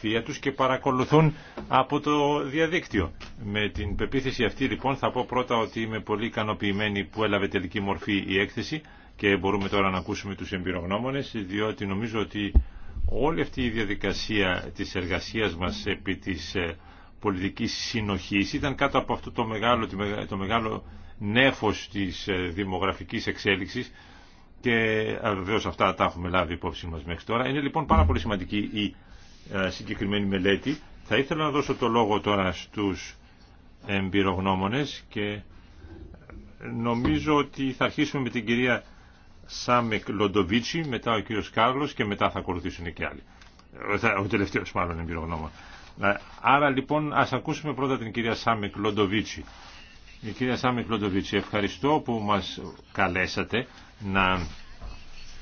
θεία τους και παρακολουθούν από το διαδίκτυο. Με την πεποίθηση αυτή λοιπόν θα πω πρώτα ότι είμαι πολύ ικανοποιημένη που έλαβε τελική μορφή η έκθεση και μπορούμε τώρα να ακούσουμε τους εμπειρογνώμονες διότι νομίζω ότι όλη αυτή η διαδικασία της εργασίας μας επί της ε, πολιτικής συνοχής ήταν κάτω από αυτό το μεγάλο, το μεγάλο νέφος της ε, δημογραφικής εξέλιξης και ε, βεβαίω αυτά τα έχουμε λάβει υπόψη μας μέχρι τώρα. Είναι λοιπόν πάρα πολύ σημαντική η ε, συγκεκριμένη μελέτη. Θα ήθελα να δώσω το λόγο τώρα στους εμπειρογνώμονες και νομίζω ότι θα αρχίσουμε με την κυρία Σάμεκ Λοντοβίτσι, μετά ο κύριος Κάρλος και μετά θα ακολουθήσουν και άλλοι. Ε, ο τελευταίος μάλλον εμπειρογνώμων. Άρα λοιπόν ας ακούσουμε πρώτα την κυρία Σάμεκ Λοντοβίτσι. Η κυρία Σάμεκ Λοντοβίτσι, ευχαριστώ που μας καλέσατε να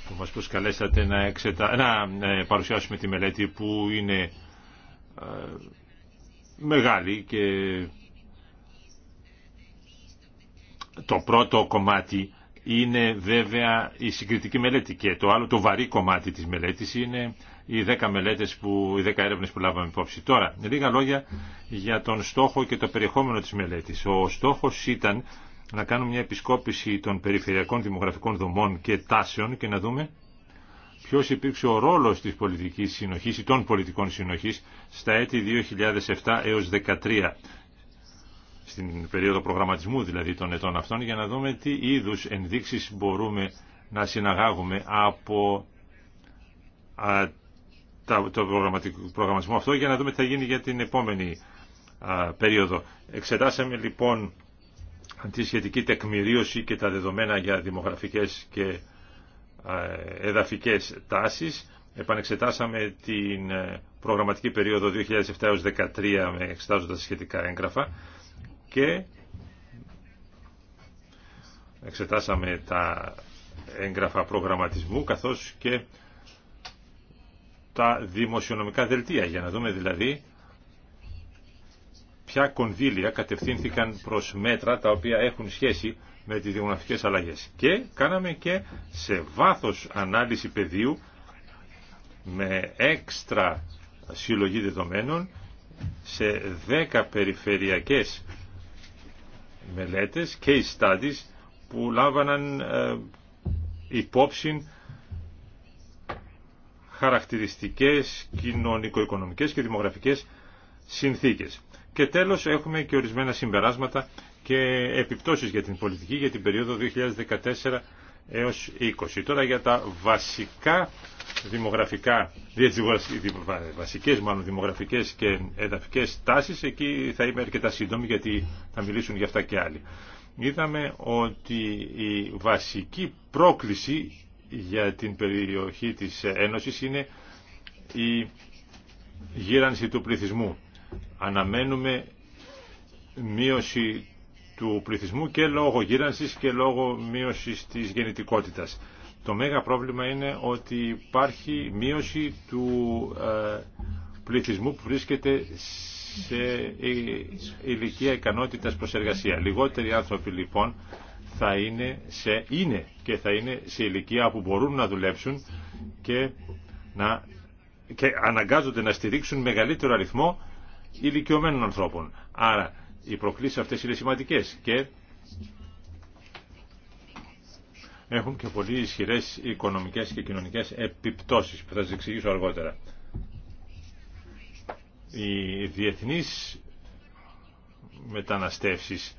που μας προσκαλέσατε να, εξετα... να ε, παρουσιάσουμε τη μελέτη που είναι ε, μεγάλη και το πρώτο κομμάτι είναι βέβαια η συγκριτική μελέτη και το άλλο το βαρύ κομμάτι της μελέτης είναι οι δέκα μελέτες που, οι 10 έρευνες που λάβαμε υπόψη. Τώρα, λίγα λόγια για τον στόχο και το περιεχόμενο της μελέτης. Ο στόχος ήταν να κάνουμε μια επισκόπηση των περιφερειακών δημογραφικών δομών και τάσεων και να δούμε ποιος υπήρξε ο ρόλος της πολιτικής συνοχής ή των πολιτικών συνοχής στα έτη 2007 έως 2013 στην περίοδο προγραμματισμού δηλαδή των ετών αυτών για να δούμε τι είδους ενδείξεις μπορούμε να συναγάγουμε από το προγραμματισμό αυτό για να δούμε τι θα γίνει για την επόμενη περίοδο. Εξετάσαμε λοιπόν τη σχετική τεκμηρίωση και τα δεδομένα για δημογραφικές και εδαφικές τάσεις. Επανεξετάσαμε την ε, προγραμματική περίοδο 2007-2013 με εξετάζοντας σχετικά έγγραφα και εξετάσαμε τα έγγραφα προγραμματισμού καθώς και τα δημοσιονομικά δελτία για να δούμε δηλαδή ποια κονδύλια κατευθύνθηκαν προς μέτρα τα οποία έχουν σχέση με τις δημογραφικές αλλαγές. Και κάναμε και σε βάθος ανάλυση πεδίου με έξτρα συλλογή δεδομένων σε 10 περιφερειακές μελέτες, case studies, που λάβαναν ε, υπόψη χαρακτηριστικές κοινωνικο-οικονομικές και δημογραφικές συνθήκες. Και τέλος έχουμε και ορισμένα συμπεράσματα και επιπτώσεις για την πολιτική για την περίοδο 2014 έως 20. Τώρα για τα βασικά δημογραφικά, βασικές μάλλον δημογραφικές και εδαφικές τάσεις, εκεί θα είμαι αρκετά σύντομη γιατί θα μιλήσουν για αυτά και άλλοι. Είδαμε ότι η βασική πρόκληση για την περιοχή της Ένωσης είναι η γύρανση του πληθυσμού αναμένουμε μείωση του πληθυσμού και λόγω γύρανσης και λόγω μείωσης της γεννητικότητας. Το μέγα πρόβλημα είναι ότι υπάρχει μείωση του ε, πληθυσμού που βρίσκεται σε ε, ηλικία ικανότητας προσεργασία. Λιγότεροι άνθρωποι λοιπόν θα είναι, σε, είναι και θα είναι σε ηλικία που μπορούν να δουλέψουν και, να, και αναγκάζονται να στηρίξουν μεγαλύτερο αριθμό ηλικιωμένων ανθρώπων. Άρα οι προκλήσεις αυτές είναι σημαντικές και έχουν και πολύ ισχυρές οικονομικές και κοινωνικές επιπτώσεις που θα σας εξηγήσω αργότερα. Οι διεθνείς μεταναστεύσεις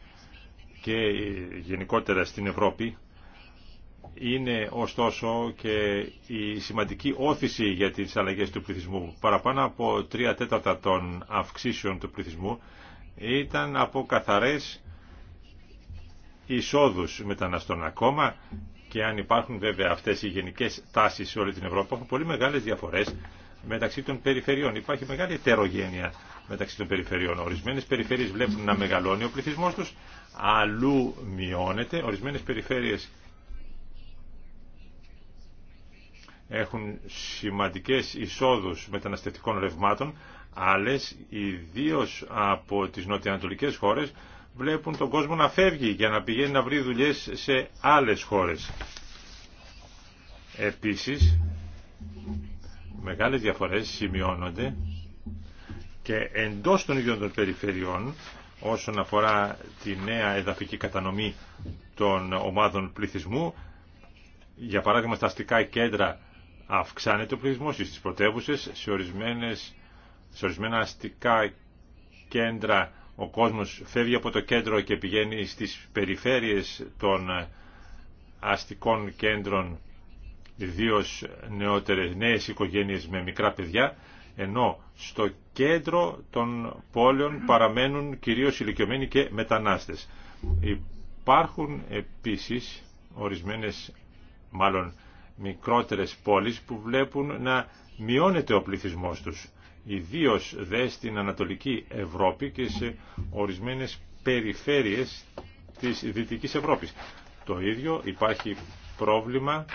και γενικότερα στην Ευρώπη είναι ωστόσο και η σημαντική όθηση για τις αλλαγές του πληθυσμού. Παραπάνω από τρία τέταρτα των αυξήσεων του πληθυσμού ήταν από καθαρές εισόδους μεταναστών ακόμα και αν υπάρχουν βέβαια αυτές οι γενικές τάσεις σε όλη την Ευρώπη έχουν πολύ μεγάλες διαφορές μεταξύ των περιφερειών. Υπάρχει μεγάλη ετερογένεια μεταξύ των περιφερειών. Ορισμένες περιφέρειες βλέπουν να μεγαλώνει ο πληθυσμός τους, αλλού μειώνεται. Ορισμένες περιφέρειες έχουν σημαντικές εισόδους μεταναστευτικών ρευμάτων, άλλες, ιδίω από τις νοτιοανατολικές χώρες, βλέπουν τον κόσμο να φεύγει για να πηγαίνει να βρει δουλειές σε άλλες χώρες. Επίσης, μεγάλες διαφορές σημειώνονται και εντός των ίδιων των περιφερειών όσον αφορά τη νέα εδαφική κατανομή των ομάδων πληθυσμού. Για παράδειγμα, στα αστικά κέντρα Αυξάνεται ο πληθυσμός στις πρωτεύουσες, σε, ορισμένα αστικά κέντρα ο κόσμος φεύγει από το κέντρο και πηγαίνει στις περιφέρειες των ε, αστικών κέντρων, ιδίω νεότερες νέες οικογένειες με μικρά παιδιά, ενώ στο κέντρο των πόλεων παραμένουν κυρίως ηλικιωμένοι και μετανάστες. Υπάρχουν επίσης ορισμένες, μάλλον μικρότερες πόλεις που βλέπουν να μειώνεται ο πληθυσμός τους, ιδίως δε στην Ανατολική Ευρώπη και σε ορισμένες περιφέρειες της Δυτικής Ευρώπης. Το ίδιο υπάρχει πρόβλημα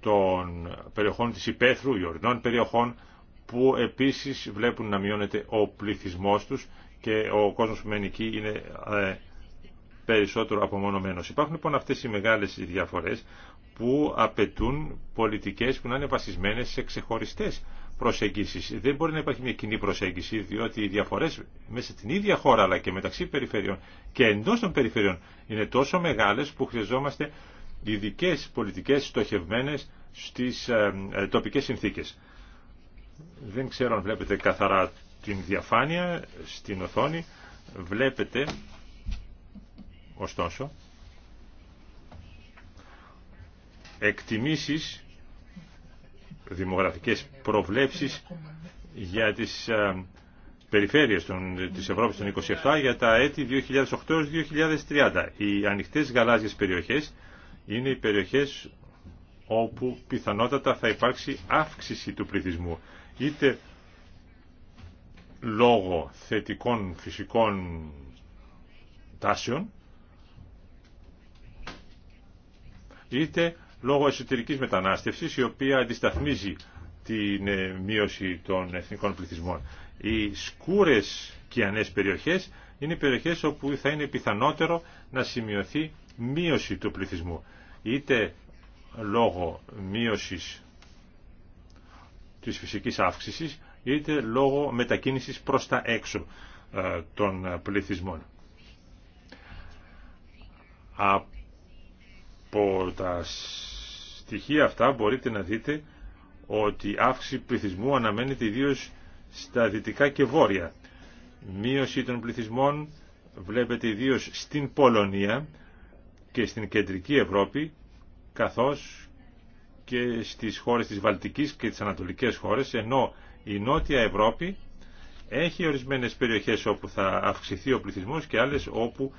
των περιοχών της Υπέθρου, οι ορεινών περιοχών, που επίσης βλέπουν να μειώνεται ο πληθυσμός τους και ο κόσμος που μένει εκεί είναι ε, περισσότερο απομονωμένος. Υπάρχουν λοιπόν αυτές οι μεγάλες διαφορές που απαιτούν πολιτικές που να είναι βασισμένες σε ξεχωριστές προσεγγίσεις. Δεν μπορεί να υπάρχει μια κοινή προσέγγιση, διότι οι διαφορές μέσα στην ίδια χώρα αλλά και μεταξύ περιφερειών και εντός των περιφερειών είναι τόσο μεγάλες που χρειαζόμαστε ειδικέ πολιτικές στοχευμένες στις ε, ε, τοπικές συνθήκες. Δεν ξέρω αν βλέπετε καθαρά την διαφάνεια στην οθόνη. Βλέπετε Ωστόσο, εκτιμήσεις, δημογραφικές προβλέψεις για τις ε, περιφέρειες των, της Ευρώπης των 27 για τα έτη 2008-2030. Οι ανοιχτές γαλάζιες περιοχές είναι οι περιοχές όπου πιθανότατα θα υπάρξει αύξηση του πληθυσμού. Είτε λόγω θετικών φυσικών τάσεων, είτε λόγω εσωτερικής μετανάστευσης η οποία αντισταθμίζει την ε, μείωση των εθνικών πληθυσμών. Οι σκούρες κιανές περιοχές είναι περιοχές όπου θα είναι πιθανότερο να σημειωθεί μείωση του πληθυσμού. Είτε λόγω μείωσης της φυσικής αύξησης, είτε λόγω μετακίνησης προς τα έξω ε, των πληθυσμών από λοιπόν, τα στοιχεία αυτά μπορείτε να δείτε ότι η αύξηση πληθυσμού αναμένεται ιδίω στα δυτικά και βόρεια. Μείωση των πληθυσμών βλέπετε ιδίω στην Πολωνία και στην κεντρική Ευρώπη καθώς και στις χώρες της Βαλτικής και τις Ανατολικές χώρες ενώ η Νότια Ευρώπη έχει ορισμένες περιοχές όπου θα αυξηθεί ο πληθυσμός και άλλες όπου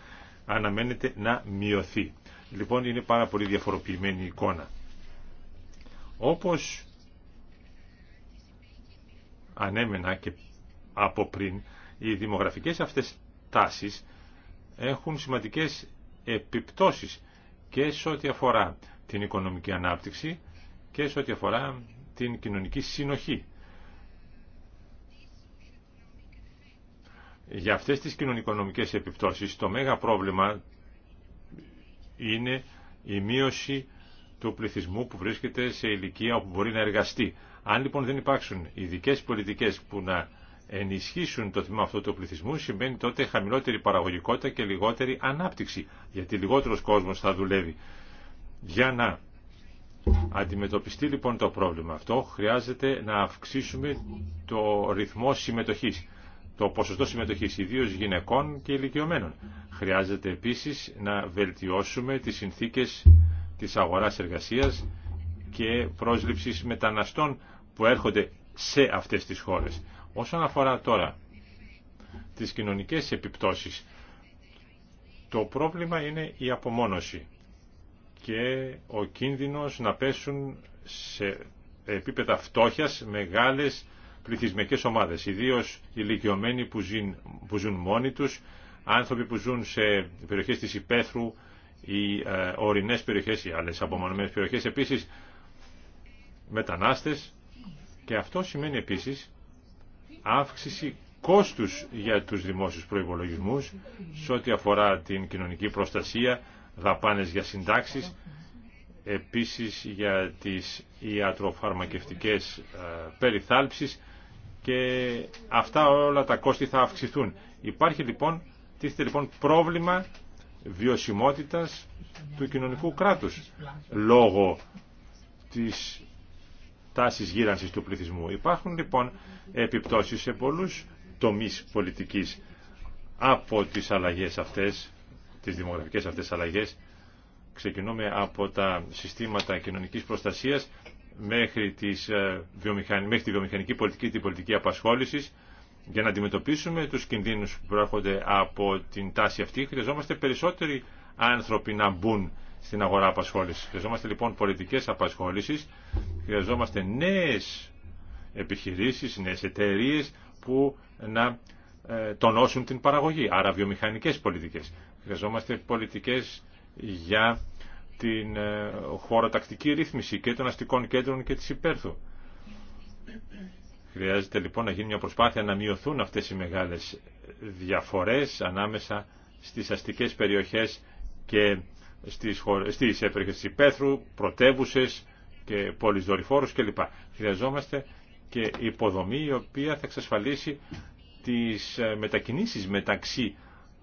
αναμένεται να μειωθεί. Λοιπόν είναι πάρα πολύ διαφοροποιημένη η εικόνα. Όπως ανέμενα και από πριν, οι δημογραφικές αυτές τάσεις έχουν σημαντικές επιπτώσεις και σε ό,τι αφορά την οικονομική ανάπτυξη και σε ό,τι αφορά την κοινωνική συνοχή. Για αυτές τις κοινωνικονομικές επιπτώσεις το μέγα πρόβλημα είναι η μείωση του πληθυσμού που βρίσκεται σε ηλικία όπου μπορεί να εργαστεί. Αν λοιπόν δεν υπάρξουν ειδικέ πολιτικές που να ενισχύσουν το τμήμα αυτό του πληθυσμού, σημαίνει τότε χαμηλότερη παραγωγικότητα και λιγότερη ανάπτυξη, γιατί λιγότερος κόσμος θα δουλεύει. Για να αντιμετωπιστεί λοιπόν το πρόβλημα αυτό, χρειάζεται να αυξήσουμε το ρυθμό συμμετοχής το ποσοστό συμμετοχή ιδίω γυναικών και ηλικιωμένων. Χρειάζεται επίσης να βελτιώσουμε τις συνθήκες της αγοράς εργασίας και πρόσληψης μεταναστών που έρχονται σε αυτές τις χώρες. Όσον αφορά τώρα τις κοινωνικές επιπτώσεις, το πρόβλημα είναι η απομόνωση και ο κίνδυνος να πέσουν σε επίπεδα φτώχειας μεγάλες πληθυσμικές ομάδες, ιδίως ηλικιωμένοι που ζουν, που ζουν μόνοι τους, άνθρωποι που ζουν σε περιοχές της Υπέθρου, οι ε, ορεινές περιοχές, ή άλλες απομονωμένες περιοχές, επίσης μετανάστες και αυτό σημαίνει επίσης αύξηση κόστους για τους δημόσιους προϋπολογισμούς σε ό,τι αφορά την κοινωνική προστασία, δαπάνες για συντάξεις, επίσης για τις ιατροφαρμακευτικές ε, περιθάλψεις και αυτά όλα τα κόστη θα αυξηθούν. Υπάρχει λοιπόν, τίθεται λοιπόν πρόβλημα βιωσιμότητας του κοινωνικού κράτους λόγω της τάσης γύρανσης του πληθυσμού. Υπάρχουν λοιπόν επιπτώσεις σε πολλούς τομείς πολιτικής από τις αλλαγές αυτές, τις δημογραφικές αυτές αλλαγές. Ξεκινούμε από τα συστήματα κοινωνικής προστασίας μέχρι, τις, ε, μέχρι τη βιομηχανική πολιτική, την πολιτική απασχόλησης, για να αντιμετωπίσουμε τους κινδύνους που προέρχονται από την τάση αυτή, χρειαζόμαστε περισσότεροι άνθρωποι να μπουν στην αγορά απασχόλησης. Χρειαζόμαστε λοιπόν πολιτικές απασχόλησης, χρειαζόμαστε νέες επιχειρήσεις, νέες εταιρείε που να ε, τονώσουν την παραγωγή, άρα βιομηχανικές πολιτικές. Χρειαζόμαστε πολιτικές για την ε, χωροτακτική ρύθμιση και των αστικών κέντρων και της υπέρθου. Χρειάζεται λοιπόν να γίνει μια προσπάθεια να μειωθούν αυτές οι μεγάλες διαφορές ανάμεσα στις αστικές περιοχές και στις, χω... στις περιοχές της υπέρθου, πρωτεύουσες και πόλεις δορυφόρους κλπ. Χρειαζόμαστε και υποδομή η οποία θα εξασφαλίσει τις ε, μετακινήσεις μεταξύ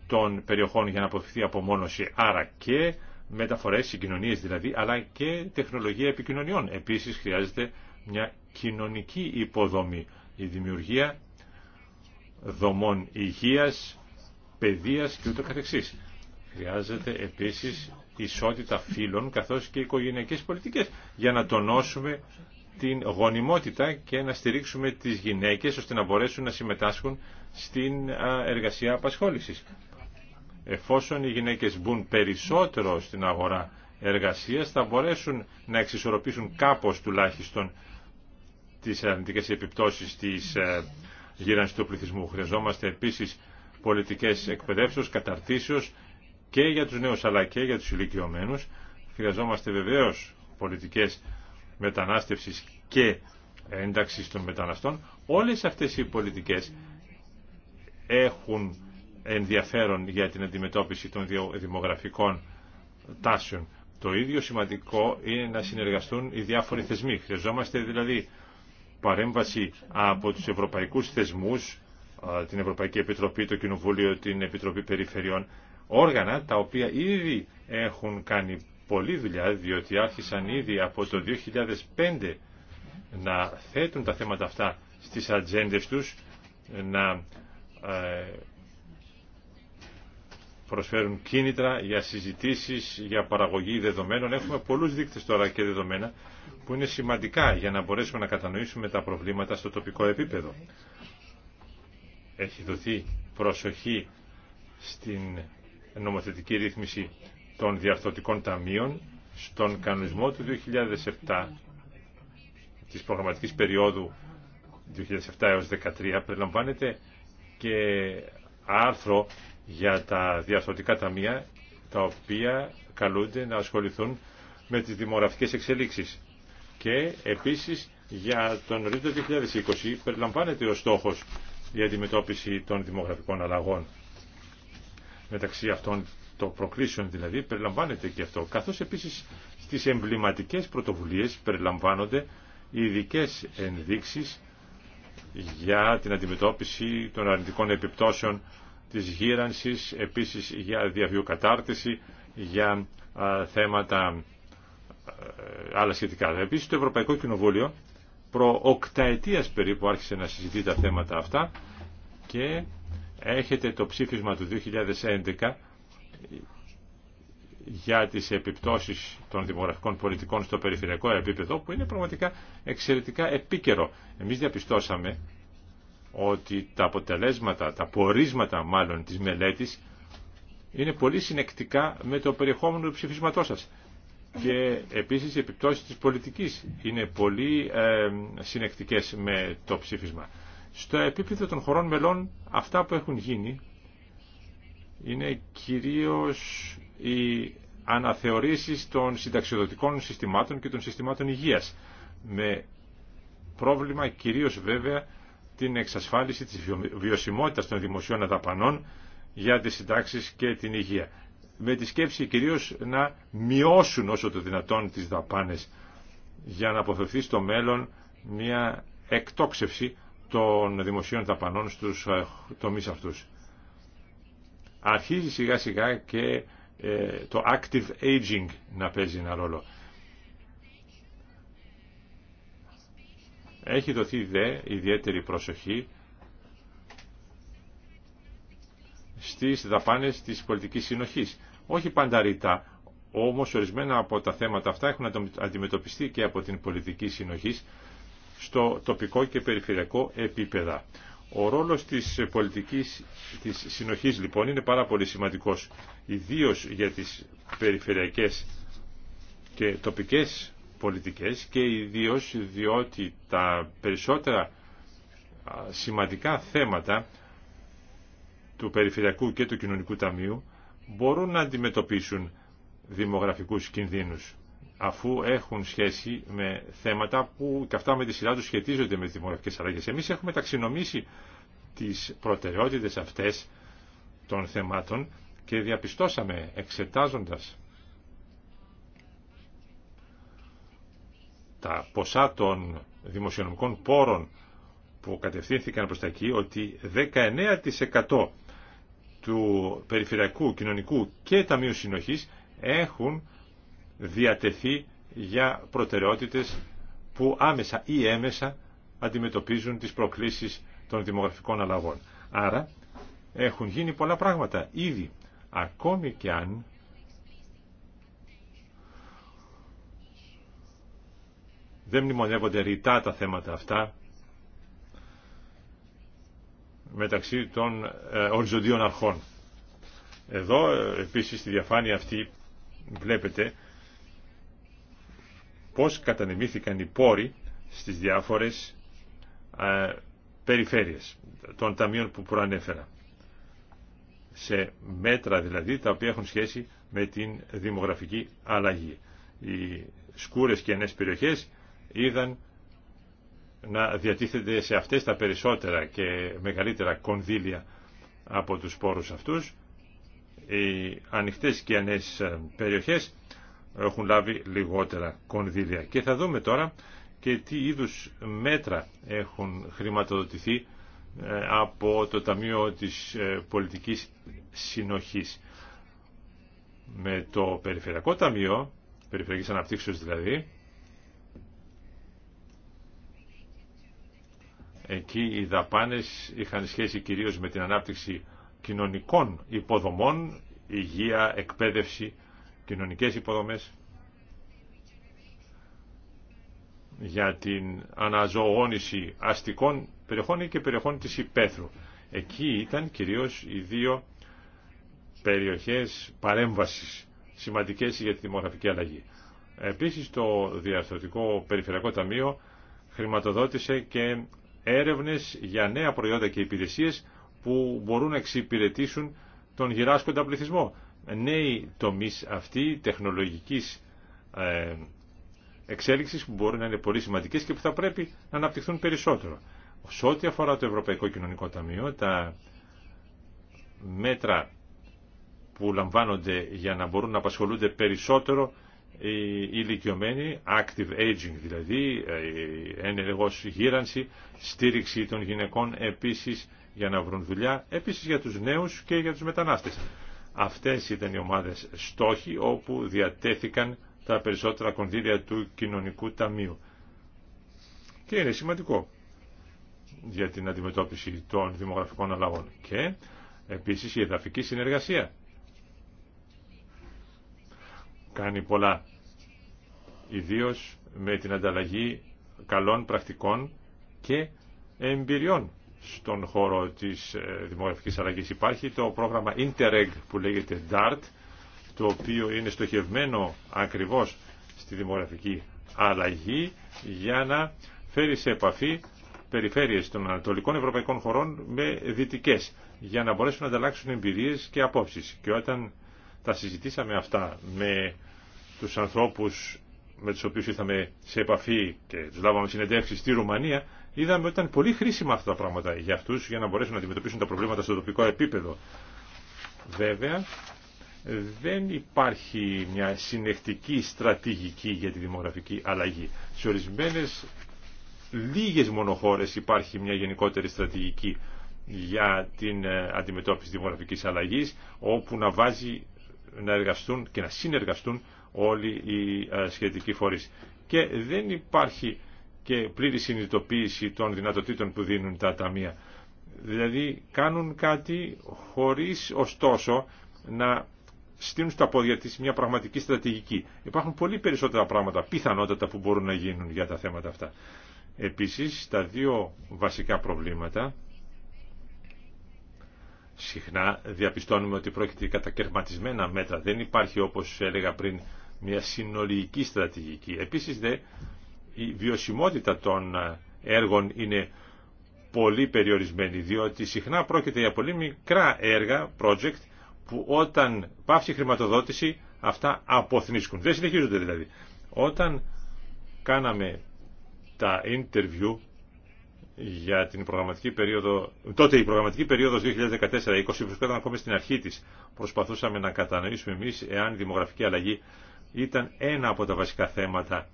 των περιοχών για να αποφευθεί απομόνωση. Άρα και μεταφορές, συγκοινωνίες δηλαδή, αλλά και τεχνολογία επικοινωνιών. Επίσης χρειάζεται μια κοινωνική υποδομή, η δημιουργία δομών υγείας, παιδείας και ούτω Χρειάζεται επίσης ισότητα φύλων καθώς και οικογενειακές πολιτικές για να τονώσουμε την γονιμότητα και να στηρίξουμε τις γυναίκες ώστε να μπορέσουν να συμμετάσχουν στην εργασία απασχόλησης. Εφόσον οι γυναίκες μπουν περισσότερο στην αγορά εργασίας θα μπορέσουν να εξισορροπήσουν κάπως τουλάχιστον τις αρνητικές επιπτώσεις της ε, γύρανσης του πληθυσμού. Χρειαζόμαστε επίσης πολιτικές εκπαιδεύσεως, καταρτήσεως και για τους νέους αλλά και για τους ηλικιωμένους. Χρειαζόμαστε βεβαίως πολιτικές μετανάστευσης και ένταξης των μεταναστών. Όλες αυτές οι πολιτικές έχουν ενδιαφέρον για την αντιμετώπιση των δημογραφικών τάσεων. Το ίδιο σημαντικό είναι να συνεργαστούν οι διάφοροι θεσμοί. Χρειαζόμαστε δηλαδή παρέμβαση από τους ευρωπαϊκούς θεσμούς, την Ευρωπαϊκή Επιτροπή, το Κοινοβούλιο, την Επιτροπή Περιφερειών, όργανα τα οποία ήδη έχουν κάνει πολλή δουλειά, διότι άρχισαν ήδη από το 2005 να θέτουν τα θέματα αυτά στις ατζέντε τους, ε, προσφέρουν κίνητρα για συζητήσεις, για παραγωγή δεδομένων. Έχουμε πολλούς δείκτες τώρα και δεδομένα που είναι σημαντικά για να μπορέσουμε να κατανοήσουμε τα προβλήματα στο τοπικό επίπεδο. Έχει δοθεί προσοχή στην νομοθετική ρύθμιση των διαρθρωτικών ταμείων στον κανονισμό του 2007 της προγραμματικής περίοδου 2007 έως 2013 περιλαμβάνεται και άρθρο για τα διαρθρωτικά ταμεία τα οποία καλούνται να ασχοληθούν με τις δημογραφικές εξελίξεις. Και επίσης για τον Ρίτο 2020 περιλαμβάνεται ο στόχος η αντιμετώπιση των δημογραφικών αλλαγών. Μεταξύ αυτών των προκλήσεων δηλαδή περιλαμβάνεται και αυτό. Καθώς επίσης στις εμβληματικές πρωτοβουλίες περιλαμβάνονται ειδικέ ενδείξεις για την αντιμετώπιση των αρνητικών επιπτώσεων της γύρανσης, επίσης για διαβίου κατάρτιση, για θέματα άλλα σχετικά. Επίσης το Ευρωπαϊκό Κοινοβούλιο προ οκταετίας περίπου άρχισε να συζητεί τα θέματα αυτά και έχετε το ψήφισμα του 2011 για τις επιπτώσεις των δημογραφικών πολιτικών στο περιφερειακό επίπεδο που είναι πραγματικά εξαιρετικά επίκαιρο. Εμείς διαπιστώσαμε ότι τα αποτελέσματα, τα πορίσματα μάλλον της μελέτης είναι πολύ συνεκτικά με το περιεχόμενο του ψηφίσματός σας. Και επίσης οι επιπτώσεις της πολιτικής είναι πολύ ε, συνεκτικές με το ψήφισμα. Στο επίπεδο των χωρών μελών αυτά που έχουν γίνει είναι κυρίως οι αναθεωρήσεις των συνταξιοδοτικών συστημάτων και των συστημάτων υγείας. Με πρόβλημα κυρίως βέβαια την εξασφάλιση της βιωσιμότητας των δημοσίων αδαπανών για τις συντάξεις και την υγεία. Με τη σκέψη κυρίως να μειώσουν όσο το δυνατόν τις δαπάνες για να αποφευθεί στο μέλλον μια εκτόξευση των δημοσίων δαπανών στους ε, τομείς αυτούς. Αρχίζει σιγά σιγά και ε, το active aging να παίζει ένα ρόλο. Έχει δοθεί δε ιδιαίτερη προσοχή στις δαπάνες της πολιτικής συνοχής. Όχι πάντα ρητά, όμως ορισμένα από τα θέματα αυτά έχουν αντιμετωπιστεί και από την πολιτική συνοχή στο τοπικό και περιφερειακό επίπεδα. Ο ρόλος της πολιτικής της συνοχής λοιπόν είναι πάρα πολύ σημαντικός, ιδίως για τις περιφερειακές και τοπικές πολιτικές και ιδίως διότι τα περισσότερα σημαντικά θέματα του Περιφερειακού και του Κοινωνικού Ταμείου μπορούν να αντιμετωπίσουν δημογραφικούς κινδύνους αφού έχουν σχέση με θέματα που και αυτά με τη σειρά του σχετίζονται με τις δημογραφικές αλλαγές. Εμείς έχουμε ταξινομήσει τις προτεραιότητες αυτές των θεμάτων και διαπιστώσαμε εξετάζοντας τα ποσά των δημοσιονομικών πόρων που κατευθύνθηκαν προς τα εκεί ότι 19% του περιφερειακού, κοινωνικού και ταμείου συνοχής έχουν διατεθεί για προτεραιότητες που άμεσα ή έμεσα αντιμετωπίζουν τις προκλήσεις των δημογραφικών αλλαγών. Άρα έχουν γίνει πολλά πράγματα ήδη, ακόμη και αν Δεν μνημονεύονται ρητά τα θέματα αυτά μεταξύ των ε, οριζοντίων αρχών. Εδώ ε, επίσης στη διαφάνεια αυτή βλέπετε πώς κατανεμήθηκαν οι πόροι στις διάφορες ε, περιφέρειες των ταμείων που προανέφερα. Σε μέτρα δηλαδή τα οποία έχουν σχέση με την δημογραφική αλλαγή. Οι σκούρες και νέες περιοχές είδαν να διατίθεται σε αυτές τα περισσότερα και μεγαλύτερα κονδύλια από τους πόρους αυτούς. Οι ανοιχτές και ανές ε, περιοχές έχουν λάβει λιγότερα κονδύλια. Και θα δούμε τώρα και τι είδους μέτρα έχουν χρηματοδοτηθεί ε, από το Ταμείο της ε, Πολιτικής Συνοχής. Με το Περιφερειακό Ταμείο, Περιφερειακής Αναπτύξεως δηλαδή, Εκεί οι δαπάνες είχαν σχέση κυρίως με την ανάπτυξη κοινωνικών υποδομών, υγεία, εκπαίδευση, κοινωνικές υποδομές για την αναζωογόνηση αστικών περιοχών και περιοχών της υπαίθρου. Εκεί ήταν κυρίως οι δύο περιοχές παρέμβασης σημαντικές για τη δημογραφική αλλαγή. Επίσης το Διαρθρωτικό Περιφερειακό Ταμείο χρηματοδότησε και έρευνες για νέα προϊόντα και υπηρεσίες που μπορούν να εξυπηρετήσουν τον γυράσκοντα πληθυσμό. Νέοι τομείς αυτοί τεχνολογικής ε, εξέλιξης που μπορεί να είναι πολύ σημαντικές και που θα πρέπει να αναπτυχθούν περισσότερο. Σε ό,τι αφορά το Ευρωπαϊκό Κοινωνικό Ταμείο, τα μέτρα που λαμβάνονται για να μπορούν να απασχολούνται περισσότερο οι ηλικιωμένοι, active aging δηλαδή, ε, ενεργός γύρανση, στήριξη των γυναικών επίσης για να βρουν δουλειά, επίσης για τους νέους και για τους μετανάστες. Αυτές ήταν οι ομάδες στόχοι όπου διατέθηκαν τα περισσότερα κονδύλια του κοινωνικού ταμείου. Και είναι σημαντικό για την αντιμετώπιση των δημογραφικών αλλαγών. Και επίσης η εδαφική συνεργασία κάνει πολλά ιδίως με την ανταλλαγή καλών πρακτικών και εμπειριών στον χώρο της ε, δημογραφικής αλλαγής. Υπάρχει το πρόγραμμα Interreg που λέγεται DART, το οποίο είναι στοχευμένο ακριβώς στη δημογραφική αλλαγή για να φέρει σε επαφή περιφέρειες των ανατολικών ευρωπαϊκών χωρών με δυτικές για να μπορέσουν να ανταλλάξουν εμπειρίες και απόψεις. Και όταν τα συζητήσαμε αυτά με τους ανθρώπους με τους οποίους ήρθαμε σε επαφή και τους λάβαμε συνεντεύξεις στη Ρουμανία, είδαμε ότι ήταν πολύ χρήσιμα αυτά τα πράγματα για αυτούς για να μπορέσουν να αντιμετωπίσουν τα προβλήματα στο τοπικό επίπεδο. Βέβαια, δεν υπάρχει μια συνεχτική στρατηγική για τη δημογραφική αλλαγή. Σε ορισμένες λίγες μονοχώρες υπάρχει μια γενικότερη στρατηγική για την ε, αντιμετώπιση δημογραφικής αλλαγής, όπου να βάζει να εργαστούν και να συνεργαστούν όλοι οι ε, σχετικοί φορεί. Και δεν υπάρχει και πλήρη συνειδητοποίηση των δυνατοτήτων που δίνουν τα ταμεία. Δηλαδή κάνουν κάτι χωρίς ωστόσο να στείλουν στα πόδια της μια πραγματική στρατηγική. Υπάρχουν πολύ περισσότερα πράγματα, πιθανότατα που μπορούν να γίνουν για τα θέματα αυτά. Επίσης, τα δύο βασικά προβλήματα συχνά διαπιστώνουμε ότι πρόκειται κατακαιρματισμένα μέτρα. Δεν υπάρχει, όπως έλεγα πριν, μια συνολική στρατηγική. Επίσης δε, η βιωσιμότητα των ε, έργων είναι πολύ περιορισμένη, διότι συχνά πρόκειται για πολύ μικρά έργα, project, που όταν πάυσει χρηματοδότηση αυτά αποθνίσκουν. Δεν συνεχίζονται δηλαδή. Όταν κάναμε τα interview για την προγραμματική περίοδο, τότε η προγραμματική περίοδος 2020 βρισκόταν ακόμη στην αρχή τη Προσπαθούσαμε να κατανοήσουμε εμεί εάν η δημογραφική αλλαγή ήταν ένα από τα βασικά θέματα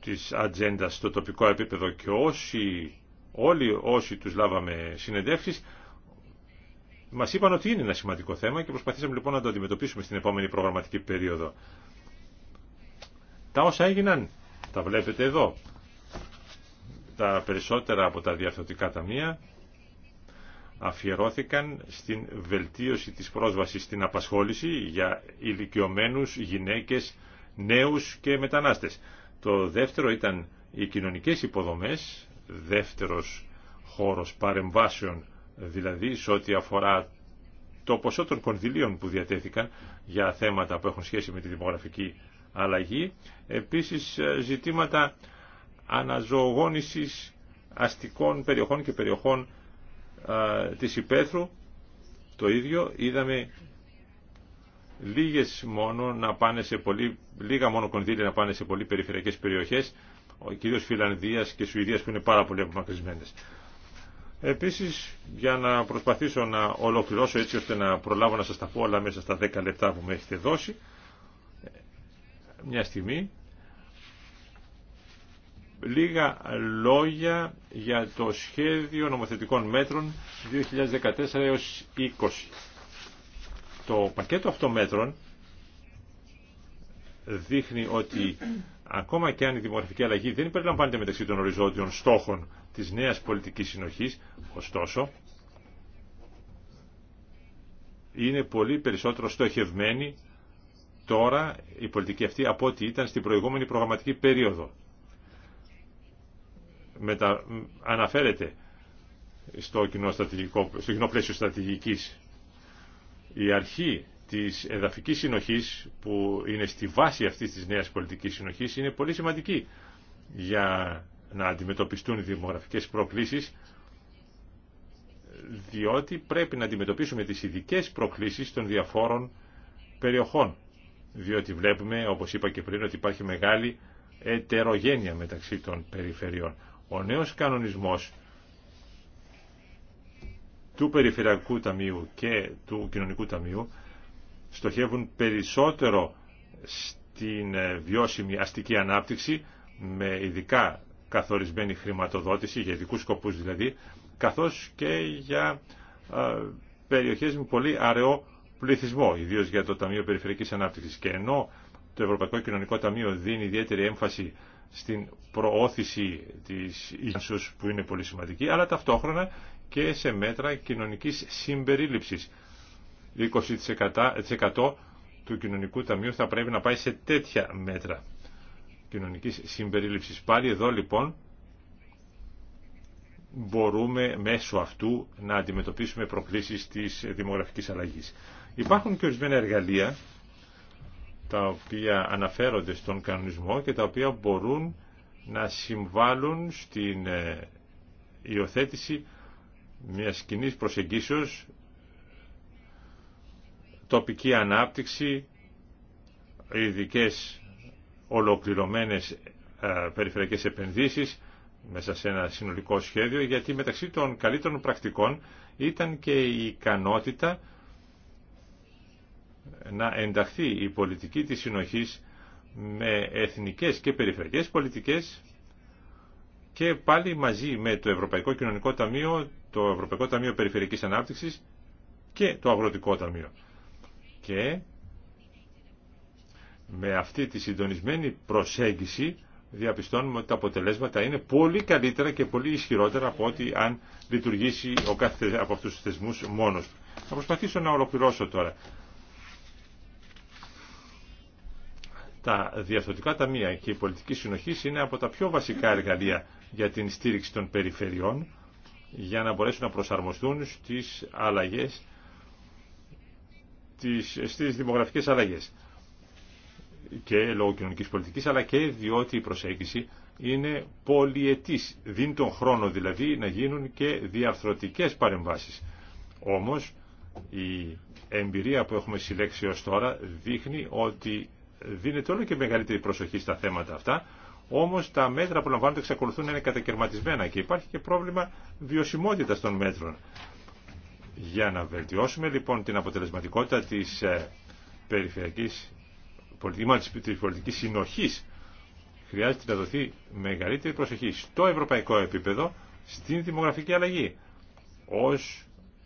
της ατζέντα στο τοπικό επίπεδο και όσοι, όλοι όσοι τους λάβαμε συνεντεύξεις μας είπαν ότι είναι ένα σημαντικό θέμα και προσπαθήσαμε λοιπόν να το αντιμετωπίσουμε στην επόμενη προγραμματική περίοδο. Τα όσα έγιναν τα βλέπετε εδώ. Τα περισσότερα από τα διαφθορτικά ταμεία αφιερώθηκαν στην βελτίωση της πρόσβασης στην απασχόληση για ηλικιωμένους, γυναίκες, νέους και μετανάστες. Το δεύτερο ήταν οι κοινωνικές υποδομές, δεύτερος χώρος παρεμβάσεων, δηλαδή σε ό,τι αφορά το ποσό των κονδυλίων που διατέθηκαν για θέματα που έχουν σχέση με τη δημογραφική αλλαγή, επίσης ζητήματα αναζωογόνησης αστικών περιοχών και περιοχών της υπαίθρου το ίδιο είδαμε λίγες μόνο να πάνε σε πολύ, λίγα μόνο κονδύλια να πάνε σε πολύ περιφερειακές περιοχές κυρίως Φιλανδίας και Σουηδίας που είναι πάρα πολύ απομακρυσμένες. Επίσης, για να προσπαθήσω να ολοκληρώσω έτσι ώστε να προλάβω να σας τα πω όλα μέσα στα 10 λεπτά που με έχετε δώσει, μια στιγμή Λίγα λόγια για το σχέδιο νομοθετικών μέτρων 2014 έως 2020. Το πακέτο αυτών μέτρων δείχνει ότι ακόμα και αν η δημογραφική αλλαγή δεν περιλαμβάνεται μεταξύ των οριζόντιων στόχων της νέας πολιτικής συνοχής, ωστόσο είναι πολύ περισσότερο στοχευμένη τώρα η πολιτική αυτή από ό,τι ήταν στην προηγούμενη προγραμματική περίοδο μετα... αναφέρεται στο κοινό, στρατηγικό, στο πλαίσιο στρατηγικής. Η αρχή της εδαφικής συνοχής που είναι στη βάση αυτής της νέας πολιτικής συνοχής είναι πολύ σημαντική για να αντιμετωπιστούν οι δημογραφικές προκλήσεις διότι πρέπει να αντιμετωπίσουμε τις ειδικέ προκλήσεις των διαφόρων περιοχών διότι βλέπουμε όπως είπα και πριν ότι υπάρχει μεγάλη ετερογένεια μεταξύ των περιφερειών. Ο νέος κανονισμός του Περιφερειακού Ταμείου και του Κοινωνικού Ταμείου στοχεύουν περισσότερο στην ε, βιώσιμη αστική ανάπτυξη με ειδικά καθορισμένη χρηματοδότηση, για ειδικού σκοπούς δηλαδή, καθώς και για ε, περιοχές με πολύ αραιό πληθυσμό, ιδίως για το Ταμείο Περιφερειακής Ανάπτυξης. Και ενώ το Ευρωπαϊκό Κοινωνικό Ταμείο δίνει ιδιαίτερη έμφαση στην προώθηση της ίσως που είναι πολύ σημαντική, αλλά ταυτόχρονα και σε μέτρα κοινωνικής συμπερίληψης. 20% του κοινωνικού ταμείου θα πρέπει να πάει σε τέτοια μέτρα κοινωνικής συμπερίληψης. Πάλι εδώ λοιπόν μπορούμε μέσω αυτού να αντιμετωπίσουμε προκλήσεις της δημογραφικής αλλαγής. Υπάρχουν και ορισμένα εργαλεία τα οποία αναφέρονται στον κανονισμό και τα οποία μπορούν να συμβάλλουν στην ε, υιοθέτηση μια κοινή προσεγγίσεως, τοπική ανάπτυξη, ειδικέ ολοκληρωμένες ε, περιφερειακές επενδύσεις μέσα σε ένα συνολικό σχέδιο, γιατί μεταξύ των καλύτερων πρακτικών ήταν και η ικανότητα να ενταχθεί η πολιτική της συνοχής με εθνικές και περιφερειακές πολιτικές και πάλι μαζί με το Ευρωπαϊκό Κοινωνικό Ταμείο, το Ευρωπαϊκό Ταμείο Περιφερειακής Ανάπτυξης και το Αγροτικό Ταμείο. Και με αυτή τη συντονισμένη προσέγγιση διαπιστώνουμε ότι τα αποτελέσματα είναι πολύ καλύτερα και πολύ ισχυρότερα από ότι αν λειτουργήσει ο κάθε από αυτούς τους θεσμούς μόνος. Θα προσπαθήσω να ολοκληρώσω τώρα. Τα διαθωτικά ταμεία και η πολιτική συνοχή είναι από τα πιο βασικά εργαλεία για την στήριξη των περιφερειών για να μπορέσουν να προσαρμοστούν στις αλλαγές, στις δημογραφικές αλλαγές και λόγω κοινωνικής πολιτικής αλλά και διότι η προσέγγιση είναι πολυετής. Δίνει τον χρόνο δηλαδή να γίνουν και διαρθρωτικές παρεμβάσεις. Όμως η εμπειρία που έχουμε συλλέξει ως τώρα δείχνει ότι δίνεται όλο και μεγαλύτερη προσοχή στα θέματα αυτά, όμως τα μέτρα που λαμβάνονται εξακολουθούν να είναι κατακαιρματισμένα και υπάρχει και πρόβλημα βιωσιμότητας των μέτρων. Για να βελτιώσουμε λοιπόν την αποτελεσματικότητα της ε, περιφερειακής πολιτικής, της συνοχής χρειάζεται να δοθεί μεγαλύτερη προσοχή στο ευρωπαϊκό επίπεδο στην δημογραφική αλλαγή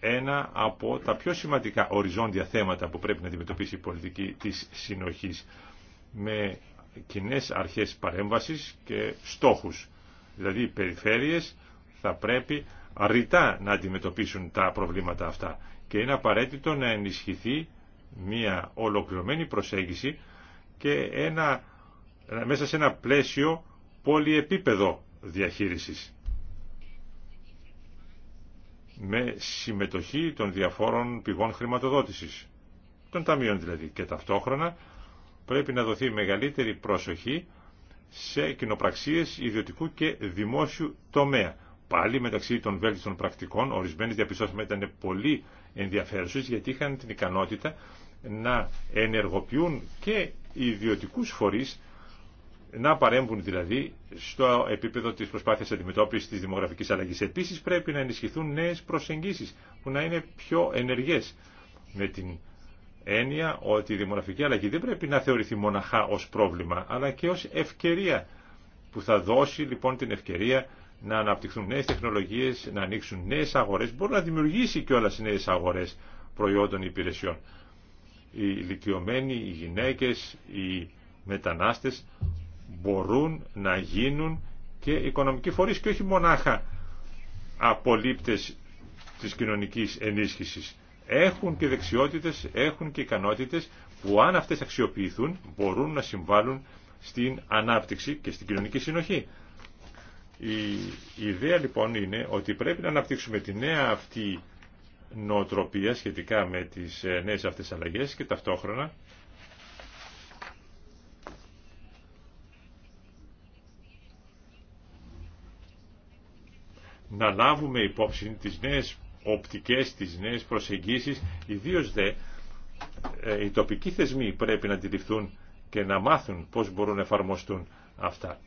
ένα από τα πιο σημαντικά οριζόντια θέματα που πρέπει να αντιμετωπίσει η πολιτική της συνοχής με κοινέ αρχές παρέμβασης και στόχους. Δηλαδή οι περιφέρειες θα πρέπει ρητά να αντιμετωπίσουν τα προβλήματα αυτά και είναι απαραίτητο να ενισχυθεί μια ολοκληρωμένη προσέγγιση και ένα, μέσα σε ένα πλαίσιο πολυεπίπεδο διαχείρισης με συμμετοχή των διαφόρων πηγών χρηματοδότησης, των ταμείων δηλαδή. Και ταυτόχρονα πρέπει να δοθεί μεγαλύτερη προσοχή σε κοινοπραξίες ιδιωτικού και δημόσιου τομέα. Πάλι μεταξύ των βέλτιστων πρακτικών, ορισμένες διαπιστώσεις ήταν πολύ ενδιαφέρουσες γιατί είχαν την ικανότητα να ενεργοποιούν και ιδιωτικούς φορείς να παρέμβουν δηλαδή στο επίπεδο της προσπάθειας αντιμετώπισης της δημογραφικής αλλαγής. Επίσης πρέπει να ενισχυθούν νέες προσεγγίσεις που να είναι πιο ενεργές με την έννοια ότι η δημογραφική αλλαγή δεν πρέπει να θεωρηθεί μοναχά ως πρόβλημα αλλά και ως ευκαιρία που θα δώσει λοιπόν την ευκαιρία να αναπτυχθούν νέες τεχνολογίες, να ανοίξουν νέες αγορές, μπορεί να δημιουργήσει κιόλα νέες αγορές προϊόντων ή υπηρεσιών. Οι ηλικιωμένοι, οι γυναίκες, οι μετανάστες μπορούν να γίνουν και οικονομικοί φορείς και όχι μονάχα απολύπτες της κοινωνικής ενίσχυσης. Έχουν και δεξιότητες, έχουν και ικανότητες που αν αυτές αξιοποιηθούν μπορούν να συμβάλλουν στην ανάπτυξη και στην κοινωνική συνοχή. Η ιδέα λοιπόν είναι ότι πρέπει να αναπτύξουμε τη νέα αυτή νοοτροπία σχετικά με τις νέες αυτές αλλαγές και ταυτόχρονα να λάβουμε υπόψη τις νέες οπτικές, τις νέες προσεγγίσεις, ιδίως δε ε, οι τοπικοί θεσμοί πρέπει να αντιληφθούν και να μάθουν πώς μπορούν να εφαρμοστούν αυτά.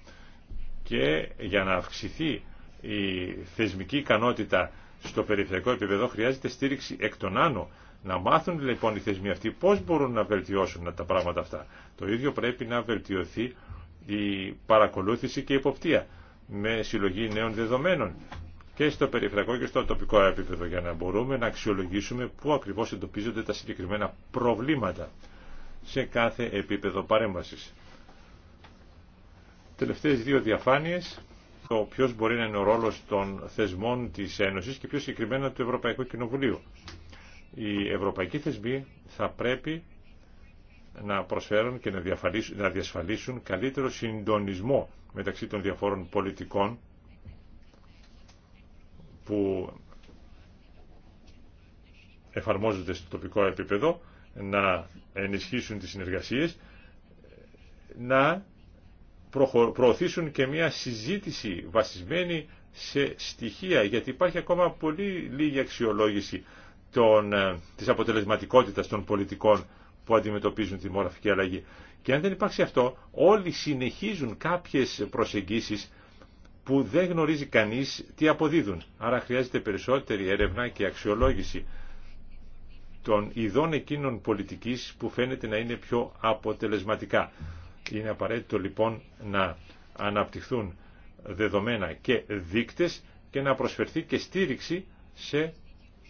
Και για να αυξηθεί η θεσμική ικανότητα στο περιφερειακό επίπεδο χρειάζεται στήριξη εκ των άνω. Να μάθουν λοιπόν οι θεσμοί αυτοί πώς μπορούν να βελτιώσουν τα πράγματα αυτά. Το ίδιο πρέπει να βελτιωθεί η παρακολούθηση και η υποπτία με συλλογή νέων δεδομένων, και στο περιφερειακό και στο τοπικό επίπεδο για να μπορούμε να αξιολογήσουμε πού ακριβώς εντοπίζονται τα συγκεκριμένα προβλήματα σε κάθε επίπεδο παρέμβασης. Τελευταίες δύο διαφάνειες, το ποιο μπορεί να είναι ο ρόλος των θεσμών της Ένωσης και πιο συγκεκριμένα του Ευρωπαϊκού Κοινοβουλίου. Οι ευρωπαϊκοί θεσμοί θα πρέπει να προσφέρουν και να διασφαλίσουν καλύτερο συντονισμό μεταξύ των διαφόρων πολιτικών που εφαρμόζονται στο τοπικό επίπεδο να ενισχύσουν τις συνεργασίες, να προωθήσουν και μια συζήτηση βασισμένη σε στοιχεία, γιατί υπάρχει ακόμα πολύ λίγη αξιολόγηση των, ε, της αποτελεσματικότητας των πολιτικών που αντιμετωπίζουν τη μορφική αλλαγή. Και αν δεν υπάρξει αυτό, όλοι συνεχίζουν κάποιες προσεγγίσεις που δεν γνωρίζει κανείς τι αποδίδουν. Άρα χρειάζεται περισσότερη έρευνα και αξιολόγηση των ειδών εκείνων πολιτικής που φαίνεται να είναι πιο αποτελεσματικά. Είναι απαραίτητο λοιπόν να αναπτυχθούν δεδομένα και δείκτες και να προσφερθεί και στήριξη σε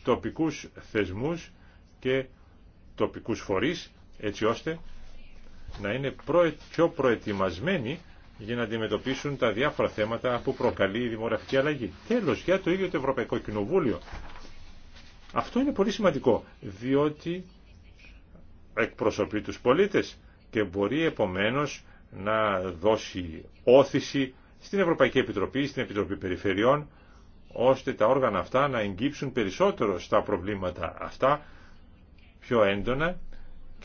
τοπικούς θεσμούς και τοπικούς φορείς έτσι ώστε να είναι πιο προετοιμασμένοι για να αντιμετωπίσουν τα διάφορα θέματα που προκαλεί η δημογραφική αλλαγή. Τέλος, για το ίδιο το Ευρωπαϊκό Κοινοβούλιο. Αυτό είναι πολύ σημαντικό, διότι εκπροσωπεί τους πολίτες και μπορεί επομένως να δώσει όθηση στην Ευρωπαϊκή Επιτροπή, στην Επιτροπή Περιφερειών, ώστε τα όργανα αυτά να εγκύψουν περισσότερο στα προβλήματα αυτά πιο έντονα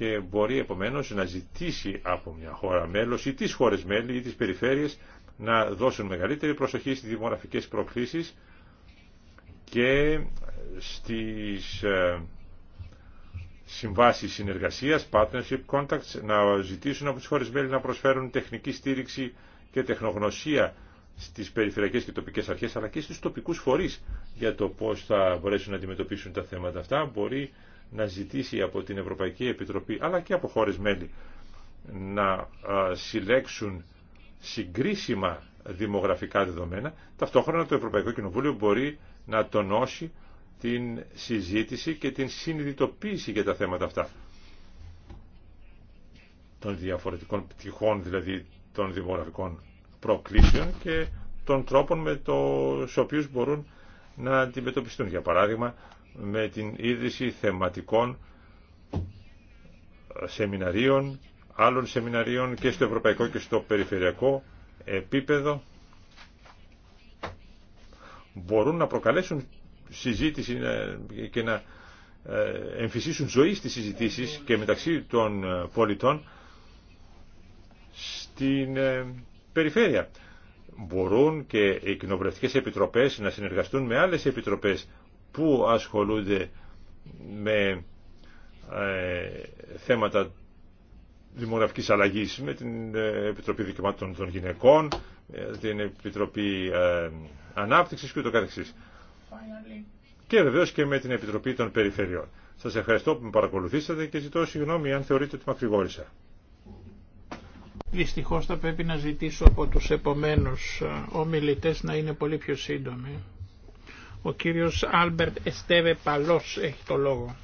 και μπορεί επομένως να ζητήσει από μια χώρα μέλος ή τις χώρες μέλη ή τις περιφέρειες να δώσουν μεγαλύτερη προσοχή στις δημογραφικές προκλήσεις και στις ε, συμβάσεις συνεργασίας, partnership contacts, να ζητήσουν από τις χώρες μέλη να προσφέρουν τεχνική στήριξη και τεχνογνωσία στις περιφερειακές και τοπικές αρχές αλλά και στους τοπικούς φορείς για το πώς θα μπορέσουν να αντιμετωπίσουν τα θέματα αυτά. Μπορεί να ζητήσει από την Ευρωπαϊκή Επιτροπή αλλά και από χώρες μέλη να συλλέξουν συγκρίσιμα δημογραφικά δεδομένα, ταυτόχρονα το Ευρωπαϊκό Κοινοβούλιο μπορεί να τονώσει την συζήτηση και την συνειδητοποίηση για τα θέματα αυτά. Των διαφορετικών πτυχών, δηλαδή των δημογραφικών προκλήσεων και των τρόπων με τους οποίους μπορούν να αντιμετωπιστούν. Για παράδειγμα, με την ίδρυση θεματικών σεμιναρίων, άλλων σεμιναρίων και στο ευρωπαϊκό και στο περιφερειακό επίπεδο μπορούν να προκαλέσουν συζήτηση ε, και να ε, εμφυσίσουν ζωή στις συζητήσεις και μεταξύ των ε, πολιτών στην περιφέρεια. Μπορούν και οι κοινοβουλευτικές επιτροπές να συνεργαστούν με άλλες επιτροπές που ασχολούνται με ε, θέματα δημογραφικής αλλαγής με την ε, Επιτροπή Δικαιωμάτων των Γυναικών, ε, την Επιτροπή Ανάπτυξης και ούτω καθεξής. Και βεβαίως και με την Επιτροπή των Περιφερειών. Σας ευχαριστώ που με παρακολουθήσατε και ζητώ συγγνώμη αν θεωρείτε ότι μακρηγόρησα. Δυστυχώς θα πρέπει να ζητήσω από τους επομένους ομιλητές να είναι πολύ πιο σύντομοι. Ο κύριος Άλμπερτ Εστέβε Παλός έχει το λόγο.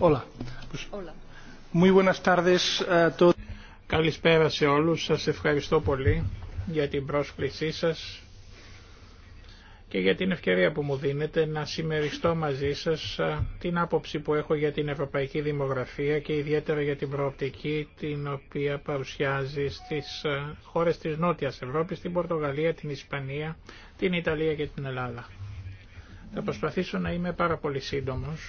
Hola. Hola. Muy buenas Καλησπέρα σε όλους. Σας ευχαριστώ πολύ για την πρόσκλησή σας και για την ευκαιρία που μου δίνετε να συμμεριστώ μαζί σας την άποψη που έχω για την ευρωπαϊκή δημογραφία και ιδιαίτερα για την προοπτική την οποία παρουσιάζει στις χώρες της Νότιας Ευρώπης, την Πορτογαλία, την Ισπανία, την Ιταλία και την Ελλάδα. Θα προσπαθήσω να είμαι πάρα πολύ σύντομος.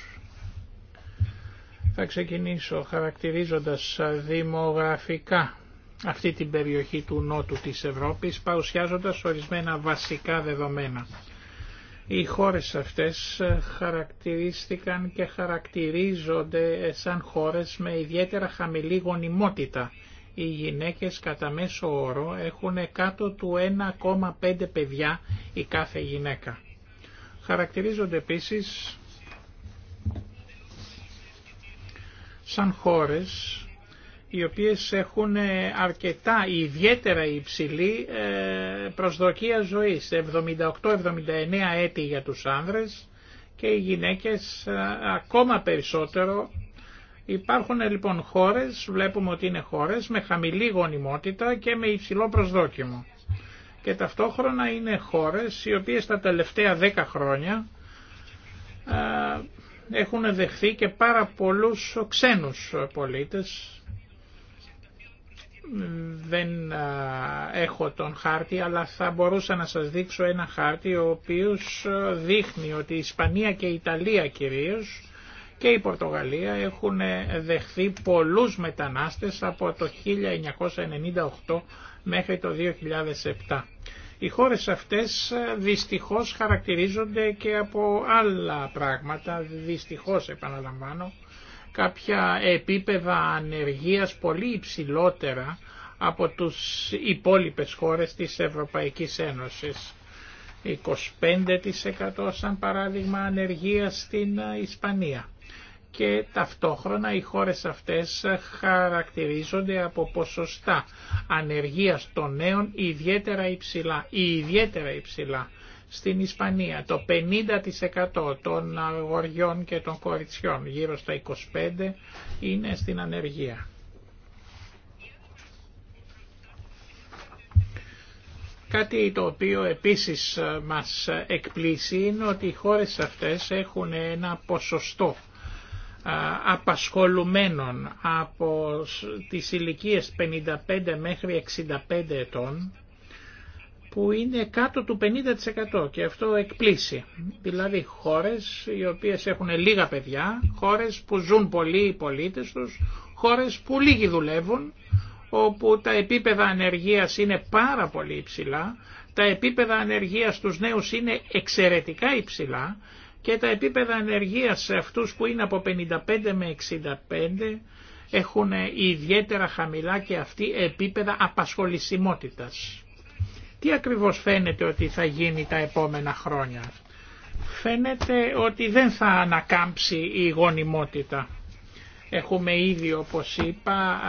Θα ξεκινήσω χαρακτηρίζοντας δημογραφικά αυτή την περιοχή του νότου της Ευρώπης, παρουσιάζοντας ορισμένα βασικά δεδομένα. Οι χώρες αυτές ε, χαρακτηρίστηκαν και χαρακτηρίζονται ε, σαν χώρες με ιδιαίτερα χαμηλή γονιμότητα. Οι γυναίκες κατά μέσο όρο έχουν κάτω του 1,5 παιδιά η κάθε γυναίκα. Χαρακτηρίζονται επίσης σαν χώρες οι οποίες έχουν ε, αρκετά ιδιαίτερα υψηλή ε, προσδοκία ζωής, 78-79 έτη για τους άνδρες και οι γυναίκες ε, ακόμα περισσότερο. Υπάρχουν λοιπόν χώρες, βλέπουμε ότι είναι χώρες με χαμηλή γονιμότητα και με υψηλό προσδόκιμο. Και ταυτόχρονα είναι χώρες οι οποίες τα τελευταία 10 χρόνια έχουν δεχθεί και πάρα πολλούς ξένους πολίτες δεν έχω τον χάρτη, αλλά θα μπορούσα να σας δείξω ένα χάρτη ο οποίος δείχνει ότι η Ισπανία και η Ιταλία κυρίως και η Πορτογαλία έχουν ε, δεχθεί πολλούς μετανάστες από το 1998 μέχρι το 2007. Οι χώρες αυτές ε, δυστυχώς χαρακτηρίζονται και από άλλα πράγματα, δυστυχώς επαναλαμβάνω, κάποια επίπεδα ανεργίας πολύ υψηλότερα από τους υπόλοιπες χώρες της Ευρωπαϊκής Ένωσης. 25% σαν παράδειγμα ανεργία στην ε, Ισπανία. Και ταυτόχρονα οι χώρες αυτές χαρακτηρίζονται από ποσοστά ανεργίας των νέων ιδιαίτερα υψηλά. Ιδιαίτερα υψηλά στην Ισπανία το 50% των αγοριών και των κοριτσιών, γύρω στα 25, είναι στην ανεργία. Κάτι το οποίο επίσης μας εκπλήσει είναι ότι οι χώρες αυτές έχουν ένα ποσοστό απασχολουμένων από τις ηλικίες 55 μέχρι 65 ετών που είναι κάτω του 50% και αυτό εκπλήσει. Δηλαδή χώρες οι οποίες έχουν λίγα παιδιά, χώρες που ζουν πολλοί οι πολίτες τους, χώρες που λίγοι δουλεύουν, όπου τα επίπεδα ανεργίας είναι πάρα πολύ υψηλά, τα επίπεδα ανεργίας στους νέους είναι εξαιρετικά υψηλά και τα επίπεδα ανεργίας σε αυτούς που είναι από 55 με 65 έχουν ιδιαίτερα χαμηλά και αυτή επίπεδα απασχολησιμότητας. Τι ακριβώς φαίνεται ότι θα γίνει τα επόμενα χρόνια. Φαίνεται ότι δεν θα ανακάμψει η γονιμότητα. Έχουμε ήδη όπως είπα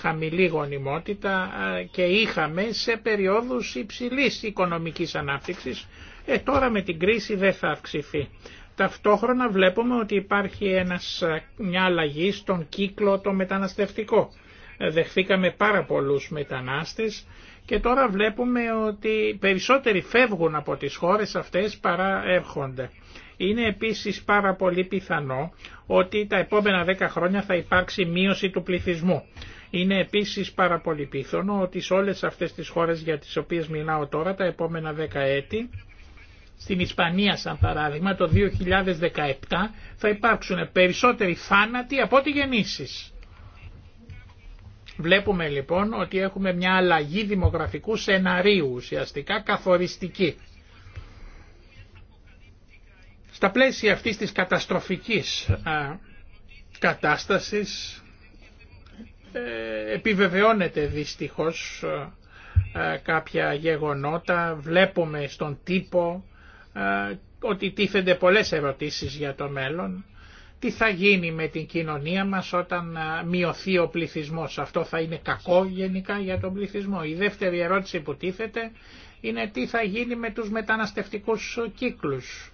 χαμηλή γονιμότητα και είχαμε σε περιόδους υψηλής οικονομικής ανάπτυξης. Ε, τώρα με την κρίση δεν θα αυξηθεί. Ταυτόχρονα βλέπουμε ότι υπάρχει ένας, μια αλλαγή στον κύκλο το μεταναστευτικό. Δεχθήκαμε πάρα πολλούς μετανάστες και τώρα βλέπουμε ότι περισσότεροι φεύγουν από τις χώρες αυτές παρά έρχονται. Είναι επίσης πάρα πολύ πιθανό ότι τα επόμενα δέκα χρόνια θα υπάρξει μείωση του πληθυσμού. Είναι επίσης πάρα πολύ πιθανό ότι σε όλες αυτές τις χώρες για τις οποίες μιλάω τώρα τα επόμενα δέκα έτη, στην Ισπανία σαν παράδειγμα το 2017 θα υπάρξουν περισσότεροι θάνατοι από ό,τι γεννήσεις. Βλέπουμε λοιπόν ότι έχουμε μια αλλαγή δημογραφικού σεναρίου, ουσιαστικά καθοριστική. Στα πλαίσια αυτής της καταστροφικής κατάστασης ε, επιβεβαιώνεται δυστυχώς κάποια γεγονότα, βλέπουμε στον τύπο ότι τίθενται πολλές ερωτήσεις για το μέλλον τι θα γίνει με την κοινωνία μας όταν μειωθεί ο πληθυσμός. Αυτό θα είναι κακό γενικά για τον πληθυσμό. Η δεύτερη ερώτηση που τίθεται είναι τι θα γίνει με τους μεταναστευτικούς κύκλους.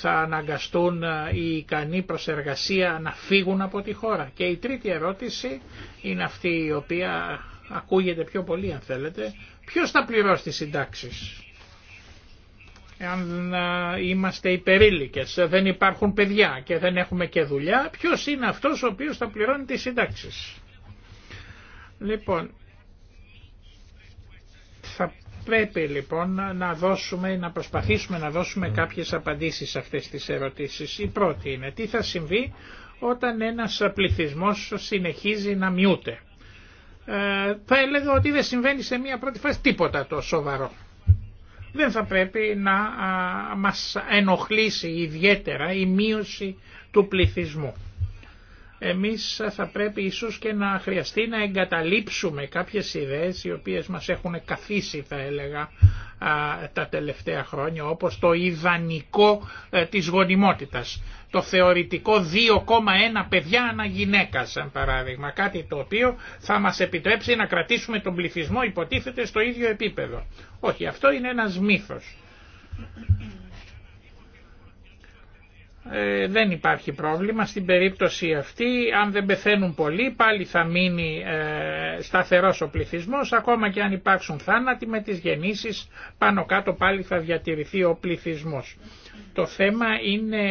Θα αναγκαστούν οι ικανοί προς εργασία να φύγουν από τη χώρα. Και η τρίτη ερώτηση είναι αυτή η οποία ακούγεται πιο πολύ αν θέλετε. Ποιος θα πληρώσει τις συντάξεις αν είμαστε υπερήλικες, δεν υπάρχουν παιδιά και δεν έχουμε και δουλειά, ποιος είναι αυτός ο οποίος θα πληρώνει τις συντάξεις. Λοιπόν, θα πρέπει λοιπόν να δώσουμε, να προσπαθήσουμε να δώσουμε κάποιες απαντήσεις σε αυτές τις ερωτήσεις. Η πρώτη είναι τι θα συμβεί όταν ένας πληθυσμός συνεχίζει να μειούται. Ε, θα έλεγα ότι δεν συμβαίνει σε μία πρώτη φάση τίποτα το σοβαρό δεν θα πρέπει να μας ενοχλήσει ιδιαίτερα η μείωση του πληθυσμού εμείς θα πρέπει ίσως και να χρειαστεί να εγκαταλείψουμε κάποιες ιδέες οι οποίες μας έχουν καθίσει θα έλεγα τα τελευταία χρόνια όπως το ιδανικό ε, της γονιμότητας. Το θεωρητικό 2,1 παιδιά ανά γυναίκα σαν παράδειγμα. Κάτι το οποίο θα μας επιτρέψει να κρατήσουμε τον πληθυσμό υποτίθεται στο ίδιο επίπεδο. Όχι αυτό είναι ένας μύθος ε, δεν υπάρχει πρόβλημα. Στην περίπτωση αυτή, αν δεν πεθαίνουν πολλοί, πάλι θα μείνει ε, σταθερός ο πληθυσμός, ακόμα και αν υπάρξουν θάνατοι με τις γεννήσεις, πάνω κάτω πάλι θα διατηρηθεί ο πληθυσμός. Το θέμα είναι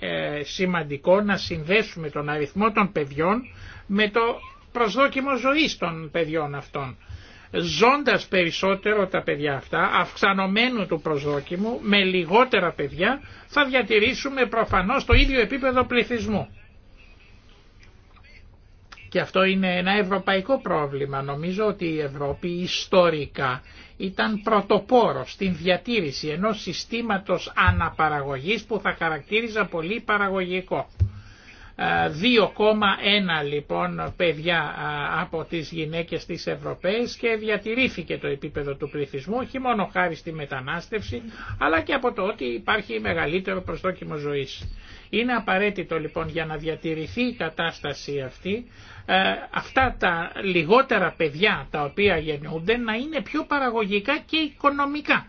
ε, σημαντικό να συνδέσουμε τον αριθμό των παιδιών με το προσδόκιμο ζωής των παιδιών αυτών ζώντας περισσότερο τα παιδιά αυτά, αυξανωμένου του προσδόκιμου, με λιγότερα παιδιά, θα διατηρήσουμε προφανώς το ίδιο επίπεδο πληθυσμού. Και αυτό είναι ένα ευρωπαϊκό πρόβλημα. Νομίζω ότι η Ευρώπη ιστορικά ήταν πρωτοπόρο στην διατήρηση ενός συστήματος αναπαραγωγής που θα χαρακτήριζα πολύ παραγωγικό. 2,1 λοιπόν παιδιά από τις γυναίκες της Ευρωπαίες και διατηρήθηκε το επίπεδο του πληθυσμού όχι μόνο χάρη στη μετανάστευση αλλά και από το ότι υπάρχει μεγαλύτερο προσδόκιμο ζωής. Είναι απαραίτητο λοιπόν για να διατηρηθεί η κατάσταση αυτή αυτά τα λιγότερα παιδιά τα οποία γεννούνται να είναι πιο παραγωγικά και οικονομικά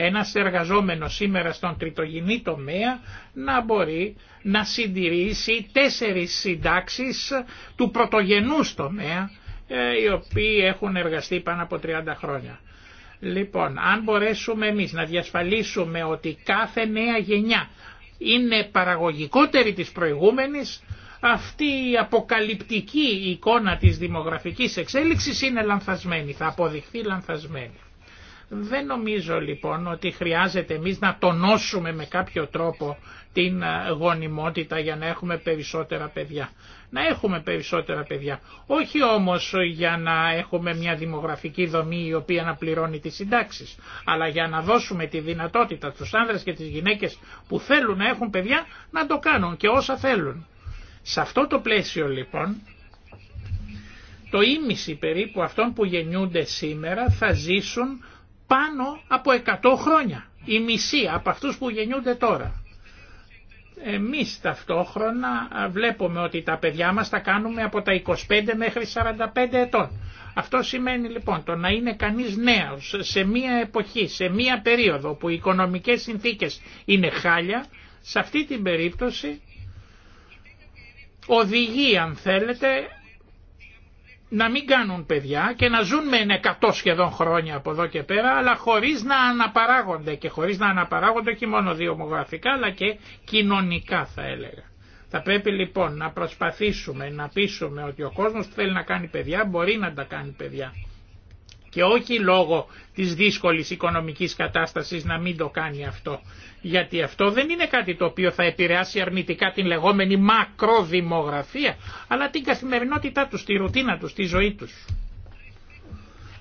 ένας εργαζόμενος σήμερα στον τριτογενή τομέα να μπορεί να συντηρήσει τέσσερις συντάξεις του πρωτογενού τομέα ε, οι οποίοι έχουν εργαστεί πάνω από 30 χρόνια. Λοιπόν, αν μπορέσουμε εμείς να διασφαλίσουμε ότι κάθε νέα γενιά είναι παραγωγικότερη της προηγούμενης, αυτή η αποκαλυπτική εικόνα της δημογραφικής εξέλιξης είναι λανθασμένη, θα αποδειχθεί λανθασμένη. Δεν νομίζω λοιπόν ότι χρειάζεται εμείς να τονώσουμε με κάποιο τρόπο την ε, γονιμότητα για να έχουμε περισσότερα παιδιά. Να έχουμε περισσότερα παιδιά. Όχι όμως για να έχουμε μια δημογραφική δομή η οποία να πληρώνει τις συντάξεις, αλλά για να δώσουμε τη δυνατότητα στους άνδρες και τις γυναίκες που θέλουν να έχουν παιδιά να το κάνουν και όσα θέλουν. Σε αυτό το πλαίσιο λοιπόν το ίμιση περίπου αυτών που γεννιούνται σήμερα θα ζήσουν πάνω από 100 χρόνια. Η μισή από αυτούς που γεννιούνται τώρα. Εμείς ταυτόχρονα βλέπουμε ότι τα παιδιά μας τα κάνουμε από τα 25 μέχρι 45 ετών. Αυτό σημαίνει λοιπόν το να είναι κανείς νέος σε μία εποχή, σε μία περίοδο που οι οικονομικές συνθήκες είναι χάλια, σε αυτή την περίπτωση οδηγεί αν θέλετε να μην κάνουν παιδιά και να ζουν με 100 σχεδόν χρόνια από εδώ και πέρα, αλλά χωρίς να αναπαράγονται και χωρίς να αναπαράγονται όχι μόνο διομογραφικά αλλά και κοινωνικά θα έλεγα. Θα πρέπει λοιπόν να προσπαθήσουμε να πείσουμε ότι ο κόσμος που θέλει να κάνει παιδιά μπορεί να τα κάνει παιδιά και όχι λόγω της δύσκολης οικονομικής κατάστασης να μην το κάνει αυτό. Γιατί αυτό δεν είναι κάτι το οποίο θα επηρεάσει αρνητικά την λεγόμενη μακροδημογραφία, αλλά την καθημερινότητά τους, τη ρουτίνα τους, τη ζωή τους.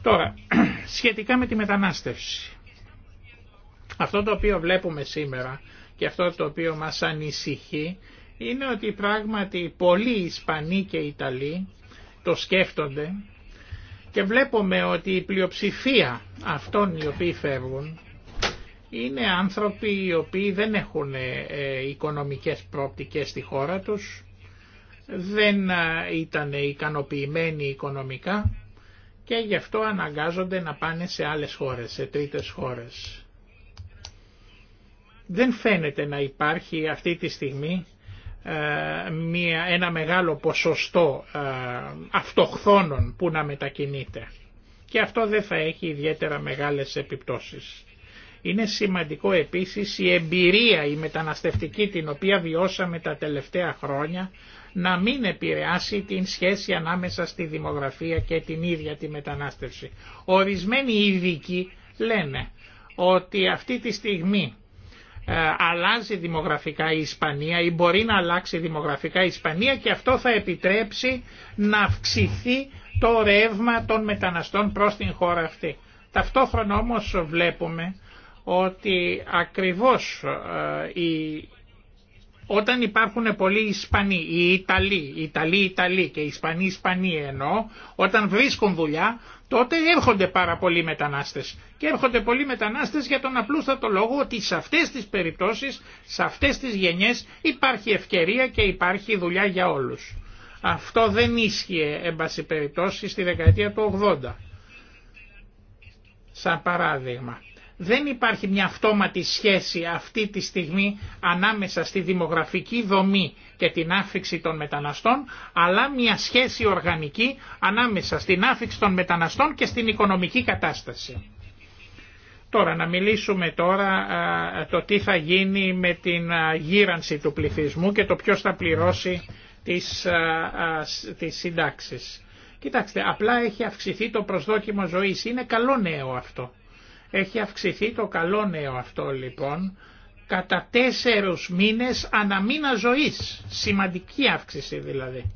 Τώρα, σχετικά με τη μετανάστευση. Αυτό το οποίο βλέπουμε σήμερα και αυτό το οποίο μας ανησυχεί είναι ότι πράγματι πολλοί Ισπανοί και Ιταλοί το σκέφτονται και βλέπουμε ότι η πλειοψηφία αυτών οι οποίοι φεύγουν είναι άνθρωποι οι οποίοι δεν έχουν ε, οικονομικές προοπτικές στη χώρα τους, δεν ε, ήταν ικανοποιημένοι οικονομικά και γι' αυτό αναγκάζονται να πάνε σε άλλες χώρες, σε τρίτες χώρες. Δεν φαίνεται να υπάρχει αυτή τη στιγμή ε, μια, ένα μεγάλο ποσοστό ε, αυτοχθόνων που να μετακινείται. Και αυτό δεν θα έχει ιδιαίτερα μεγάλες επιπτώσεις. Είναι σημαντικό επίσης η εμπειρία, η μεταναστευτική την οποία βιώσαμε τα τελευταία χρόνια να μην επηρεάσει την σχέση ανάμεσα στη δημογραφία και την ίδια τη μετανάστευση. Ορισμένοι ειδικοί λένε ότι αυτή τη στιγμή ε, αλλάζει δημογραφικά η Ισπανία ή μπορεί να αλλάξει δημογραφικά η Ισπανία και αυτό θα επιτρέψει να αυξηθεί το ρεύμα των μεταναστών προς την χώρα αυτή. Ταυτόχρονα όμως βλέπουμε ότι ακριβώς ε, η όταν υπάρχουν πολλοί Ισπανοί οι Ιταλοί, Ιταλοί Ιταλοί και Ισπανοί Ισπανοί εννοώ, όταν βρίσκουν δουλειά τότε έρχονται πάρα πολλοί μετανάστες. Και έρχονται πολλοί μετανάστες για τον απλούστατο λόγο ότι σε αυτές τις περιπτώσεις, σε αυτές τις γενιές υπάρχει ευκαιρία και υπάρχει δουλειά για όλους. Αυτό δεν ίσχυε εν πάση περιπτώσει στη δεκαετία του 80. Σαν παράδειγμα. Δεν υπάρχει μια αυτόματη σχέση αυτή τη στιγμή ανάμεσα στη δημογραφική δομή και την άφηξη των μεταναστών, αλλά μια σχέση οργανική ανάμεσα στην άφηξη των μεταναστών και στην οικονομική κατάσταση. Τώρα να μιλήσουμε τώρα το τι θα γίνει με την γύρανση του πληθυσμού και το ποιος θα πληρώσει τις, α, τις συντάξεις. Κοιτάξτε, απλά έχει αυξηθεί το προσδόκιμο ζωής. Είναι καλό νέο αυτό. Έχει αυξηθεί το καλό νέο αυτό λοιπόν κατά τέσσερους μήνες αναμήνα ζωής. Σημαντική αύξηση δηλαδή.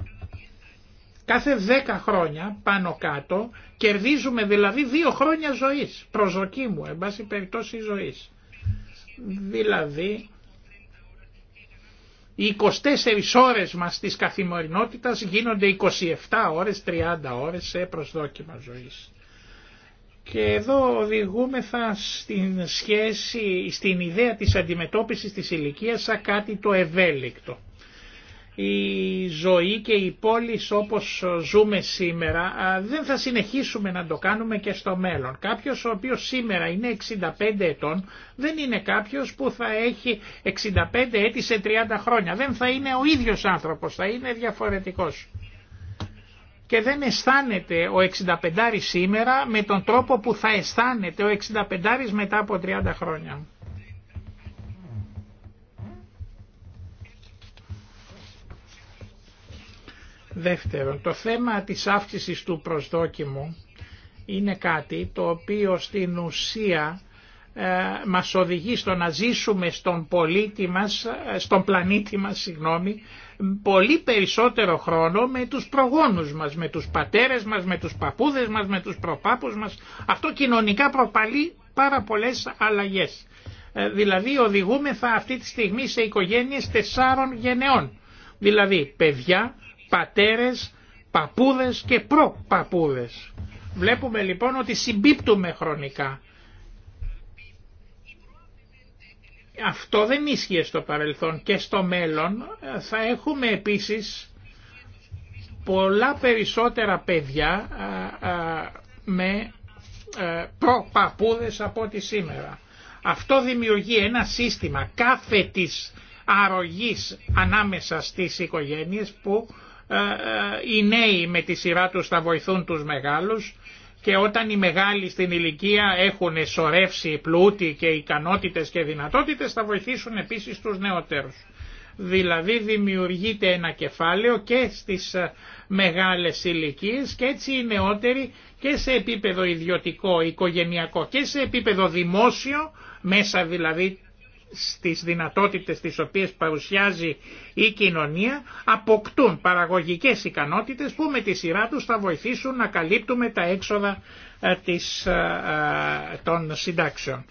Κάθε δέκα χρόνια πάνω κάτω κερδίζουμε δηλαδή δύο χρόνια ζωής. Προσδοκίμου, εν πάση περιπτώσει ζωής. Δηλαδή οι 24 ώρες μας της καθημερινότητας γίνονται 27 ώρες, 30 ώρες σε προσδόκιμα ζωής. Και εδώ οδηγούμεθα στην σχέση, στην ιδέα της αντιμετώπισης της ηλικίας σαν κάτι το ευέλικτο. Η ζωή και η πόλη όπως ζούμε σήμερα δεν θα συνεχίσουμε να το κάνουμε και στο μέλλον. Κάποιος ο οποίος σήμερα είναι 65 ετών δεν είναι κάποιος που θα έχει 65 έτη σε 30 χρόνια. Δεν θα είναι ο ίδιος άνθρωπος, θα είναι διαφορετικός και δεν αισθάνεται ο 65 σήμερα με τον τρόπο που θα αισθάνεται ο 65 μετά από 30 χρόνια. Δεύτερον, το θέμα της αύξησης του προσδόκιμου είναι κάτι το οποίο στην ουσία ε, μας οδηγεί στο να ζήσουμε στον πολίτη μας, ε, στον πλανήτη μας, συγγνώμη, πολύ περισσότερο χρόνο με τους προγόνους μας, με τους πατέρες μας, με τους παππούδες μας, με τους προπάπους μας. Αυτό κοινωνικά προπαλεί πάρα πολλές αλλαγές. Ε, δηλαδή οδηγούμεθα αυτή τη στιγμή σε οικογένειες τεσσάρων γενεών. Δηλαδή παιδιά, πατέρες, παππούδες και προπαππούδες. Βλέπουμε λοιπόν ότι συμπίπτουμε χρονικά Αυτό δεν ίσχυε στο παρελθόν και στο μέλλον θα έχουμε επίσης πολλά περισσότερα παιδιά με προπαπούδες από ό,τι σήμερα. Αυτό δημιουργεί ένα σύστημα κάθε της αρρωγής ανάμεσα στις οικογένειες που οι νέοι με τη σειρά τους θα βοηθούν τους μεγάλους και όταν οι μεγάλοι στην ηλικία έχουν σωρεύσει πλούτη και ικανότητες και δυνατότητες θα βοηθήσουν επίσης τους νεότερους. Δηλαδή δημιουργείται ένα κεφάλαιο και στις ε, μεγάλες ηλικίε και έτσι οι νεότεροι και σε επίπεδο ιδιωτικό, οικογενειακό και σε επίπεδο δημόσιο, μέσα δηλαδή στις δυνατότητες τις οποίες παρουσιάζει η κοινωνία αποκτούν παραγωγικές ικανότητες που με τη σειρά τους θα βοηθήσουν να καλύπτουμε τα έξοδα ε, της, ε, ε, των συντάξεων.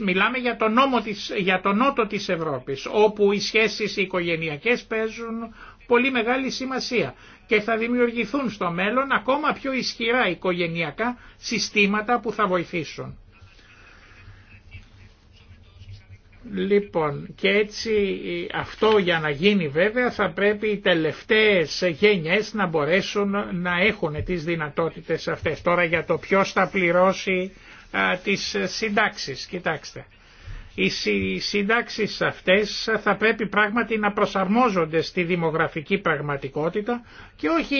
Μιλάμε για τον, νόμο της, για τον νότο της Ευρώπης όπου οι σχέσεις οικογενειακές παίζουν πολύ μεγάλη σημασία και θα δημιουργηθούν στο μέλλον ακόμα πιο ισχυρά οικογενειακά συστήματα που θα βοηθήσουν. Λοιπόν, και έτσι ε, αυτό για να γίνει βέβαια θα πρέπει οι τελευταίες γενιές να μπορέσουν να έχουν τις δυνατότητες αυτές. Τώρα για το ποιος θα πληρώσει α, τις συντάξεις, κοιτάξτε. Οι συντάξεις αυτές θα πρέπει πράγματι να προσαρμόζονται στη δημογραφική πραγματικότητα και όχι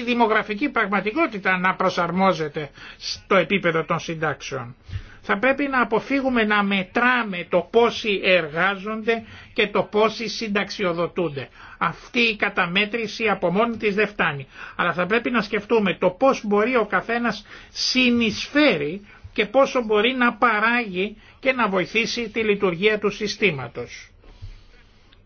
η δημογραφική πραγματικότητα να προσαρμόζεται στο επίπεδο των συντάξεων. Θα πρέπει να αποφύγουμε να μετράμε το πόσοι εργάζονται και το πόσοι συνταξιοδοτούνται. Αυτή η καταμέτρηση από μόνη της δεν φτάνει. Αλλά θα πρέπει να σκεφτούμε το πώς μπορεί ο καθένας συνεισφέρει και πόσο μπορεί να παράγει και να βοηθήσει τη λειτουργία του συστήματος.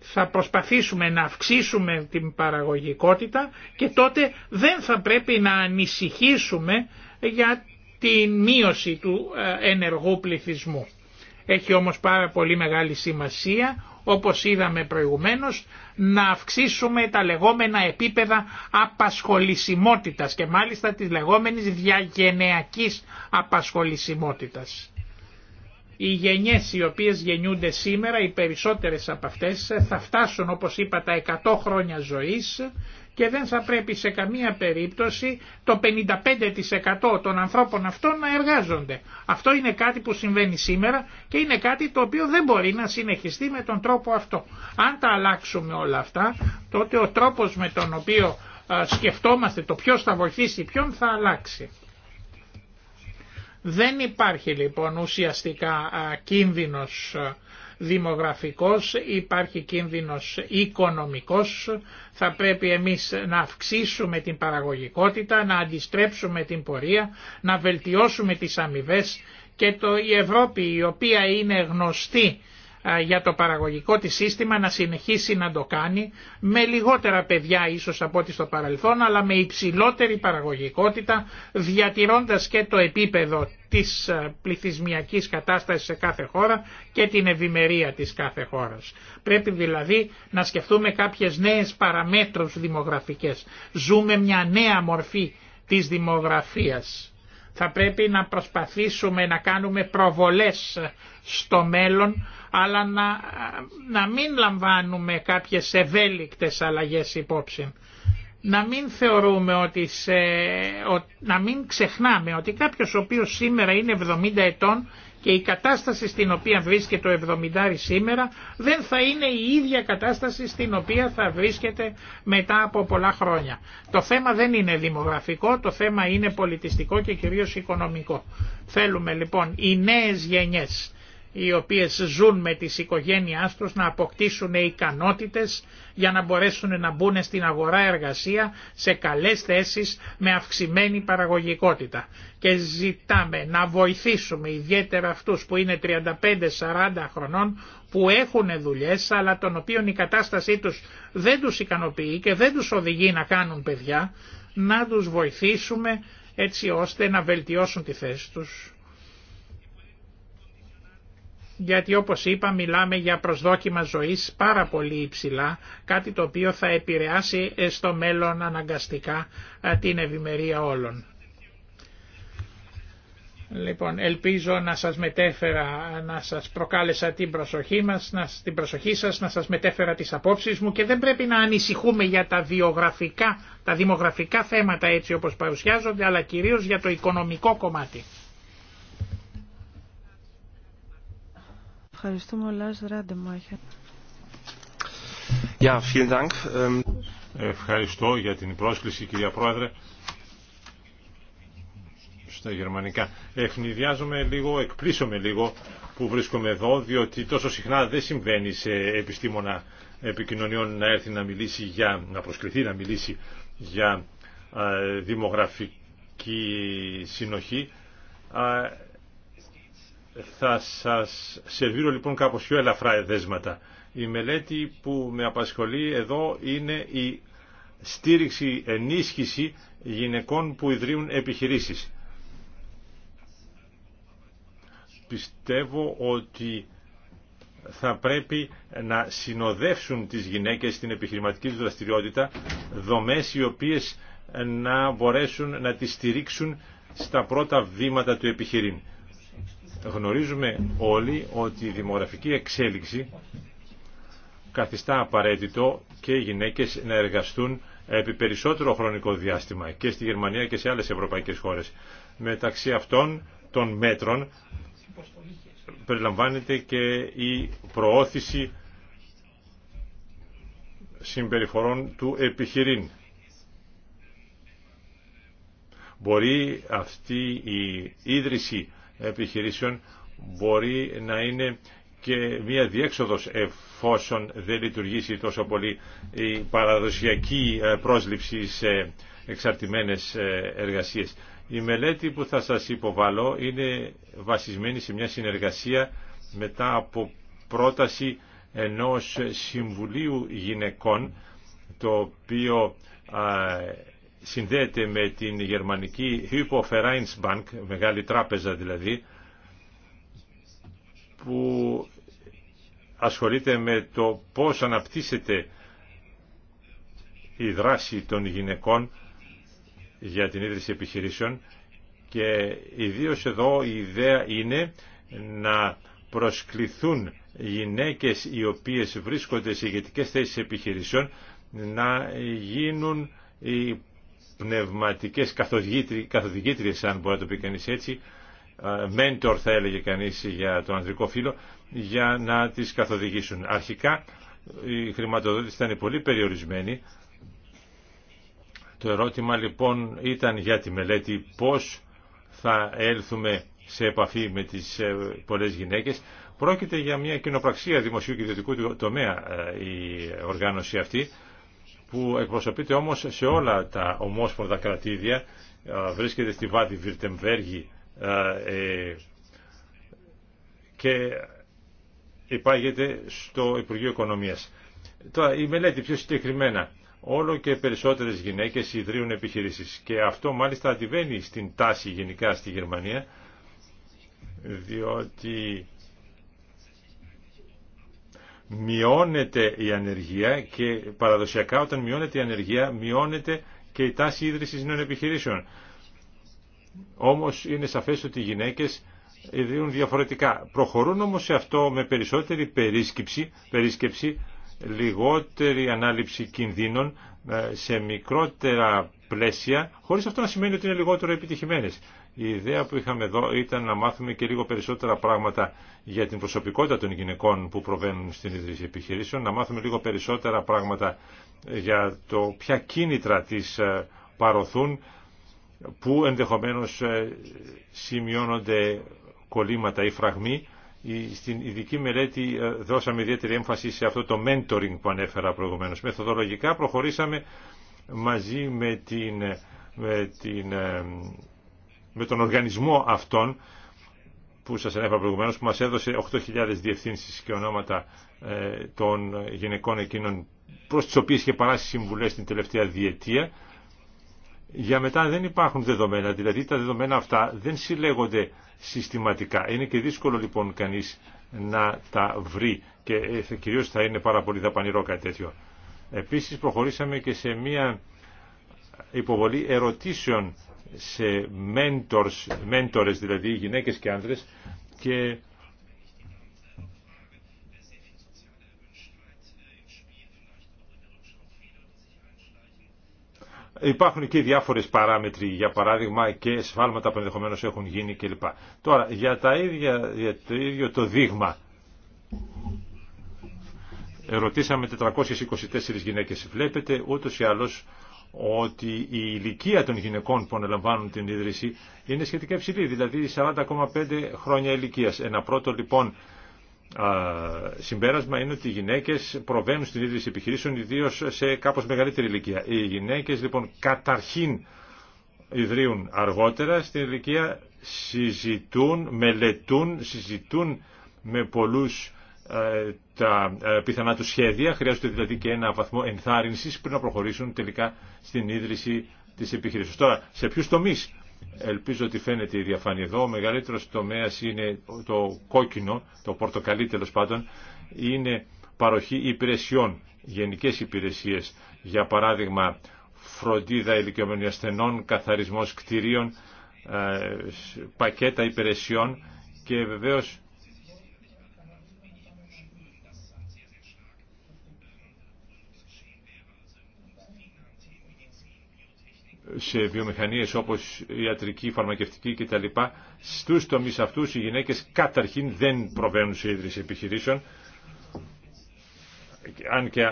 Θα προσπαθήσουμε να αυξήσουμε την παραγωγικότητα και τότε δεν θα πρέπει να ανησυχήσουμε για την μείωση του ε, ενεργού πληθυσμού. Έχει όμως πάρα πολύ μεγάλη σημασία, όπως είδαμε προηγουμένως, να αυξήσουμε τα λεγόμενα επίπεδα απασχολησιμότητας και μάλιστα της λεγόμενης διαγενειακής απασχολησιμότητας. Οι γενιές οι οποίες γεννιούνται σήμερα, οι περισσότερες από αυτές, θα φτάσουν όπως είπα τα 100 χρόνια ζωής και δεν θα πρέπει σε καμία περίπτωση το 55% των ανθρώπων αυτών να εργάζονται. Αυτό είναι κάτι που συμβαίνει σήμερα και είναι κάτι το οποίο δεν μπορεί να συνεχιστεί με τον τρόπο αυτό. Αν τα αλλάξουμε όλα αυτά, τότε ο τρόπος με τον οποίο σκεφτόμαστε το ποιος θα βοηθήσει ποιον θα αλλάξει. Δεν υπάρχει λοιπόν ουσιαστικά κίνδυνος δημογραφικός, υπάρχει κίνδυνος οικονομικός, θα πρέπει εμείς να αυξήσουμε την παραγωγικότητα, να αντιστρέψουμε την πορεία, να βελτιώσουμε τις αμοιβέ και το, η Ευρώπη η οποία είναι γνωστή για το παραγωγικό της σύστημα να συνεχίσει να το κάνει με λιγότερα παιδιά ίσως από ό,τι στο παρελθόν αλλά με υψηλότερη παραγωγικότητα διατηρώντας και το επίπεδο της ε, πληθυσμιακής κατάστασης σε κάθε χώρα και την ευημερία της κάθε χώρας. Πρέπει δηλαδή να σκεφτούμε κάποιες νέες παραμέτρους δημογραφικές. Ζούμε μια νέα μορφή της δημογραφίας. Θα πρέπει να προσπαθήσουμε να κάνουμε προβολές ε, στο μέλλον, αλλά να, ε, να μην λαμβάνουμε κάποιες ευέλικτες αλλαγές υπόψη να μην θεωρούμε ότι να μην ξεχνάμε ότι κάποιος ο οποίος σήμερα είναι 70 ετών και η κατάσταση στην οποία βρίσκεται ο 70 σήμερα δεν θα είναι η ίδια κατάσταση στην οποία θα βρίσκεται μετά από πολλά χρόνια. Το θέμα δεν είναι δημογραφικό, το θέμα είναι πολιτιστικό και κυρίως οικονομικό. Θέλουμε λοιπόν οι νέες γενιές οι οποίες ζουν με τις οικογένειάς τους να αποκτήσουν ικανότητες για να μπορέσουν να μπουν στην αγορά εργασία σε καλές θέσεις με αυξημένη παραγωγικότητα. Και ζητάμε να βοηθήσουμε ιδιαίτερα αυτούς που είναι 35-40 χρονών που έχουν δουλειές αλλά των οποίων η κατάστασή τους δεν τους ικανοποιεί και δεν τους οδηγεί να κάνουν παιδιά να τους βοηθήσουμε έτσι ώστε να βελτιώσουν τη θέση τους γιατί όπως είπα μιλάμε για προσδόκιμα ζωής πάρα πολύ υψηλά, κάτι το οποίο θα επηρεάσει ε, στο μέλλον αναγκαστικά ε, την ευημερία όλων. Λοιπόν, ελπίζω να σας μετέφερα, να σας προκάλεσα την προσοχή, μας, να, την προσοχή σας, να σας μετέφερα τις απόψεις μου και δεν πρέπει να ανησυχούμε για τα βιογραφικά, τα δημογραφικά θέματα έτσι όπως παρουσιάζονται, αλλά κυρίως για το οικονομικό κομμάτι. Ευχαριστούμε, ο Λάζ Ράντεμάχερ. Ja, vielen Dank. Ähm, Ευχαριστώ για την πρόσκληση, κυρία Πρόεδρε. Στα γερμανικά. Ευνηδιάζομαι λίγο, εκπλήσωμαι λίγο που βρίσκομαι εδώ, διότι τόσο συχνά δεν συμβαίνει σε επιστήμονα επικοινωνιών να έρθει να μιλήσει για, να προσκληθεί να μιλήσει για ε, δημογραφική συνοχή θα σας σερβίρω λοιπόν κάπως πιο ελαφρά δέσματα. Η μελέτη που με απασχολεί εδώ είναι η στήριξη, ενίσχυση γυναικών που ιδρύουν επιχειρήσεις. Πιστεύω ότι θα πρέπει να συνοδεύσουν τις γυναίκες στην επιχειρηματική τους δραστηριότητα δομές οι οποίες να μπορέσουν να τις στηρίξουν στα πρώτα βήματα του επιχειρήν. Γνωρίζουμε όλοι ότι η δημογραφική εξέλιξη καθιστά απαραίτητο και οι γυναίκες να εργαστούν επί περισσότερο χρονικό διάστημα και στη Γερμανία και σε άλλες ευρωπαϊκές χώρες. Μεταξύ αυτών των μέτρων περιλαμβάνεται και η προώθηση συμπεριφορών του επιχειρήν. Μπορεί αυτή η ίδρυση επιχειρήσεων μπορεί να είναι και μια διέξοδος εφόσον δεν λειτουργήσει τόσο πολύ η παραδοσιακή ε, πρόσληψη σε εξαρτημένες ε, εργασίες. Η μελέτη που θα σας υποβαλώ είναι βασισμένη σε μια συνεργασία μετά από πρόταση ενός Συμβουλίου Γυναικών το οποίο συνδέεται με την γερμανική Hypo μεγάλη τράπεζα δηλαδή, που ασχολείται με το πώς αναπτύσσεται η δράση των γυναικών για την ίδρυση επιχειρήσεων και ιδίως εδώ η ιδέα είναι να προσκληθούν γυναίκες οι οποίες βρίσκονται σε ηγετικές θέσεις επιχειρήσεων να γίνουν οι πνευματικές καθοδηγήτριες, αν μπορεί να το πει κανείς έτσι, ε, mentor θα έλεγε κανείς για το ανδρικό φύλλο, για να τις καθοδηγήσουν. Αρχικά η χρηματοδότηση ήταν πολύ περιορισμένη. Το ερώτημα λοιπόν ήταν για τη μελέτη πώς θα έλθουμε σε επαφή με τις ε, πολλές γυναίκες. Πρόκειται για μια κοινοπραξία δημοσίου και ιδιωτικού τομέα ε, η οργάνωση αυτή που εκπροσωπείται όμως σε όλα τα ομόσπονδα κρατήδια, ε, βρίσκεται στη Βάδη Βιρτεμβέργη ε, ε, και υπάγεται στο Υπουργείο Οικονομίας. Τώρα, η μελέτη πιο συγκεκριμένα. Όλο και περισσότερες γυναίκες ιδρύουν επιχειρήσεις και αυτό μάλιστα αντιβαίνει στην τάση γενικά στη Γερμανία, διότι μειώνεται η ανεργία και παραδοσιακά όταν μειώνεται η ανεργία μειώνεται και η τάση ίδρυσης νέων επιχειρήσεων. Όμως είναι σαφές ότι οι γυναίκες ιδρύουν διαφορετικά. Προχωρούν όμως σε αυτό με περισσότερη περίσκεψη, περίσκεψη λιγότερη ανάληψη κινδύνων ε, σε μικρότερα πλαίσια, χωρίς αυτό να σημαίνει ότι είναι λιγότερο επιτυχημένες. Η ιδέα που είχαμε εδώ ήταν να μάθουμε και λίγο περισσότερα πράγματα για την προσωπικότητα των γυναικών που προβαίνουν στην ίδρυση επιχειρήσεων, να μάθουμε λίγο περισσότερα πράγματα για το ποια κίνητρα τις ε, παροθούν, που ενδεχομένως ε, σημειώνονται κολλήματα ή φραγμοί. Στην ειδική μελέτη ε, δώσαμε ιδιαίτερη έμφαση σε αυτό το mentoring που ανέφερα προηγουμένως. Μεθοδολογικά προχωρήσαμε μαζί με την, με την με τον οργανισμό αυτόν που σας ανέφερα προηγουμένως, που μας έδωσε 8.000 διευθύνσεις και ονόματα ε, των γυναικών εκείνων προς τις οποίες είχε παράσει συμβουλές την τελευταία διετία. Για μετά δεν υπάρχουν δεδομένα, δηλαδή τα δεδομένα αυτά δεν συλλέγονται συστηματικά. Είναι και δύσκολο λοιπόν κανείς να τα βρει και ε, κυρίως θα είναι πάρα πολύ δαπανηρό κάτι τέτοιο. Επίσης προχωρήσαμε και σε μία υποβολή ερωτήσεων σε mentors, mentors δηλαδή γυναίκες και άντρες και Υπάρχουν και διάφορες παράμετροι, για παράδειγμα, και σφάλματα που ενδεχομένω έχουν γίνει κλπ. Τώρα, για, τα ίδια, για το ίδιο το δείγμα, ερωτήσαμε 424 γυναίκες. Βλέπετε, ούτως ή άλλως, ότι η ηλικία των γυναικών που αναλαμβάνουν την ίδρυση είναι σχετικά υψηλή, δηλαδή 40,5 χρόνια ηλικίας. Ένα πρώτο λοιπόν συμπέρασμα είναι ότι οι γυναίκες προβαίνουν στην ίδρυση επιχειρήσεων ιδίως σε κάπως μεγαλύτερη ηλικία. Οι γυναίκες λοιπόν καταρχήν ιδρύουν αργότερα στην ηλικία, συζητούν, μελετούν, συζητούν με πολλούς τα ε, πιθανά του σχέδια, χρειάζεται δηλαδή και ένα βαθμό ενθάρρυνσης πριν να προχωρήσουν τελικά στην ίδρυση της επιχείρησης. Τώρα, σε ποιους τομείς Ελπίζω ότι φαίνεται η διαφάνεια εδώ. Ο μεγαλύτερος τομέας είναι το κόκκινο, το πορτοκαλί τέλος πάντων, είναι παροχή υπηρεσιών, γενικές υπηρεσίες. Για παράδειγμα, φροντίδα ηλικιωμένων ασθενών, καθαρισμός κτηρίων, ε, πακέτα υπηρεσιών και βεβαίως σε βιομηχανίες όπως ιατρική, φαρμακευτική κτλ. Στους τομείς αυτούς οι γυναίκες καταρχήν δεν προβαίνουν σε ίδρυση επιχειρήσεων αν και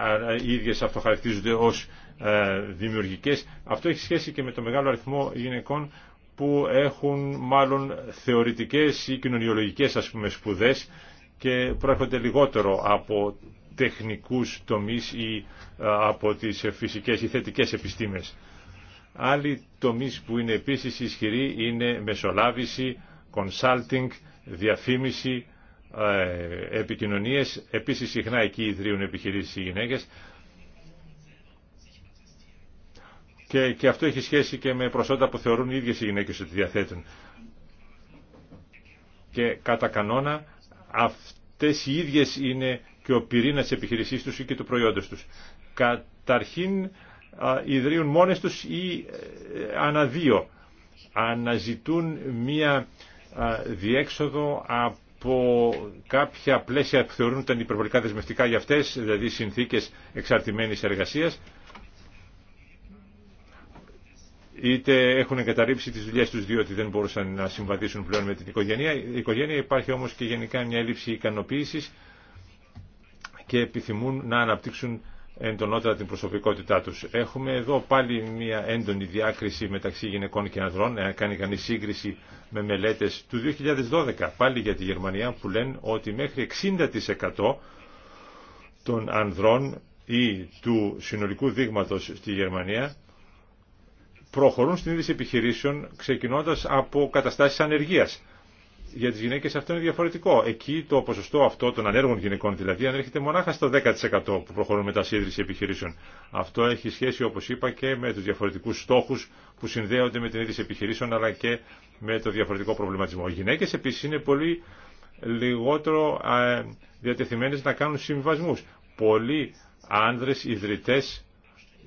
οι ίδιες αυτοχαρακτηρίζονται ως ε, δημιουργικές. Αυτό έχει σχέση και με το μεγάλο αριθμό γυναικών που έχουν μάλλον θεωρητικές ή κοινωνιολογικές ας πούμε σπουδές και προέρχονται λιγότερο από τεχνικούς τομείς ή ε, από τις φυσικές ή θετικές επιστήμες. Άλλοι τομείς που είναι επίσης ισχυροί είναι μεσολάβηση, consulting, διαφήμιση, ε, επικοινωνίες. Επίσης συχνά εκεί ιδρύουν επιχειρήσεις οι γυναίκες. Και, και αυτό έχει σχέση και με προσόντα που θεωρούν οι ίδιες οι γυναίκες ότι διαθέτουν. Και κατά κανόνα αυτές οι ίδιες είναι και ο πυρήνας επιχειρησής τους ή και του προϊόντος τους. Καταρχήν ιδρύουν μόνες τους ή ε, αναδύο. Αναζητούν μία διέξοδο από κάποια πλαίσια που θεωρούν ήταν υπερβολικά δεσμευτικά για αυτές, δηλαδή συνθήκες εξαρτημένης εργασίας, είτε έχουν εγκαταρρύψει τις δουλειές τους διότι δεν μπορούσαν να συμβαδίσουν πλέον με την οικογένεια. Η οικογένεια υπάρχει όμως και γενικά μια έλλειψη ικανοποίησης και επιθυμούν να αναπτύξουν εντονότερα την προσωπικότητά τους. Έχουμε εδώ πάλι μια έντονη διάκριση μεταξύ γυναικών και ανδρών, να κάνει κανείς σύγκριση με μελέτες του 2012, πάλι για τη Γερμανία, που λένε ότι μέχρι 60% των ανδρών ή του συνολικού δείγματος στη Γερμανία προχωρούν στην είδηση επιχειρήσεων ξεκινώντας από καταστάσεις ανεργίας για τις γυναίκες αυτό είναι διαφορετικό. Εκεί το ποσοστό αυτό των ανέργων γυναικών δηλαδή ανέρχεται μονάχα στο 10% που προχωρούν με τα ίδρυση επιχειρήσεων. Αυτό έχει σχέση όπως είπα και με τους διαφορετικούς στόχους που συνδέονται με την ίδρυση επιχειρήσεων αλλά και με το διαφορετικό προβληματισμό. Οι γυναίκες επίσης είναι πολύ λιγότερο ε, διατεθειμένες να κάνουν συμβασμούς. Πολλοί άνδρες ιδρυτές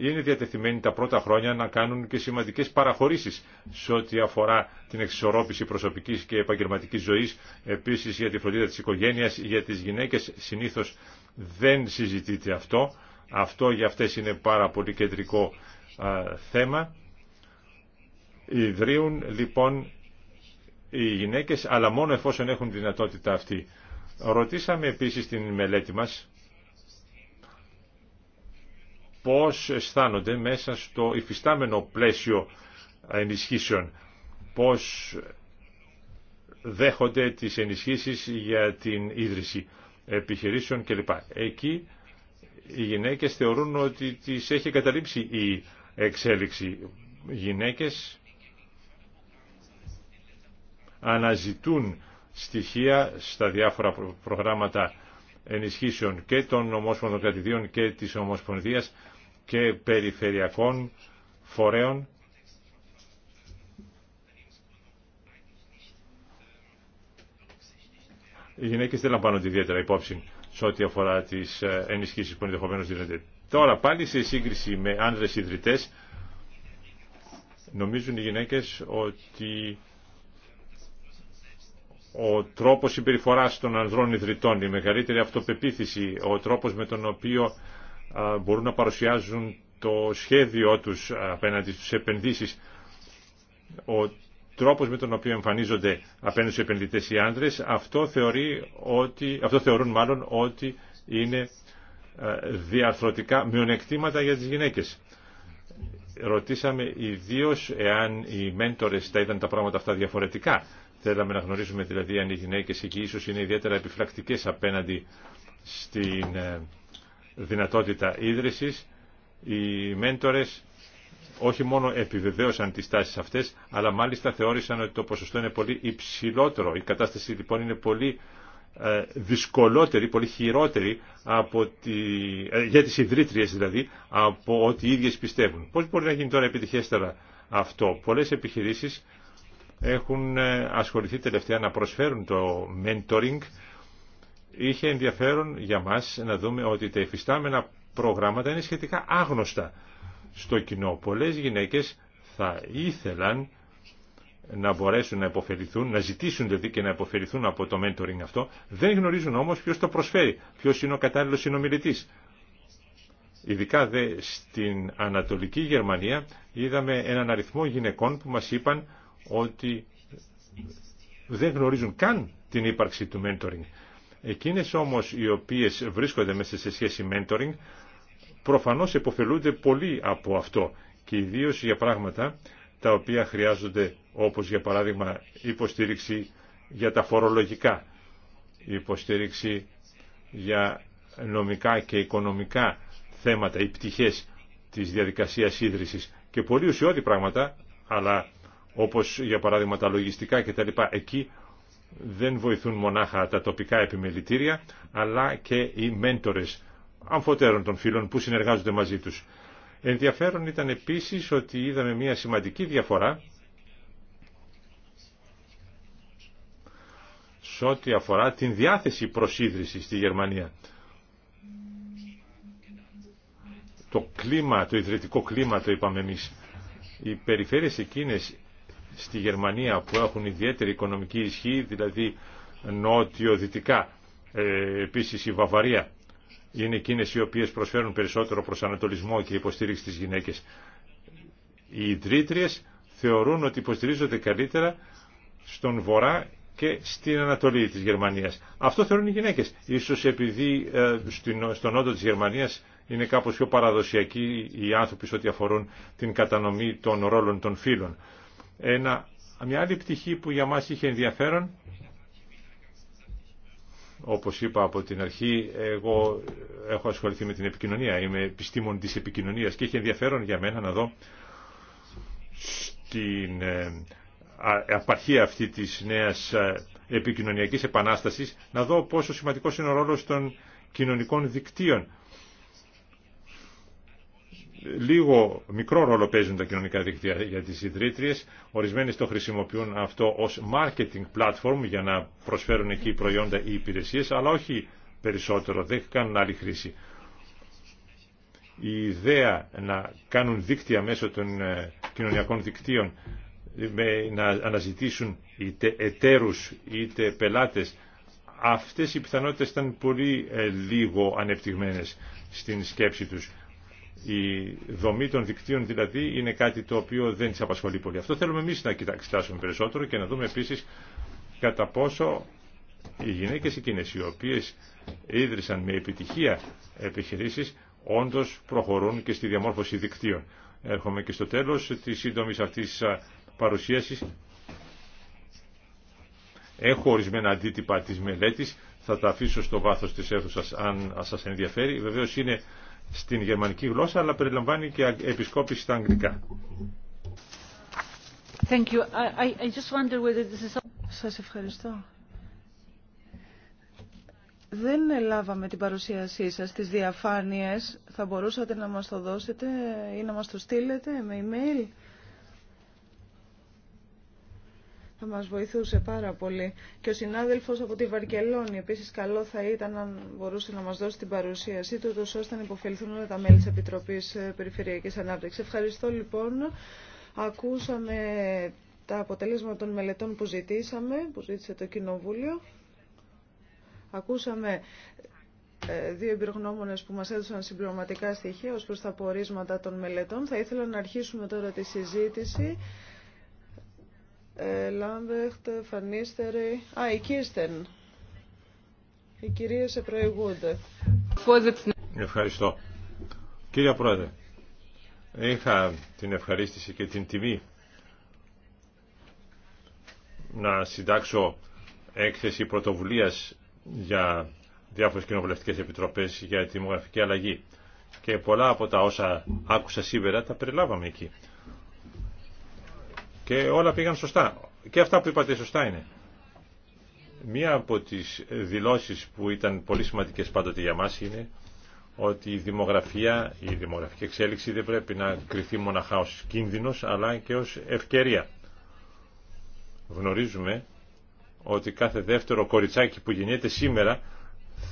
είναι διατεθειμένοι τα πρώτα χρόνια να κάνουν και σημαντικές παραχωρήσεις σε ό,τι αφορά την εξισορρόπηση προσωπικής και επαγγελματικής ζωής, επίσης για τη φροντίδα της οικογένειας, για τις γυναίκες συνήθως δεν συζητείται αυτό. Αυτό για αυτές είναι πάρα πολύ κεντρικό θέμα. Ιδρύουν λοιπόν οι γυναίκες, αλλά μόνο εφόσον έχουν δυνατότητα αυτή. Ρωτήσαμε επίσης την μελέτη μας πώς αισθάνονται μέσα στο υφιστάμενο πλαίσιο ενισχύσεων, πώς δέχονται τις ενισχύσεις για την ίδρυση επιχειρήσεων κλπ. Εκεί οι γυναίκες θεωρούν ότι τις έχει καταλήψει η εξέλιξη. Γυναίκες αναζητούν στοιχεία στα διάφορα προγράμματα ενισχύσεων και των ομόσπονδων και της Ομοσπονδίας και περιφερειακών φορέων Οι γυναίκες δεν λαμβάνονται ιδιαίτερα υπόψη σε ό,τι αφορά τις ε, ενισχύσεις που ενδεχομένως δίνονται. Τώρα πάλι σε σύγκριση με άνδρες ιδρυτές νομίζουν οι γυναίκες ότι ο τρόπος συμπεριφοράς των ανδρών ιδρυτών, η μεγαλύτερη αυτοπεποίθηση, ο τρόπος με τον οποίο μπορούν να παρουσιάζουν το σχέδιό τους απέναντι στους επενδύσεις, ο τρόπος με τον οποίο εμφανίζονται απέναντι στους επενδυτές οι άνδρες, αυτό, θεωρεί αυτό θεωρούν μάλλον ότι είναι διαρθρωτικά μειονεκτήματα για τις γυναίκες. Ρωτήσαμε ιδίω εάν οι μέντορες τα ήταν τα πράγματα αυτά διαφορετικά Θέλαμε να γνωρίζουμε δηλαδή αν οι γυναίκε εκεί ίσω είναι ιδιαίτερα επιφρακτικές απέναντι στην ε, δυνατότητα ίδρυση. Οι μέντορε, όχι μόνο επιβεβαίωσαν τι τάσει αυτέ, αλλά μάλιστα θεώρησαν ότι το ποσοστό είναι πολύ υψηλότερο. Η κατάσταση λοιπόν είναι πολύ ε, δυσκολότερη, πολύ χειρότερη από τη, ε, για τις ιδρύτριες δηλαδή από ό,τι οι ίδιες πιστεύουν. Πώς μπορεί να γίνει τώρα επιτυχέστερα αυτό. Πολλές επιχειρήσεις έχουν ε, ασχοληθεί τελευταία να προσφέρουν το mentoring. Είχε ενδιαφέρον για μας να δούμε ότι τα εφιστάμενα προγράμματα είναι σχετικά άγνωστα στο κοινό. Πολλές γυναίκες θα ήθελαν να μπορέσουν να υποφεληθούν, να ζητήσουν δηλαδή και να υποφεληθούν από το mentoring αυτό, δεν γνωρίζουν όμως ποιος το προσφέρει, ποιος είναι ο κατάλληλος συνομιλητής. Ειδικά δε στην Ανατολική Γερμανία είδαμε έναν αριθμό γυναικών που μας είπαν ότι δεν γνωρίζουν καν την ύπαρξη του mentoring. Εκείνες όμως οι οποίες βρίσκονται μέσα σε σχέση mentoring προφανώς επωφελούνται πολύ από αυτό και ιδίως για πράγματα τα οποία χρειάζονται όπως για παράδειγμα υποστήριξη για τα φορολογικά, υποστήριξη για νομικά και οικονομικά θέματα, οι πτυχές της διαδικασίας ίδρυσης και πολύ ουσιώδη πράγματα, αλλά όπως για παράδειγμα τα λογιστικά κτλ. Εκεί δεν βοηθούν μονάχα τα τοπικά επιμελητήρια, αλλά και οι μέντορες αμφωτέρων των φίλων που συνεργάζονται μαζί τους. Ενδιαφέρον ήταν επίσης ότι είδαμε μια σημαντική διαφορά σε ό,τι αφορά την διάθεση προσίδρυσης στη Γερμανία. Το κλίμα, το ιδρυτικό κλίμα το είπαμε εμείς. Οι περιφέρειες εκείνες στη Γερμανία που έχουν ιδιαίτερη οικονομική ισχύ, δηλαδή νότιο-δυτικά. Ε, επίσης η Βαβαρία είναι εκείνες οι οποίε προσφέρουν περισσότερο προσανατολισμό και υποστήριξη στις γυναίκε. Οι ιδρύτριε θεωρούν ότι υποστηρίζονται καλύτερα στον βορρά και στην Ανατολή τη Γερμανία. Αυτό θεωρούν οι γυναίκε. Ίσως επειδή ε, στον νότο τη Γερμανία είναι κάπω πιο παραδοσιακοί οι άνθρωποι σε ό,τι αφορούν την κατανομή των ρόλων των φίλων. Ένα, μια άλλη πτυχή που για μας είχε ενδιαφέρον, όπως είπα από την αρχή, εγώ έχω ασχοληθεί με την επικοινωνία, είμαι επιστήμον της επικοινωνίας και είχε ενδιαφέρον για μένα να δω στην ε, απαρχή αυτή της νέας ε, επικοινωνιακής επανάστασης, να δω πόσο σημαντικός είναι ο ρόλος των κοινωνικών δικτύων λίγο μικρό ρόλο παίζουν τα κοινωνικά δίκτυα για τις ιδρύτριες. Ορισμένες το χρησιμοποιούν αυτό ως marketing platform για να προσφέρουν εκεί προϊόντα ή υπηρεσίες, αλλά όχι περισσότερο, δεν κάνουν άλλη χρήση. Η ιδέα να κάνουν δίκτυα μέσω των ε, κοινωνιακών δικτύων, ε, να αναζητήσουν είτε εταίρους είτε πελάτες, αυτές οι πιθανότητες ήταν πολύ ε, λίγο ανεπτυγμένες στην σκέψη τους. Η δομή των δικτύων δηλαδή είναι κάτι το οποίο δεν τις απασχολεί πολύ. Αυτό θέλουμε εμείς να κοιτάξουμε περισσότερο και να δούμε επίσης κατά πόσο οι γυναίκες εκείνες οι οποίες ίδρυσαν με επιτυχία επιχειρήσεις όντως προχωρούν και στη διαμόρφωση δικτύων. Έρχομαι και στο τέλος της σύντομη αυτής παρουσίασης. Έχω ορισμένα αντίτυπα της μελέτης, θα τα αφήσω στο βάθος της αίθουσας αν σας ενδιαφέρει. Βεβαίως είναι στην γερμανική γλώσσα, αλλά περιλαμβάνει και επισκόπηση στα αγγλικά. Thank you. I, I just wonder whether this is... Σας ευχαριστώ. Δεν λάβαμε την παρουσίασή σας, τις διαφάνειες. Θα μπορούσατε να μας το δώσετε ή να μας το στείλετε με email. θα μας βοηθούσε πάρα πολύ. Και ο συνάδελφος από τη Βαρκελόνη, επίσης καλό θα ήταν αν μπορούσε να μας δώσει την παρουσίασή του, ώστε να υποφελθούν όλα τα μέλη της Επιτροπής ε, Περιφερειακής Ανάπτυξης. Ευχαριστώ λοιπόν. Ακούσαμε τα αποτελέσματα των μελετών που ζητήσαμε, που ζήτησε το Κοινοβούλιο. Ακούσαμε ε, δύο εμπειρογνώμονες που μας έδωσαν συμπληρωματικά στοιχεία ως προς τα πορίσματα των μελετών. Θα ήθελα να αρχίσουμε τώρα τη συζήτηση. Ε, Λάμπεχτ, Φανίστερη. Α, η Κίστεν. Οι κυρίες προηγούνται. Ευχαριστώ. Κύριε Πρόεδρε, είχα την ευχαρίστηση και την τιμή να συντάξω έκθεση πρωτοβουλίας για διάφορες κοινοβουλευτικές επιτροπές για τη δημογραφική αλλαγή. Και πολλά από τα όσα άκουσα σήμερα τα περιλάβαμε εκεί και όλα πήγαν σωστά. Και αυτά που είπατε σωστά είναι. Μία από τις δηλώσεις που ήταν πολύ σημαντικές πάντοτε για μας είναι ότι η δημογραφία, η δημογραφική εξέλιξη δεν πρέπει να κριθεί μοναχά ως κίνδυνος αλλά και ως ευκαιρία. Γνωρίζουμε ότι κάθε δεύτερο κοριτσάκι που γεννιέται σήμερα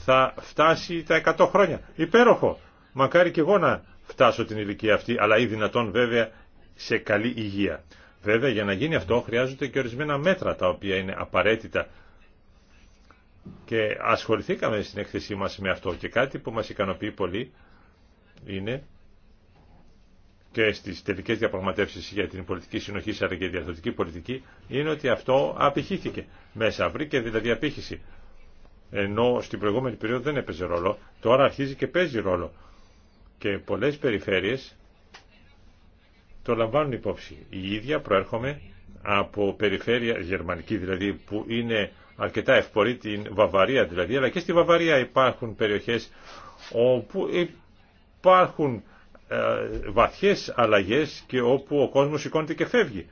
θα φτάσει τα 100 χρόνια. Υπέροχο! Μακάρι και εγώ να φτάσω την ηλικία αυτή, αλλά ή δυνατόν βέβαια σε καλή υγεία. Βέβαια για να γίνει αυτό χρειάζονται και ορισμένα μέτρα τα οποία είναι απαραίτητα και ασχοληθήκαμε στην έκθεσή μας με αυτό και κάτι που μας ικανοποιεί πολύ είναι και στις τελικές διαπραγματεύσεις για την πολιτική συνοχή αλλά και διαδοτική πολιτική είναι ότι αυτό απηχήθηκε μέσα, βρήκε δηλαδή απήχηση. Ενώ στην προηγούμενη περίοδο δεν έπαιζε ρόλο, τώρα αρχίζει και παίζει ρόλο. Και πολλές περιφέρειες το λαμβάνουν υπόψη. Η ίδια προέρχομαι από περιφέρεια γερμανική δηλαδή που είναι αρκετά ευπορή την Βαβαρία δηλαδή αλλά και στη Βαβαρία υπάρχουν περιοχές όπου υπάρχουν ε, βαθιές αλλαγές και όπου ο κόσμος σηκώνεται και φεύγει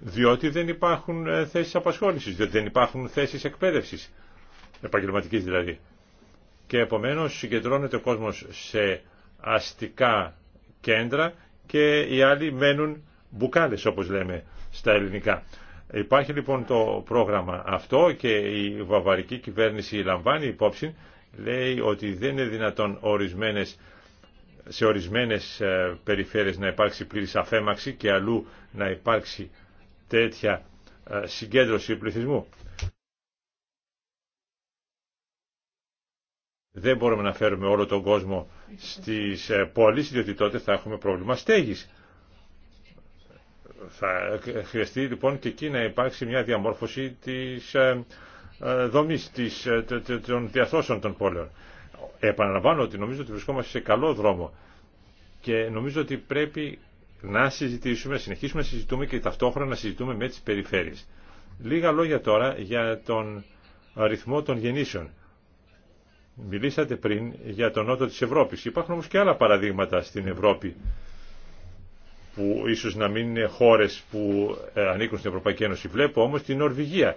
διότι δεν υπάρχουν ε, θέσεις απασχόλησης, διότι δεν υπάρχουν θέσεις εκπαίδευσης, επαγγελματικής δηλαδή. Και επομένως συγκεντρώνεται ο κόσμος σε αστικά κέντρα και οι άλλοι μένουν μπουκάλες όπως λέμε στα ελληνικά. Υπάρχει λοιπόν το πρόγραμμα αυτό και η βαβαρική κυβέρνηση λαμβάνει υπόψη, λέει ότι δεν είναι δυνατόν ορισμένες, σε ορισμένες ε, περιφέρειες να υπάρξει πλήρης αφέμαξη και αλλού να υπάρξει τέτοια ε, συγκέντρωση πληθυσμού. Δεν μπορούμε να φέρουμε όλο τον κόσμο στις ε, πόλεις, διότι τότε θα έχουμε πρόβλημα στέγης. Θα χρειαστεί λοιπόν και εκεί να υπάρξει μια διαμόρφωση της ε, ε, δομής των διαθώσεων των πόλεων. Επαναλαμβάνω ότι νομίζω ότι βρισκόμαστε σε καλό δρόμο και νομίζω ότι πρέπει να συζητήσουμε, συνεχίσουμε να συζητούμε και ταυτόχρονα να συζητούμε με τις περιφέρειες. Λίγα λόγια τώρα για τον αριθμό των γεννήσεων. Μιλήσατε πριν για τον νότο της Ευρώπης. Υπάρχουν όμως και άλλα παραδείγματα στην Ευρώπη που ίσως να μην είναι χώρες που ε, ανήκουν στην Ευρωπαϊκή Ένωση. Βλέπω όμως την Νορβηγία.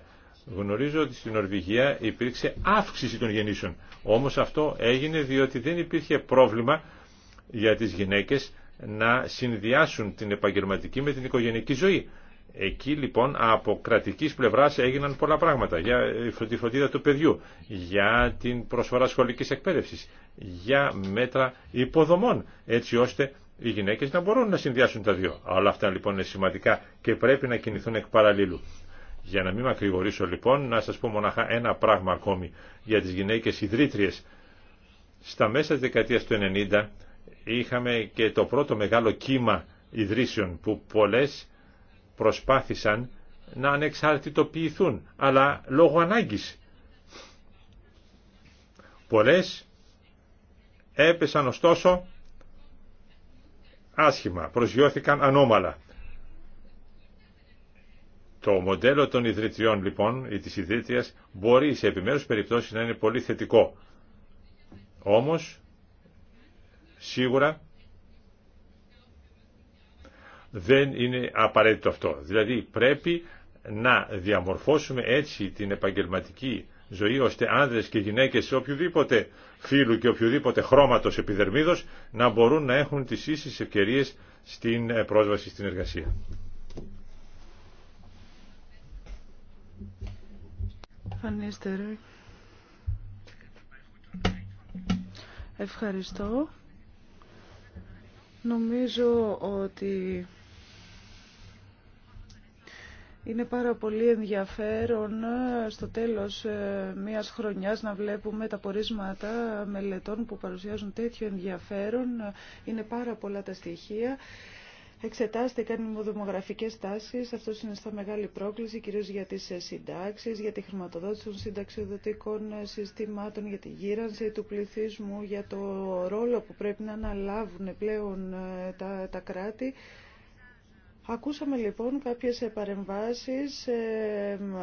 Γνωρίζω ότι στην Νορβηγία υπήρξε αύξηση των γεννήσεων. Όμως αυτό έγινε διότι δεν υπήρχε πρόβλημα για τις γυναίκες να συνδυάσουν την επαγγελματική με την οικογενική ζωή. Εκεί λοιπόν από κρατικής πλευράς έγιναν πολλά πράγματα για τη φροντίδα του παιδιού, για την προσφορά σχολικής εκπαίδευσης, για μέτρα υποδομών, έτσι ώστε οι γυναίκες να μπορούν να συνδυάσουν τα δύο. Όλα αυτά λοιπόν είναι σημαντικά και πρέπει να κινηθούν εκ παραλλήλου. Για να μην μακρηγορήσω λοιπόν, να σας πω μονάχα ένα πράγμα ακόμη για τις γυναίκες ιδρύτριες. Στα μέσα της δεκαετίας του 90 είχαμε και το πρώτο μεγάλο κύμα ιδρύσεων που πολλές προσπάθησαν να ανεξαρτητοποιηθούν, αλλά λόγω ανάγκης. Πολλές έπεσαν ωστόσο άσχημα, προσγειώθηκαν ανώμαλα. Το μοντέλο των ιδρυτριών λοιπόν ή της ιδρύτριας, μπορεί σε επιμέρους περιπτώσεις να είναι πολύ θετικό. Όμως σίγουρα δεν είναι απαραίτητο αυτό. Δηλαδή πρέπει να διαμορφώσουμε έτσι την επαγγελματική ζωή ώστε άνδρες και γυναίκες σε οποιοδήποτε φύλου και οποιοδήποτε χρώματος επιδερμίδος να μπορούν να έχουν τις ίσες ευκαιρίες στην ε, πρόσβαση στην εργασία. Ευχαριστώ. Νομίζω ότι είναι πάρα πολύ ενδιαφέρον ε, στο τέλος ε, μιας χρονιάς να βλέπουμε τα πορίσματα μελετών που παρουσιάζουν τέτοιο ενδιαφέρον. Είναι πάρα πολλά τα στοιχεία. Εξετάστηκαν οι δημογραφικές τάσεις, αυτό είναι στα μεγάλη πρόκληση, κυρίως για τις ε, συντάξεις, για τη χρηματοδότηση των συνταξιοδοτικών συστημάτων, για τη γύρανση του πληθυσμού, για το ρόλο που πρέπει να αναλάβουν πλέον τα, τα κράτη Ακούσαμε λοιπόν κάποιες παρεμβάσεις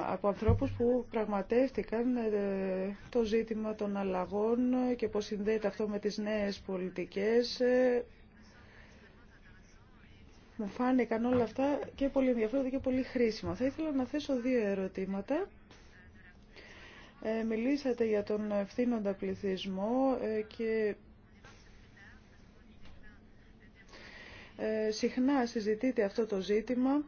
από ανθρώπους που πραγματεύτηκαν ε, το ζήτημα των αλλαγών και πώς συνδέεται αυτό με τις νέες πολιτικές. Ε, μου φάνηκαν όλα αυτά και πολύ ενδιαφέροντα και πολύ χρήσιμα. Θα ήθελα να θέσω δύο ερωτήματα. Ε, μιλήσατε για τον ευθύνοντα πληθυσμό και Ε, συχνά συζητείται αυτό το ζήτημα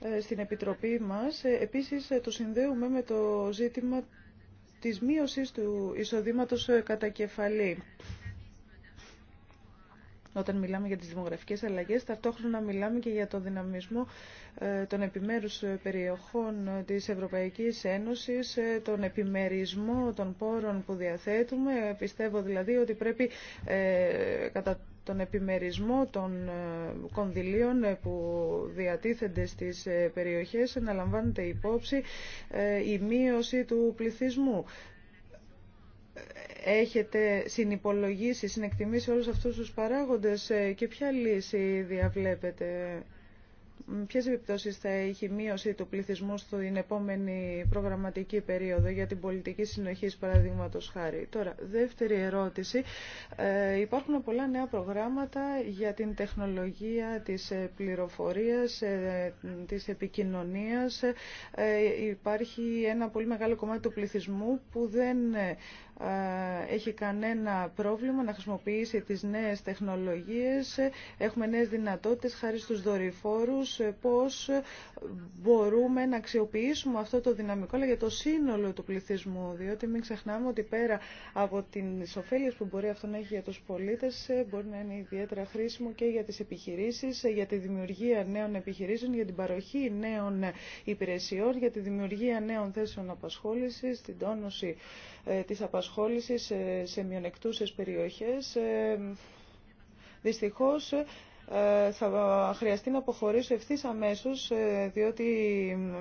ε, στην Επιτροπή μας. Ε, επίσης το συνδέουμε με το ζήτημα της μείωσης του εισοδήματος κατά κεφαλή. Όταν μιλάμε για τις δημογραφικές αλλαγές, ταυτόχρονα μιλάμε και για το δυναμισμό των επιμέρους περιοχών της Ευρωπαϊκής Ένωσης, τον επιμερισμό των πόρων που διαθέτουμε. Πιστεύω δηλαδή ότι πρέπει κατά τον επιμερισμό των ε, κονδυλίων ε, που διατίθενται στις ε, περιοχές να λαμβάνεται υπόψη η μείωση του πληθυσμού. Έχετε συνυπολογίσει, συνεκτιμήσει όλους αυτούς τους παράγοντες και ποια λύση διαβλέπετε ποιες επιπτώσεις θα έχει η μείωση του πληθυσμού στην επόμενη προγραμματική περίοδο για την πολιτική συνοχή, παραδείγματο χάρη. Τώρα, δεύτερη ερώτηση. Ε, υπάρχουν πολλά νέα προγράμματα για την τεχνολογία της ε, πληροφορίας, ε, της επικοινωνίας. υπάρχει ένα πολύ μεγάλο κομμάτι του πληθυσμού που δεν ε, έχει κανένα πρόβλημα να χρησιμοποιήσει τις νέες τεχνολογίες. Έχουμε νέες δυνατότητες χάρη στους δορυφόρους πώς μπορούμε να αξιοποιήσουμε αυτό το δυναμικό αλλά για το σύνολο του πληθυσμού διότι μην ξεχνάμε ότι πέρα από τις ωφέλειες που μπορεί αυτό να έχει για τους πολίτες μπορεί να είναι ιδιαίτερα χρήσιμο και για τις επιχειρήσεις, για τη δημιουργία νέων επιχειρήσεων, για την παροχή νέων υπηρεσιών, για τη δημιουργία νέων θέσεων απασχόλησης, την τόνωση ε, της απασχόλησης σε μειονεκτούσες περιοχές. Ε, δυστυχώς ε, θα χρειαστεί να αποχωρήσω ευθύ αμέσω, ε, διότι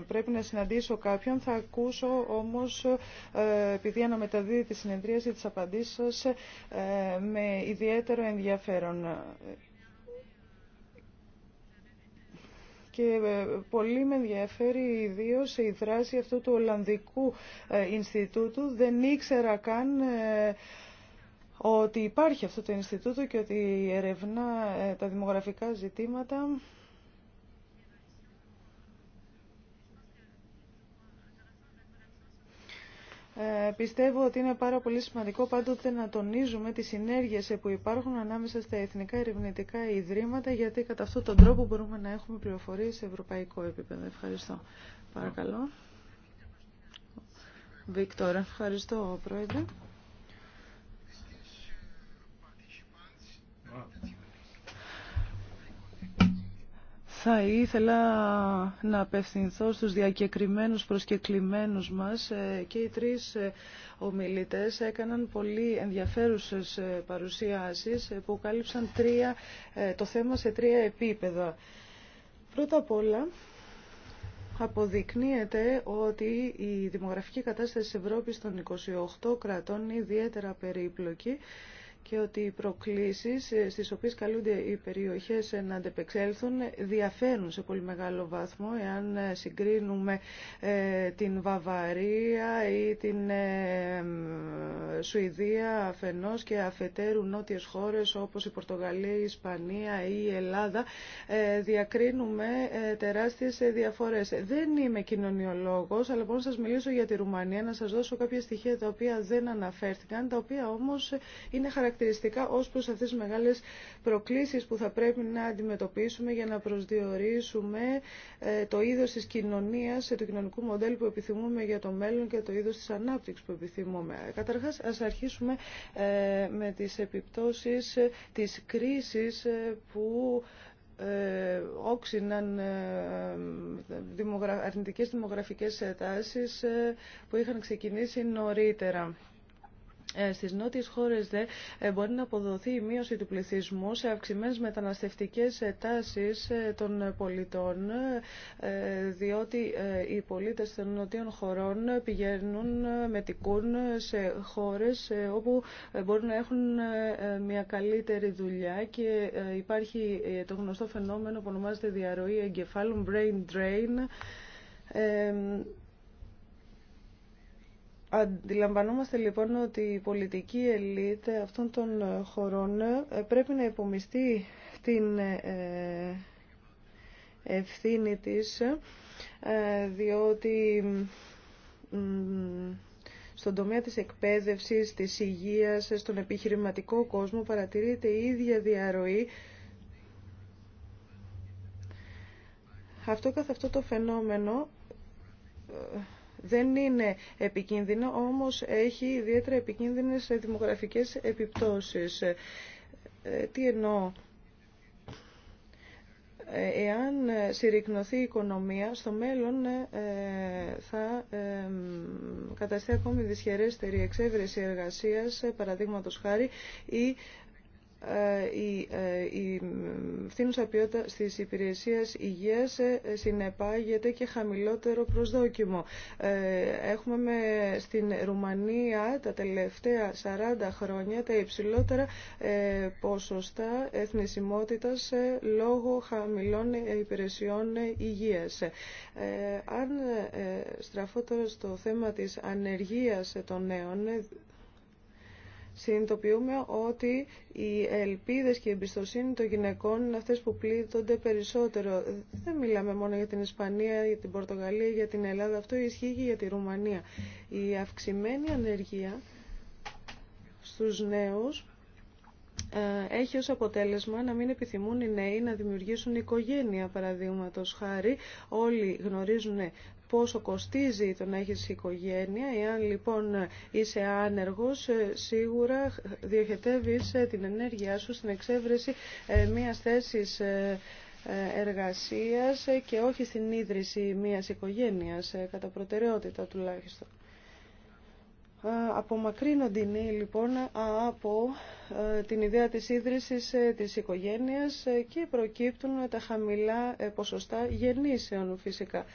πρέπει να συναντήσω κάποιον. Θα ακούσω όμω, επειδή αναμεταδίδει τη συνεδρίαση, τη απαντήσεως με ιδιαίτερο ενδιαφέρον. και ε, πολύ με ενδιαφέρει ιδίω η δράση αυτού του Ολλανδικού ε, Ινστιτούτου. Δεν ήξερα καν ε, ότι υπάρχει αυτό το Ινστιτούτο και ότι ερευνά τα δημογραφικά ζητήματα. Ε, πιστεύω ότι είναι πάρα πολύ σημαντικό πάντοτε να τονίζουμε τις συνέργειες που υπάρχουν ανάμεσα στα εθνικά ερευνητικά ιδρύματα γιατί κατά αυτόν τον τρόπο μπορούμε να έχουμε πληροφορίες σε ευρωπαϊκό επίπεδο. Ευχαριστώ. Παρακαλώ. Βίκτορα, ευχαριστώ πρόεδρε. Θα ήθελα να απευθυνθώ στους διακεκριμένους προσκεκλημένους μας ε, και οι τρεις ε, ομιλητές έκαναν πολύ ενδιαφέρουσες ε, παρουσιάσεις που κάλυψαν τρία, το θέμα σε τρία επίπεδα. Πρώτα απ' όλα, αποδεικνύεται ότι η δημογραφική κατάσταση της Ευρώπης των 28 κρατών είναι ιδιαίτερα περίπλοκη και ότι οι προκλήσεις ε, στις οποίες καλούνται οι περιοχές ε, να αντεπεξέλθουν διαφέρουν σε πολύ μεγάλο βαθμό εάν ε, συγκρίνουμε την Βαβαρία ή την Σουηδία αφενός και αφετέρου νότιες χώρες όπως η Πορτογαλία, η Ισπανία ή η Ελλάδα διακρίνουμε τεράστιες διαφορές. Δεν είμαι κοινωνιολόγος αλλά μπορώ να σας μιλήσω για τη Ρουμανία, να σας δώσω κάποια στοιχεία τα οποία δεν αναφέρθηκαν, τα οποία όμως είναι χαρακτηριστικά χαρακτηριστικά ως προς αυτές τις μεγάλες προκλήσεις που θα πρέπει να αντιμετωπίσουμε για να προσδιορίσουμε ε, το είδος της κοινωνίας, ε, το κοινωνικού μοντέλου που επιθυμούμε για το μέλλον και το είδος της ανάπτυξης που επιθυμούμε. Καταρχάς, ας αρχίσουμε ε, με τις επιπτώσεις της κρίσης που όξιναν αρνητικές δημογραφικές τάσεις που είχαν ξεκινήσει νωρίτερα. Ε, Στι νότιε χώρε δε ε, μπορεί να αποδοθεί η μείωση του πληθυσμού σε αυξημένε μεταναστευτικέ ε, τάσει των πολιτών, διότι οι πολίτε των νοτίων χωρών πηγαίνουν, μετικούν σε χώρε όπου μπορούν να έχουν μια καλύτερη δουλειά και υπάρχει το γνωστό φαινόμενο που ονομάζεται διαρροή εγκεφάλων, brain drain Αντιλαμβανόμαστε λοιπόν ότι η πολιτική ελίτ αυτών των χωρών ε, πρέπει να υπομειστεί την ε, ευθύνη της ε, διότι στον τομέα της εκπαίδευσης, της υγείας, στον επιχειρηματικό κόσμο παρατηρείται η ίδια διαρροή. Αυτό καθ' αυτό το φαινόμενο δεν είναι επικίνδυνο, όμως έχει ιδιαίτερα επικίνδυνες δημογραφικές επιπτώσεις. Ε, τι εννοώ. Ε, εάν συρρυκνωθεί η οικονομία, στο μέλλον ε, θα καταστεί ακόμη δυσχερέστερη εξέβρεση εργασίας, παραδείγματος χάρη, ε, η, ε, η φθήνουσα ποιότητα στις υπηρεσίες υγείας ε, συνεπάγεται και χαμηλότερο προσδόκιμο. Έχουμε με, στην Ρουμανία τα τελευταία 40 χρόνια τα υψηλότερα ποσοστά εθνισιμότητας λόγω χαμηλών υπηρεσιών υγείας. αν στραφώ τώρα στο θέμα της ανεργίας των νέων, συνειδητοποιούμε ότι οι ελπίδες και η εμπιστοσύνη των γυναικών είναι αυτές που πλήττονται περισσότερο. Δεν μιλάμε μόνο για την Ισπανία, για την Πορτογαλία, για την Ελλάδα. Αυτό ισχύει και για τη Ρουμανία. Η αυξημένη ανεργία στους νέους ε, έχει ως αποτέλεσμα να μην επιθυμούν οι νέοι να δημιουργήσουν οικογένεια παραδείγματος χάρη. Όλοι γνωρίζουν πόσο κοστίζει το να έχεις οικογένεια. Εάν λοιπόν είσαι άνεργος, ε, σίγουρα διοχετεύεις ε, την ενέργειά σου στην εξέβρεση ε, μιας θέσης εργασίας και όχι στην ίδρυση μιας οικογένειας, κατά προτεραιότητα τουλάχιστον. Απομακρύνονται οι λοιπόν από την ιδέα της ίδρυσης της οικογένειας και προκύπτουν τα χαμηλά ποσοστά γεννήσεων φυσικά.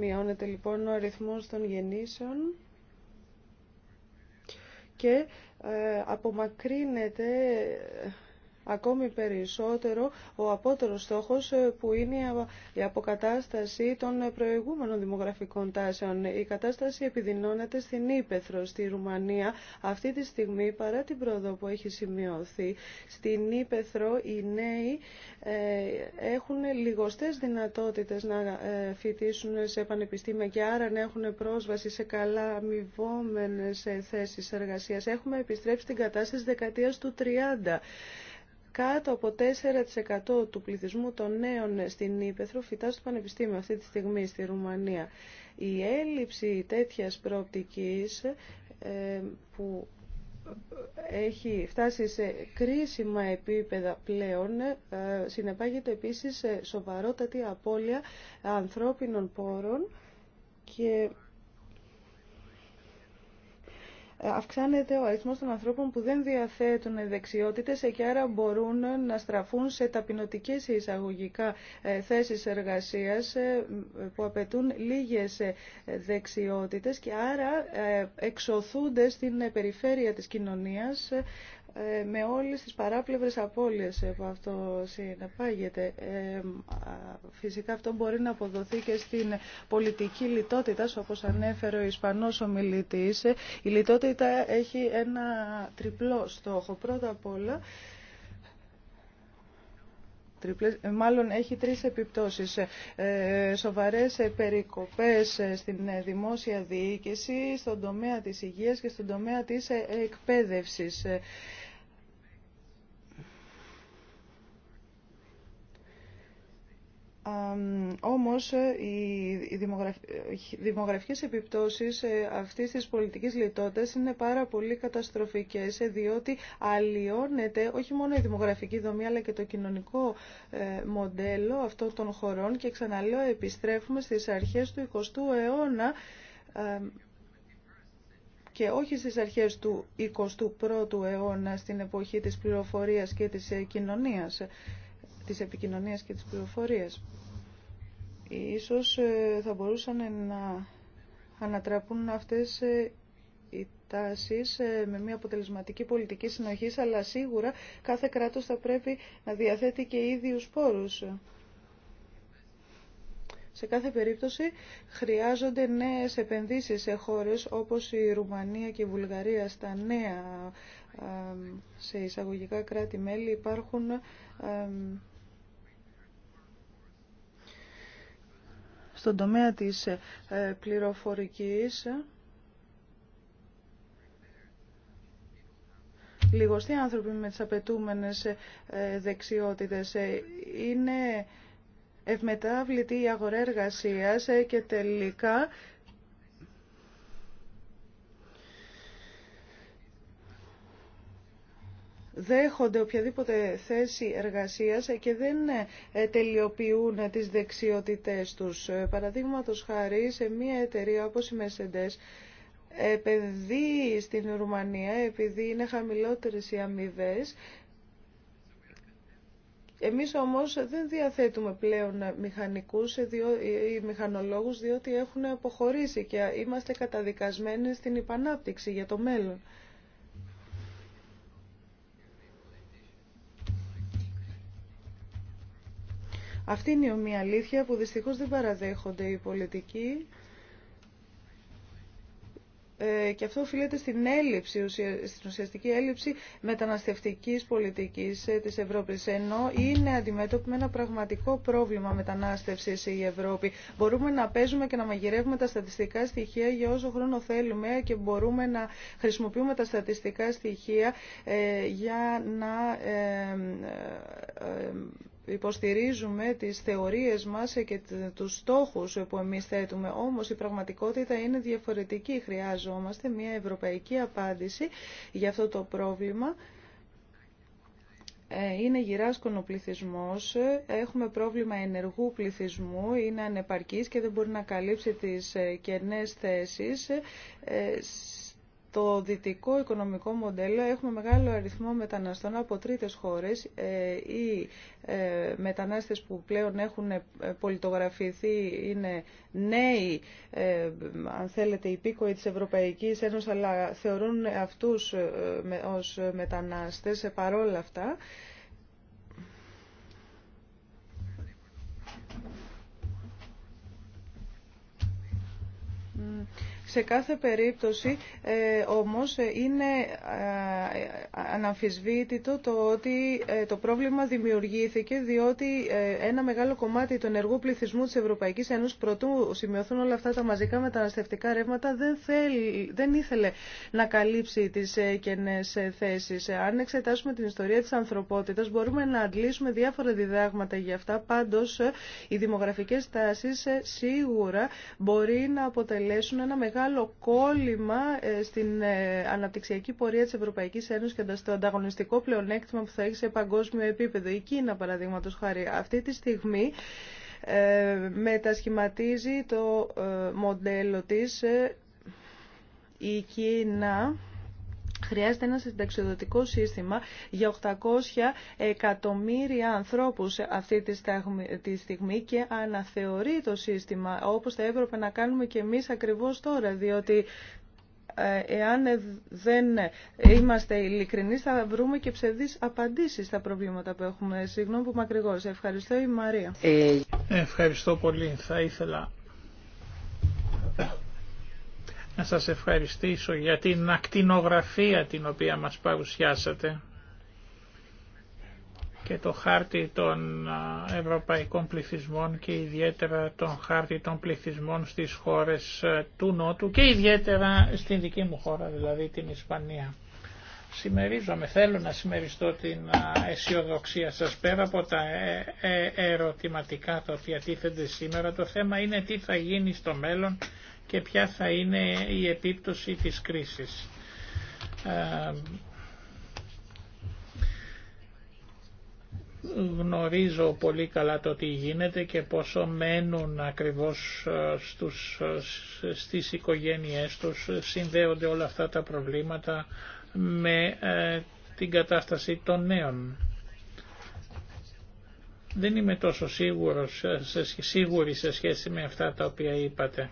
Μειώνεται λοιπόν ο αριθμός των γεννήσεων και ε, απομακρύνεται ακόμη περισσότερο ο απότερος στόχος ε, που είναι η αποκατάσταση των προηγούμενων δημογραφικών τάσεων. Η κατάσταση επιδεινώνεται στην Ήπεθρο, στη Ρουμανία. Αυτή τη στιγμή, παρά την πρόοδο που έχει σημειωθεί, στην Ήπεθρο οι νέοι ε, έχουν λιγοστές δυνατότητες να ε, φοιτήσουν σε πανεπιστήμια και άρα να έχουν πρόσβαση σε καλά αμοιβόμενες θέσεις εργασίας. Έχουμε επιστρέψει στην κατάσταση δεκαετίας του 30 κάτω από 4% του πληθυσμού των νέων στην Ήπεθρο φυτά στο Πανεπιστήμιο αυτή τη στιγμή στη Ρουμανία. Η έλλειψη τέτοιας προοπτικής ε, που έχει φτάσει σε κρίσιμα επίπεδα πλέον, ε, συνεπάγεται επίσης σοβαρότατη απώλεια ανθρώπινων πόρων και ε, αυξάνεται ο αριθμό των ανθρώπων που δεν διαθέτουν δεξιότητε και άρα μπορούν να στραφούν σε ταπεινωτικέ εισαγωγικά ε, θέσει εργασία ε, που απαιτούν λίγε δεξιότητε και άρα εξωθούνται στην περιφέρεια τη κοινωνία ε, με όλες τις παράπλευρες απώλειες που αυτό συνεπάγεται. Ε, φυσικά αυτό μπορεί να αποδοθεί και στην πολιτική λιτότητα, όπως ανέφερε ο Ισπανός ομιλητής. Ε, η λιτότητα έχει ένα τριπλό στόχο. Πρώτα απ' όλα, μάλλον έχει τρεις επιπτώσεις. Σοβαρές περικοπές στην δημόσια διοίκηση, στον τομέα της υγείας και στον τομέα της εκπαίδευσης. όμως ε, ε, οι δημογραφικές επιπτώσεις ε, αυτής της πολιτικής λιτότητας είναι πάρα πολύ καταστροφικές διότι αλλοιώνεται όχι μόνο η δημογραφική δομή αλλά και το κοινωνικό μοντέλο αυτών των χωρών και ξαναλέω επιστρέφουμε στις αρχές του 20ου αιώνα και όχι στις αρχές του 21ου αιώνα στην εποχή της πληροφορίας και της κοινωνίας της επικοινωνίας και της πληροφορία. Ίσως ε, θα μπορούσαν να ανατραπούν αυτές ε, οι τάσεις ε, με μια αποτελεσματική πολιτική συνοχής, αλλά σίγουρα κάθε κράτος θα πρέπει να διαθέτει και ίδιους πόρους. Σε κάθε περίπτωση χρειάζονται νέες επενδύσεις σε χώρες όπως η Ρουμανία και η Βουλγαρία στα νέα σε εισαγωγικά κράτη-μέλη υπάρχουν στον τομέα της ε, πληροφορικής. Λιγοστοί άνθρωποι με τις απαιτούμενες ε, δεξιότητες ε, είναι ευμετάβλητη η αγορά εργασίας και τελικά δέχονται οποιαδήποτε θέση εργασίας και δεν ε, τελειοποιούν τις δεξιότητές τους. Ε, παραδείγματος χάρη σε μια εταιρεία όπως η Mercedes επενδύει στην Ρουμανία επειδή είναι χαμηλότερες οι αμοιβέ. Εμείς όμως δεν διαθέτουμε πλέον μηχανικούς ή ε, μηχανολόγους διότι έχουν αποχωρήσει και είμαστε καταδικασμένοι στην υπανάπτυξη για το μέλλον. Αυτή είναι μια αλήθεια που δυστυχώς δεν παραδέχονται οι πολιτικοί ε, και αυτό οφείλεται στην έλλειψη, στην ουσιαστική έλλειψη μεταναστευτικής πολιτικής ε, της Ευρώπης. Ενώ είναι αντιμέτωπη με ένα πραγματικό πρόβλημα μετανάστευσης η Ευρώπη. Μπορούμε να παίζουμε και να μαγειρεύουμε τα στατιστικά στοιχεία για όσο χρόνο θέλουμε και μπορούμε να χρησιμοποιούμε τα στατιστικά στοιχεία ε, για να υποστηρίζουμε τις θεωρίες μας και τους στόχους που εμείς θέτουμε. Όμως η πραγματικότητα είναι διαφορετική. Χρειάζομαστε μια ευρωπαϊκή απάντηση για αυτό το πρόβλημα. Ε, είναι γυράσκον ο έχουμε πρόβλημα ενεργού πληθυσμού, είναι ανεπαρκής και δεν μπορεί να καλύψει τις ε, κενές θέσεις. Ε, το δυτικό οικονομικό μοντέλο έχουμε μεγάλο αριθμό μεταναστών από τρίτες χώρες ή ε, ε, μετανάστες που πλέον έχουν ε, πολιτογραφηθεί, είναι νέοι, αν θέλετε, υπήκοοι της Ευρωπαϊκής Ένωσης, αλλά θεωρούν αυτούς ως μετανάστες παρόλα αυτά. Σε κάθε περίπτωση ε, όμως ε, είναι ε, αναμφισβήτητο το ότι το πρόβλημα δημιουργήθηκε διότι ένα μεγάλο κομμάτι του ενεργού πληθυσμού της Ευρωπαϊκής Ένωσης πρωτού σημειωθούν όλα αυτά τα μαζικά μεταναστευτικά ρεύματα δεν, θέλει, δεν ήθελε να καλύψει τις κενές θέσεις. Αν εξετάσουμε την ιστορία της ανθρωπότητας μπορούμε να αντλήσουμε διάφορα διδάγματα για αυτά. Πάντως οι δημογραφικές τάσεις σίγουρα μπορεί να αποτελέσουν ένα μεγάλο μεγάλο κόλλημα ε, στην ε, αναπτυξιακή πορεία της Ευρωπαϊκής Ένωσης και στο ανταγωνιστικό πλεονέκτημα που θα έχει σε παγκόσμιο επίπεδο. Η Κίνα, παραδείγματος χάρη, αυτή τη στιγμή ε, μετασχηματίζει το μοντέλο της. Η Κίνα Χρειάζεται ένα συνταξιοδοτικό σύστημα για 800 εκατομμύρια ανθρώπους αυτή τη στιγμή και αναθεωρεί το σύστημα όπως θα έπρεπε να κάνουμε και εμείς ακριβώς τώρα, διότι ε, εάν δεν είμαστε ειλικρινεί, θα βρούμε και ψευδείς απαντήσεις στα προβλήματα που έχουμε. Συγγνώμη που ακριβώ. Ευχαριστώ η Μαρία. Ε, ευχαριστώ πολύ. Θα ήθελα να σας ευχαριστήσω για την ακτινογραφία την οποία μας παρουσιάσατε και το χάρτη των ευρωπαϊκών πληθυσμών και ιδιαίτερα τον χάρτη των πληθυσμών στις χώρες του Νότου και ιδιαίτερα στην δική μου χώρα, δηλαδή την Ισπανία. Συμμερίζομαι, θέλω να συμμεριστώ την αισιοδοξία σας πέρα από τα ε, ε, ερωτηματικά τα οποία τίθενται σήμερα. Το θέμα είναι τι θα γίνει στο μέλλον και ποια θα είναι η επίπτωση της κρίσης. Ε, γνωρίζω πολύ καλά το τι γίνεται και πόσο μένουν ακριβώς ε, στους, ε, στις οικογένειές τους, συνδέονται όλα αυτά τα προβλήματα με την κατάσταση των νέων. Δεν είμαι τόσο σίγουρος, σίγουρη σε σχέση με αυτά τα οποία είπατε.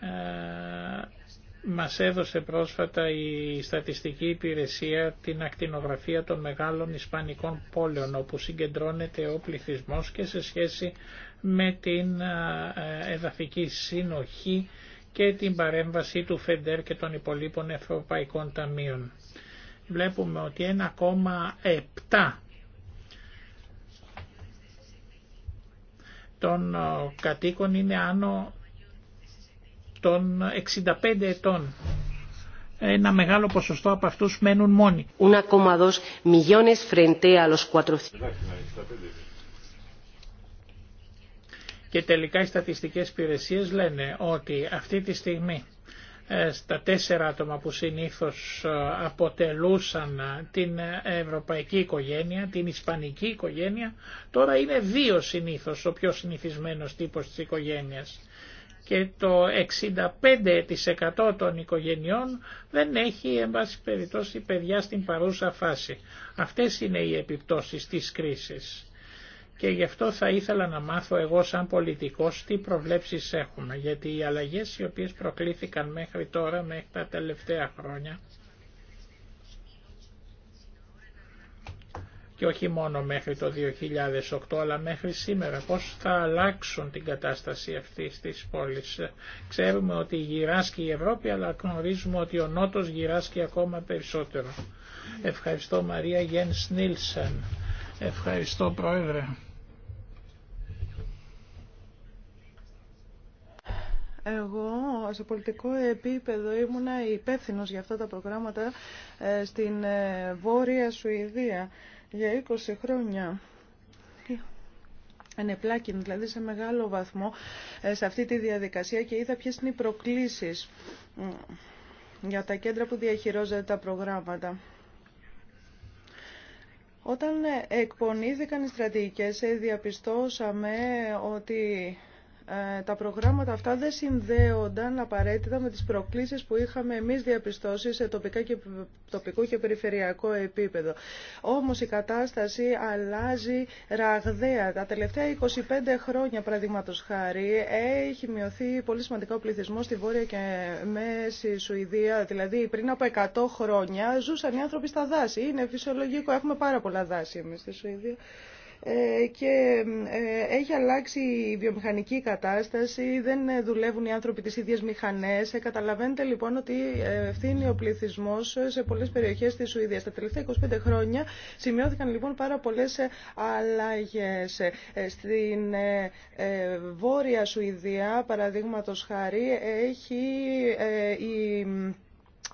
Ε, μας έδωσε πρόσφατα η στατιστική υπηρεσία την ακτινογραφία των μεγάλων ισπανικών πόλεων όπου συγκεντρώνεται ο πληθυσμός και σε σχέση με την ε, εδαφική συνοχή και την παρέμβαση του ΦΕΝΤΕΡ και των υπολείπων ευρωπαϊκών ταμείων. Βλέπουμε ότι 1,7 των ε, κατοίκων είναι άνω των 65 ετών. Ένα μεγάλο ποσοστό από αυτούς μένουν μόνοι. 1,2 Και τελικά οι στατιστικές υπηρεσίε λένε ότι αυτή τη στιγμή ε, στα τέσσερα άτομα που συνήθως ε, αποτελούσαν ε, την ευρωπαϊκή οικογένεια, την ισπανική οικογένεια, τώρα είναι δύο συνήθως ο πιο συνηθισμένος τύπος της οικογένειας και το 65% των οικογενειών δεν έχει εν πάση περιπτώσει παιδιά στην παρούσα φάση. Αυτές είναι οι επιπτώσεις της κρίσης. Και γι' αυτό θα ήθελα να μάθω εγώ σαν πολιτικός τι προβλέψεις έχουμε, γιατί οι αλλαγές οι οποίες προκλήθηκαν μέχρι τώρα, μέχρι τα τελευταία χρόνια, και όχι μόνο μέχρι το 2008 αλλά μέχρι σήμερα πώς θα αλλάξουν την κατάσταση αυτή της πόλης. Ξέρουμε ότι γυράσκει η Ευρώπη αλλά γνωρίζουμε ότι ο Νότος γυράσκει ακόμα περισσότερο. Ευχαριστώ Μαρία Γεν Νίλσεν. Ευχαριστώ Πρόεδρε. Εγώ σε πολιτικό επίπεδο ήμουνα υπεύθυνο για αυτά τα προγράμματα ε, στην ε, Βόρεια Σουηδία για 20 χρόνια Ενεπλάκιν, δηλαδή σε μεγάλο βαθμό ε, σε αυτή τη διαδικασία και είδα ποιες είναι οι προκλήσεις για τα κέντρα που διαχειρίζονται τα προγράμματα. Όταν εκπονήθηκαν οι στρατηγικές ε, διαπιστώσαμε ότι ε, τα προγράμματα αυτά δεν συνδέονταν απαραίτητα με τις προκλήσεις που είχαμε εμείς διαπιστώσει σε τοπικά και, τοπικό και περιφερειακό επίπεδο. Όμως η κατάσταση αλλάζει ραγδαία. Τα τελευταία 25 χρόνια, παραδείγματο χάρη, έχει μειωθεί πολύ σημαντικά ο πληθυσμός στη Βόρεια και Μέση Σουηδία. Δηλαδή πριν από 100 χρόνια ζούσαν οι άνθρωποι στα δάση. Είναι φυσιολογικό, έχουμε πάρα πολλά δάση εμείς στη Σουηδία. Ε, και ε, έχει αλλάξει η βιομηχανική κατάσταση, δεν ε, δουλεύουν οι άνθρωποι τις ίδιες μηχανές. Καταλαβαίνετε λοιπόν ότι ευθύνει ο πληθυσμό σε πολλές περιοχές της Σουηδίας. Τα τελευταία 25 χρόνια σημειώθηκαν λοιπόν πάρα πολλές αλλαγές. Στην Βόρεια Σουηδία, παραδείγματος χάρη, έχει η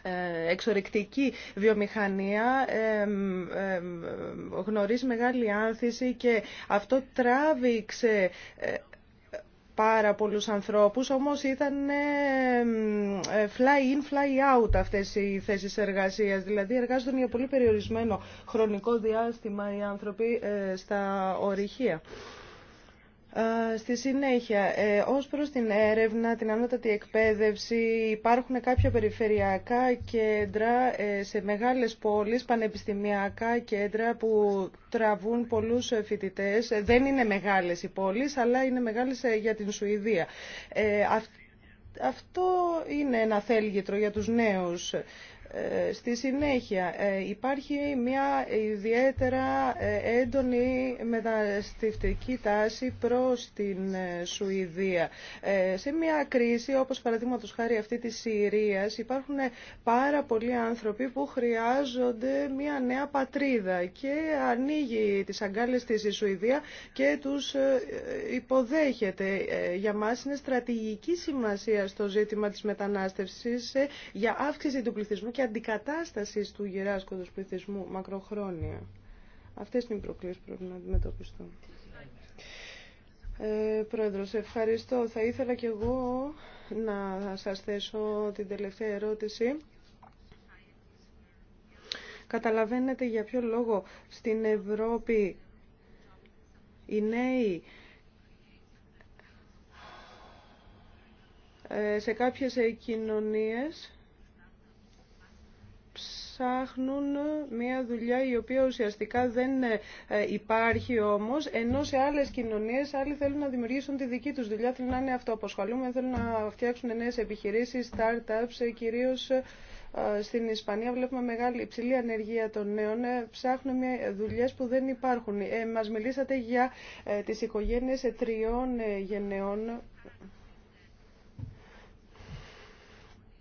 ε, εξορρυκτική βιομηχανία ε, ε, γνωρίζει μεγάλη άνθηση και αυτό τράβηξε πάρα πολλούς ανθρώπους, όμως ήταν fly in, fly out αυτές οι θέσεις εργασίας. Δηλαδή εργάζονταν για πολύ περιορισμένο χρονικό διάστημα οι άνθρωποι στα ορυχεία. Ε, στη συνέχεια, ε, ως προς την έρευνα, την ανώτατη εκπαίδευση, υπάρχουν κάποια περιφερειακά κέντρα ε, σε μεγάλες πόλεις, πανεπιστημιακά κέντρα που τραβούν πολλούς φοιτητές. Δεν είναι μεγάλες οι πόλεις, αλλά είναι μεγάλες για την Σουηδία. Αυτό είναι ένα θέλγητρο για τους νέους. Στη συνέχεια ε, υπάρχει μια ιδιαίτερα ε, έντονη μεταναστευτική τάση προς την ε, Σουηδία. Σε μια κρίση όπως παραδείγματος χάρη αυτή της Συρίας υπάρχουν πάρα πολλοί άνθρωποι που χρειάζονται μια νέα πατρίδα και ανοίγει τις αγκάλες της η Σουηδία και τους υποδέχεται. Για μας είναι στρατηγική σημασία στο ζήτημα της μετανάστευσης για αύξηση του πληθυσμού αντικατάστασης του γεράσκοντος πληθυσμού μακροχρόνια. Αυτές είναι οι προκλήσεις που πρέπει να αντιμετωπιστούν. Ε, πρόεδρος, ευχαριστώ. Θα ήθελα κι εγώ να σας θέσω την τελευταία ερώτηση. Καταλαβαίνετε για ποιο λόγο στην Ευρώπη οι νέοι ε, σε κάποιες ε, κοινωνίες ψάχνουν μια δουλειά η οποία ουσιαστικά δεν ε, ε, υπάρχει όμως, ενώ σε άλλες κοινωνίες άλλοι θέλουν να δημιουργήσουν τη δική τους δουλειά, θέλουν να είναι αυτοαποσχολούμενοι, θέλουν να φτιάξουν νέες επιχειρήσεις, startups, ε, κυρίως στην Ισπανία βλέπουμε μεγάλη υψηλή ανεργία των νέων. Ψάχνουν δουλειές που δεν υπάρχουν. Ε, μας μιλήσατε για τις οικογένειες τριών γενεών.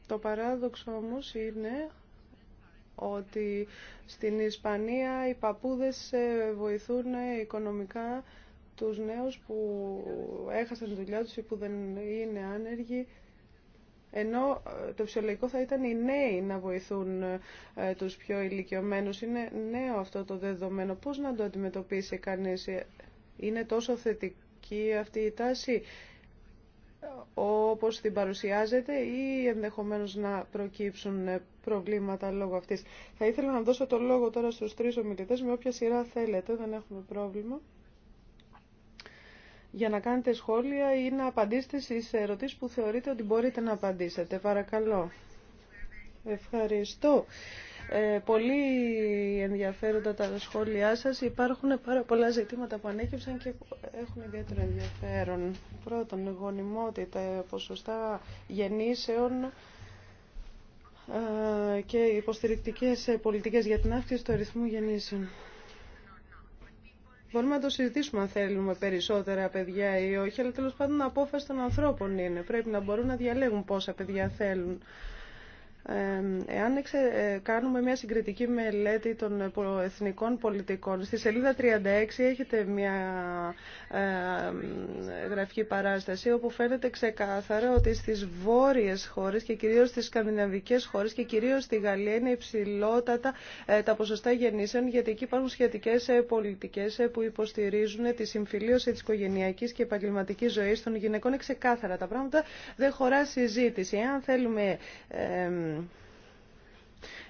Το παράδοξο όμως είναι ότι στην Ισπανία οι παππούδες ε, βοηθούν ε, οικονομικά τους νέους που έχασαν τη δουλειά τους ή που δεν είναι άνεργοι ενώ ε, το φυσιολογικό θα ήταν οι νέοι να βοηθούν τους πιο ηλικιωμένους. Είναι νέο αυτό το δεδομένο. Πώς να το αντιμετωπίσει κανείς. Είναι τόσο θετική αυτή η τάση όπως την παρουσιάζεται ή ενδεχομένως να προκύψουν προβλήματα λόγω αυτής. Θα ήθελα να δώσω το λόγο τώρα στους τρεις ομιλητές με όποια σειρά θέλετε, δεν έχουμε πρόβλημα για να κάνετε σχόλια ή να απαντήσετε στις ερωτήσεις που θεωρείτε ότι μπορείτε να απαντήσετε. Παρακαλώ. Ευχαριστώ. Ε, πολύ ενδιαφέροντα τα σχόλιά σας. Υπάρχουν πάρα πολλά ζητήματα που ανέκυψαν και έχουν ιδιαίτερο ενδιαφέρον. Πρώτον, γονιμότητα, ποσοστά γεννήσεων ε, και υποστηρικτικές πολιτικές για την αύξηση του αριθμού γεννήσεων. Μπορούμε να το συζητήσουμε αν θέλουμε περισσότερα παιδιά ή όχι, αλλά τέλος πάντων απόφαση των ανθρώπων είναι. Πρέπει να μπορούν να διαλέγουν πόσα παιδιά θέλουν. Εάν ε, κάνουμε μια συγκριτική μελέτη των ε, εθνικών πολιτικών, στη σελίδα 36 έχετε μια ε, γραφική παράσταση όπου φαίνεται ξεκάθαρα ότι στις βόρειες χώρες και κυρίως στις σκανδιναβικές χώρες και κυρίως στη Γαλλία είναι υψηλότατα τα ποσοστά γεννήσεων γιατί εκεί υπάρχουν σχετικές πολιτικές που υποστηρίζουν τη συμφιλίωση της οικογενειακής και επαγγελματικής ζωής των γυναικών. Είναι ξεκάθαρα τα πράγματα, δεν χωρά συζήτηση. Εάν θέλουμε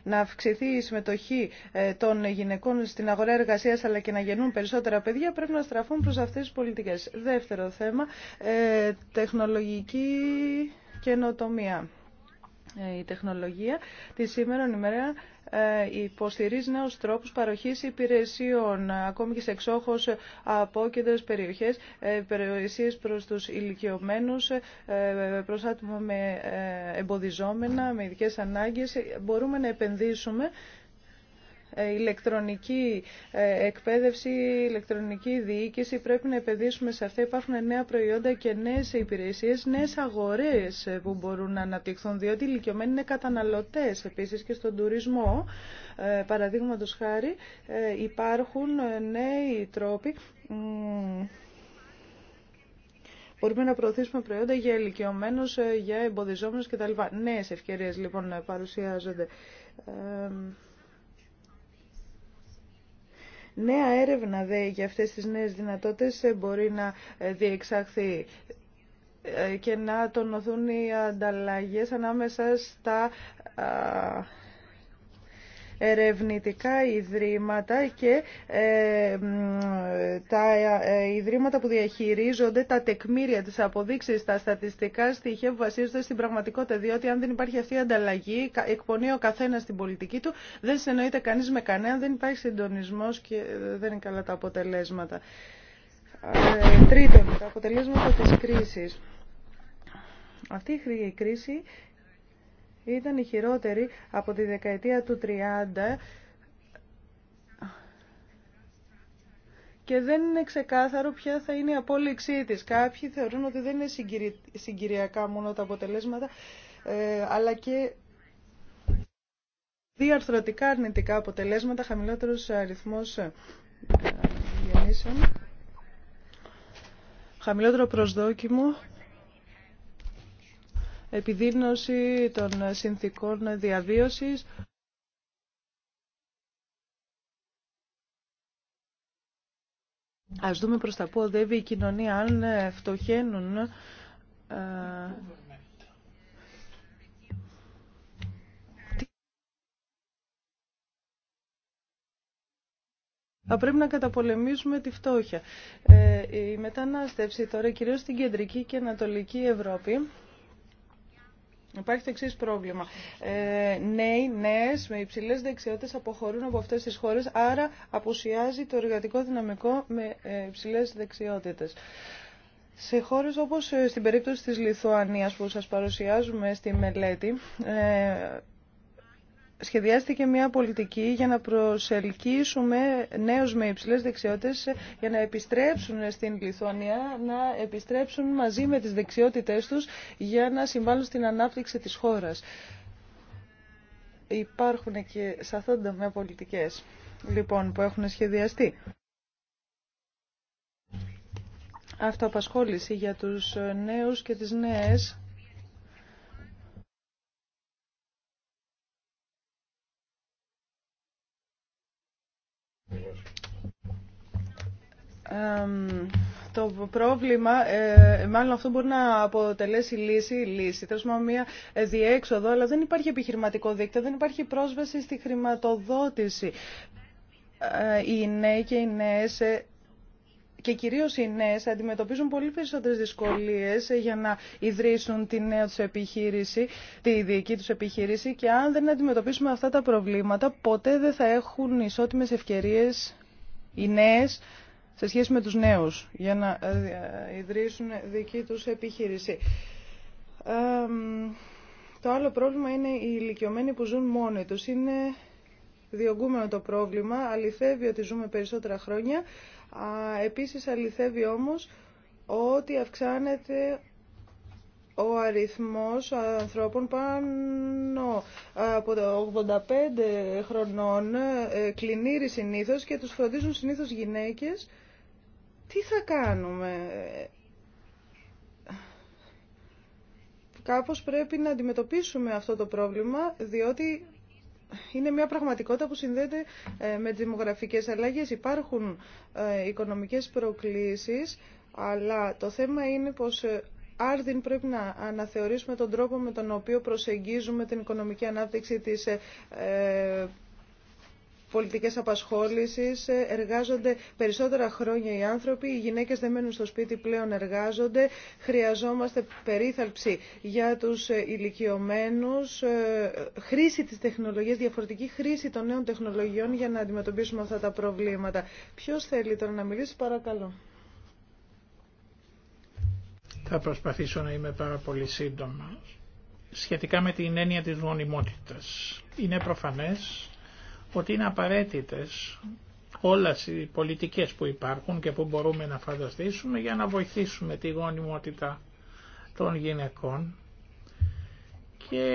να αυξηθεί η συμμετοχή ε, των γυναικών στην αγορά εργασίας αλλά και να γεννούν περισσότερα παιδιά πρέπει να στραφούν προς αυτές τις πολιτικές. Δεύτερο θέμα, ε, τεχνολογική καινοτομία. Ε, η τεχνολογία τη σήμερα ημέρα ε, υποστηρίζει νέου τρόπου παροχή υπηρεσιών, ακόμη και σε εξόχω απόκεντρε περιοχέ, ε, υπηρεσίε προ του ηλικιωμένου, ε, προ άτομα με εμποδιζόμενα, με ειδικέ ανάγκε. Μπορούμε να επενδύσουμε ε, ηλεκτρονική ε, εκπαίδευση, ηλεκτρονική διοίκηση. Πρέπει να επενδύσουμε σε αυτά. Υπάρχουν νέα προϊόντα και νέε υπηρεσίε, νέε αγορέ ε, που μπορούν να αναπτυχθούν, διότι οι ηλικιωμένοι είναι καταναλωτέ επίση και στον τουρισμό. Παραδείγματο χάρη υπάρχουν νέοι τρόποι Μπορούμε να προωθήσουμε προϊόντα για ηλικιωμένου, για εμποδιζόμενου κτλ. Νέε ευκαιρίε λοιπόν παρουσιάζονται. Νέα έρευνα δε για αυτές τις νέες δυνατότητες ε, μπορεί να ε, διεξαχθεί ε, και να τονωθούν οι ανταλλαγές ανάμεσα στα ερευνητικά ιδρύματα και ε, τα ε, ιδρύματα που διαχειρίζονται τα τεκμήρια, τις αποδείξεις, τα στατιστικά στοιχεία που βασίζονται στην πραγματικότητα. Διότι αν δεν υπάρχει αυτή η ανταλλαγή, εκπονεί ο καθένα την πολιτική του, δεν συνεννοείται κανεί με κανέναν, δεν υπάρχει συντονισμό και ε, δεν είναι καλά τα αποτελέσματα. Τρίτον, τα αποτελέσματα της κρίσης. Αυτή η κρίση ήταν η χειρότερη από τη δεκαετία του 30 και δεν είναι ξεκάθαρο ποια θα είναι η απόλυξή της. Κάποιοι θεωρούν ότι δεν είναι συγκυριακά μόνο τα αποτελέσματα, ε, αλλά και διαρθρωτικά αρνητικά αποτελέσματα, χαμηλότερος αριθμός γεννήσεων, χαμηλότερο προσδόκιμο επιδείνωση των συνθήκων διαβίωσης. Ας δούμε προς τα πού οδεύει η κοινωνία, αν ε, φτωχαίνουν ε, Θα πρέπει να καταπολεμήσουμε τη φτώχεια. Ε, η μετανάστευση τώρα, κυρίως στην κεντρική και ανατολική Ευρώπη, Υπάρχει το εξή πρόβλημα. Ε, νέοι, νέε με υψηλέ δεξιότητε αποχωρούν από αυτέ τι χώρε, άρα απουσιάζει το εργατικό δυναμικό με ε, υψηλέ δεξιότητε. Σε χώρες όπως ε, στην περίπτωση της Λιθουανίας που σας παρουσιάζουμε στη μελέτη, ε, σχεδιάστηκε μια πολιτική για να προσελκύσουμε νέους με υψηλές δεξιότητες για να επιστρέψουν στην Λιθουανία, να επιστρέψουν μαζί με τις δεξιότητές τους για να συμβάλλουν στην ανάπτυξη της χώρας. Υπάρχουν και σε αυτόν πολιτικές λοιπόν, που έχουν σχεδιαστεί. Αυτοαπασχόληση για τους νέους και τις νέες το πρόβλημα, ε, μάλλον αυτό μπορεί να αποτελέσει λύση, λύση, τέλος μια διέξοδο, αλλά δεν υπάρχει επιχειρηματικό δίκτυο, δεν υπάρχει πρόσβαση στη χρηματοδότηση. Ε, οι νέοι και οι νέες ε, και κυρίως οι νέες αντιμετωπίζουν πολύ περισσότερες δυσκολίες ε, για να ιδρύσουν τη νέα τους επιχείρηση, τη δική του επιχείρηση και αν δεν αντιμετωπίσουμε αυτά τα προβλήματα ποτέ δεν θα έχουν ισότιμες ευκαιρίες οι νέες σε σχέση με τους νέους για να ε, ε, ιδρύσουν δική τους επιχείρηση. Το άλλο πρόβλημα είναι οι ηλικιωμένοι που ζουν μόνοι τους. Είναι διωγγούμενο το πρόβλημα, αληθεύει ότι ζούμε περισσότερα χρόνια. Επίσης αληθεύει όμως ότι αυξάνεται ο αριθμός ανθρώπων πάνω από 85 χρονών ε, κλινήρει συνήθως και τους φροντίζουν συνήθως γυναίκες. Τι θα κάνουμε. Κάπως πρέπει να αντιμετωπίσουμε αυτό το πρόβλημα, διότι είναι μια πραγματικότητα που συνδέεται ε, με τις δημογραφικές αλλαγές. Υπάρχουν ε, οικονομικές προκλήσεις, αλλά το θέμα είναι πως Άρδιν πρέπει να αναθεωρήσουμε τον τρόπο με τον οποίο προσεγγίζουμε την οικονομική ανάπτυξη της ε, ε, πολιτικές απασχόλησης, εργάζονται περισσότερα χρόνια οι άνθρωποι, οι γυναίκες δεν μένουν στο σπίτι πλέον εργάζονται, χρειαζόμαστε περίθαλψη για τους ε, ηλικιωμένους, ε, χρήση της τεχνολογίας, διαφορετική χρήση των νέων τεχνολογιών για να αντιμετωπίσουμε αυτά τα προβλήματα. Ποιος θέλει τώρα να μιλήσει, παρακαλώ. Θα προσπαθήσω να είμαι πάρα πολύ σύντομα. Σχετικά με την έννοια της γονιμότητας. Είναι προφανές ότι είναι απαραίτητες όλες οι πολιτικές που υπάρχουν και που μπορούμε να φανταστήσουμε για να βοηθήσουμε τη γονιμότητα των γυναικών και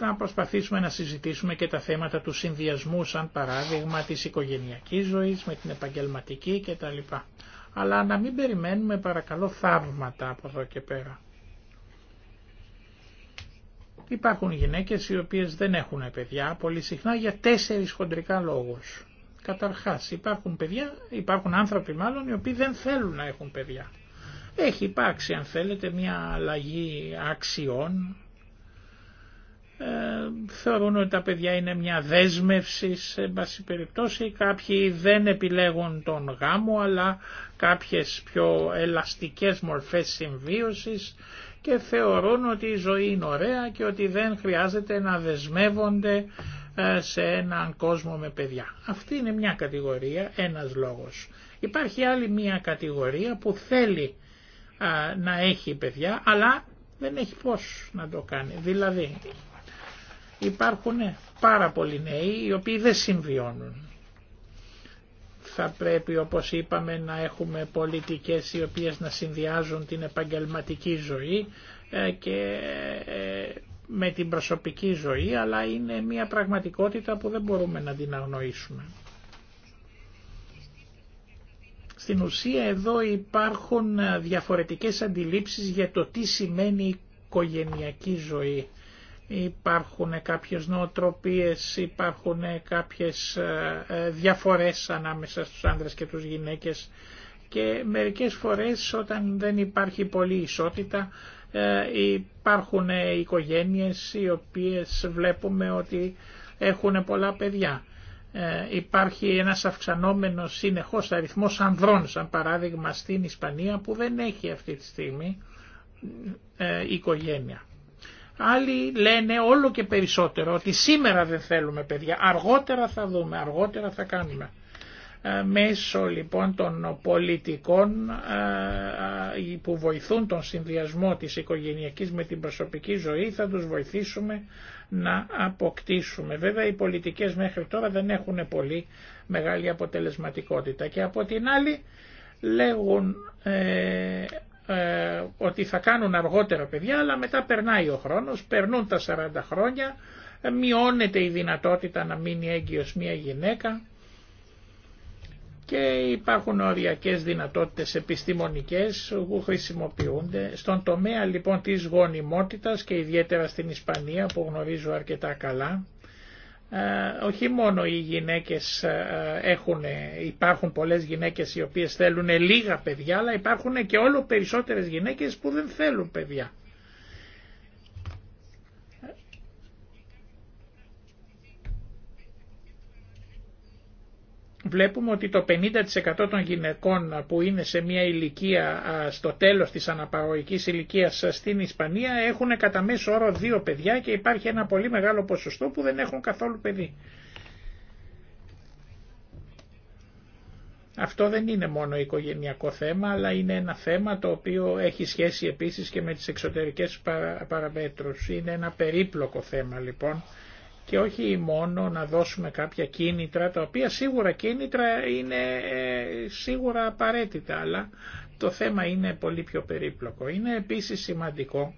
να προσπαθήσουμε να συζητήσουμε και τα θέματα του συνδυασμού σαν παράδειγμα της οικογενειακής ζωής με την επαγγελματική κτλ αλλά να μην περιμένουμε παρακαλώ θαύματα από εδώ και πέρα. Υπάρχουν γυναίκες οι οποίες δεν έχουν παιδιά πολύ συχνά για τέσσερις χοντρικά λόγους. Καταρχάς υπάρχουν, παιδιά, υπάρχουν άνθρωποι μάλλον οι οποίοι δεν θέλουν να έχουν παιδιά. Έχει υπάρξει αν θέλετε μια αλλαγή αξιών ε, θεωρούν ότι τα παιδιά είναι μια δέσμευση σε βάση περιπτώσει. Κάποιοι δεν επιλέγουν τον γάμο αλλά κάποιες πιο ελαστικές μορφές συμβίωσης και θεωρούν ότι η ζωή είναι ωραία και ότι δεν χρειάζεται να δεσμεύονται ε, σε έναν κόσμο με παιδιά. Αυτή είναι μια κατηγορία, ένας λόγος. Υπάρχει άλλη μια κατηγορία που θέλει ε, να έχει παιδιά αλλά δεν έχει πώς να το κάνει. Δηλαδή υπάρχουν πάρα πολλοί νέοι οι οποίοι δεν συμβιώνουν. Θα πρέπει όπως είπαμε να έχουμε πολιτικές οι οποίες να συνδυάζουν την επαγγελματική ζωή ε, και ε, με την προσωπική ζωή αλλά είναι μια πραγματικότητα που δεν μπορούμε να την αγνοήσουμε. Στην ουσία εδώ υπάρχουν διαφορετικές αντιλήψεις για το τι σημαίνει οικογενειακή ζωή υπάρχουν κάποιες νοοτροπίες, υπάρχουν κάποιες ε, ε, διαφορές ανάμεσα στους άνδρες και τους γυναίκες και μερικές φορές όταν δεν υπάρχει πολλή ισότητα ε, υπάρχουν οικογένειες οι οποίες βλέπουμε ότι έχουν πολλά παιδιά. Υπάρχει ένας αυξανόμενος συνεχώς αριθμός ανδρών, σαν παράδειγμα στην Ισπανία, που δεν έχει αυτή τη στιγμή οικογένεια. Άλλοι λένε όλο και περισσότερο ότι σήμερα δεν θέλουμε παιδιά, αργότερα θα δούμε, αργότερα θα κάνουμε. Ε, μέσω λοιπόν των πολιτικών ε, ε, που βοηθούν τον συνδυασμό της οικογενειακής με την προσωπική ζωή θα τους βοηθήσουμε να αποκτήσουμε. Βέβαια οι πολιτικές μέχρι τώρα δεν έχουν πολύ μεγάλη αποτελεσματικότητα και από την άλλη λέγουν ε, ότι θα κάνουν αργότερα παιδιά, αλλά μετά περνάει ο χρόνος, περνούν τα 40 χρόνια, ε, μειώνεται η δυνατότητα να μείνει έγκυος μια γυναίκα και υπάρχουν οριακές δυνατότητες επιστημονικές που χρησιμοποιούνται. Στον τομέα λοιπόν της γονιμότητας και ιδιαίτερα στην Ισπανία που γνωρίζω αρκετά καλά, ε, όχι μόνο οι γυναίκες ε, έχουν, υπάρχουν πολλές γυναίκες οι οποίες θέλουν λίγα παιδιά, αλλά υπάρχουν και όλο περισσότερες γυναίκες που δεν θέλουν παιδιά. βλέπουμε ότι το 50% των γυναικών που είναι σε μια ηλικία στο τέλος της αναπαραγωγικής ηλικίας στην Ισπανία έχουν κατά μέσο όρο δύο παιδιά και υπάρχει ένα πολύ μεγάλο ποσοστό που δεν έχουν καθόλου παιδί. Αυτό δεν είναι μόνο οικογενειακό θέμα, αλλά είναι ένα θέμα το οποίο έχει σχέση επίσης και με τις εξωτερικές παραμέτρους. Είναι ένα περίπλοκο θέμα λοιπόν και όχι μόνο να δώσουμε κάποια κίνητρα, τα οποία σίγουρα κίνητρα είναι ε, σίγουρα απαραίτητα, αλλά το θέμα είναι πολύ πιο περίπλοκο. Είναι επίσης σημαντικό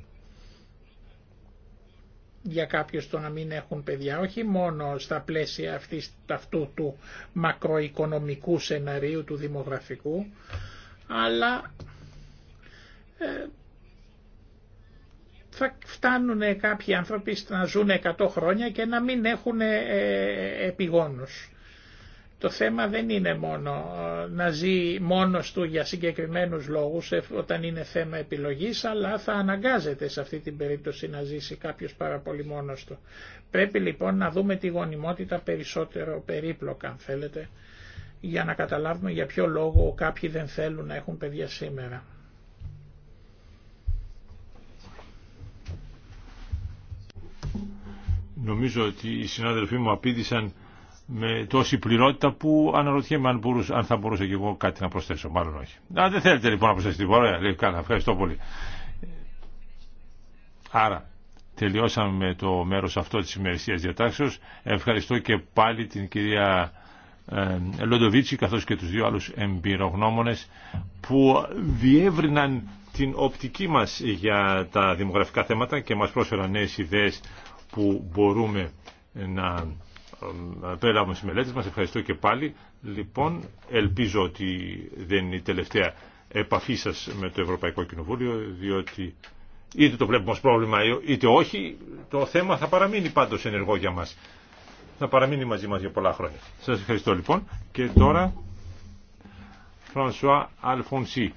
για κάποιους το να μην έχουν παιδιά, όχι μόνο στα πλαίσια αυτής, αυτού του μακροοικονομικού σεναρίου του δημογραφικού, αλλά ε, θα φτάνουν κάποιοι άνθρωποι να ζουν 100 χρόνια και να μην έχουν ε, ε, επιγόνους. Το θέμα δεν είναι μόνο ε, να ζει μόνος του για συγκεκριμένους λόγους όταν είναι θέμα επιλογής, αλλά θα αναγκάζεται σε αυτή την περίπτωση να ζήσει κάποιος πάρα πολύ μόνος του. Πρέπει λοιπόν να δούμε τη γονιμότητα περισσότερο περίπλοκα, αν θέλετε, για να καταλάβουμε για ποιο λόγο κάποιοι δεν θέλουν να έχουν παιδιά σήμερα. Νομίζω ότι οι συνάδελφοί μου απήντησαν με τόση πληρότητα που αναρωτιέμαι αν, μπορούσα, αν θα μπορούσα και εγώ κάτι να προσθέσω. Μάλλον όχι. Α, δεν θέλετε λοιπόν να προσθέσετε πορεία, Λέει καλά, ευχαριστώ πολύ. Άρα, τελειώσαμε το μέρος αυτό της ημερησίας διατάξεως. Ευχαριστώ και πάλι την κυρία ε, Λοντοβίτσι καθώς και τους δύο άλλους εμπειρογνώμονες που διεύρυναν την οπτική μας για τα δημογραφικά θέματα και μας πρόσφεραν νέες ιδέες που μπορούμε να περιλάβουμε στις μελέτες μας. Ευχαριστώ και πάλι. Λοιπόν, ελπίζω ότι δεν είναι η τελευταία επαφή σας με το Ευρωπαϊκό Κοινοβούλιο, διότι είτε το βλέπουμε ως πρόβλημα είτε όχι, το θέμα θα παραμείνει πάντως ενεργό για μας. Θα παραμείνει μαζί μας για πολλά χρόνια. Σας ευχαριστώ λοιπόν. Και τώρα, Φρανσουά Αλφονσί,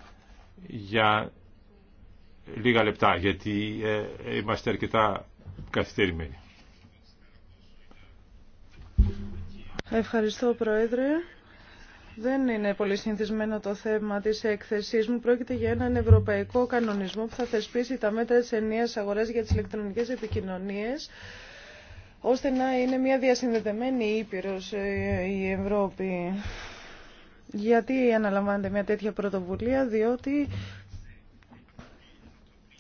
για λίγα λεπτά, γιατί ε, είμαστε αρκετά Ευχαριστώ Πρόεδρε. Δεν είναι πολύ συνηθισμένο το θέμα τη έκθεσή μου. Πρόκειται για έναν ευρωπαϊκό κανονισμό που θα θεσπίσει τα μέτρα τη ενία αγορά για τι ηλεκτρονικέ επικοινωνίε, ώστε να είναι μια διασυνδεδεμένη ήπειρο ε, η Ευρώπη. Γιατί αναλαμβάνεται μια τέτοια πρωτοβουλία, διότι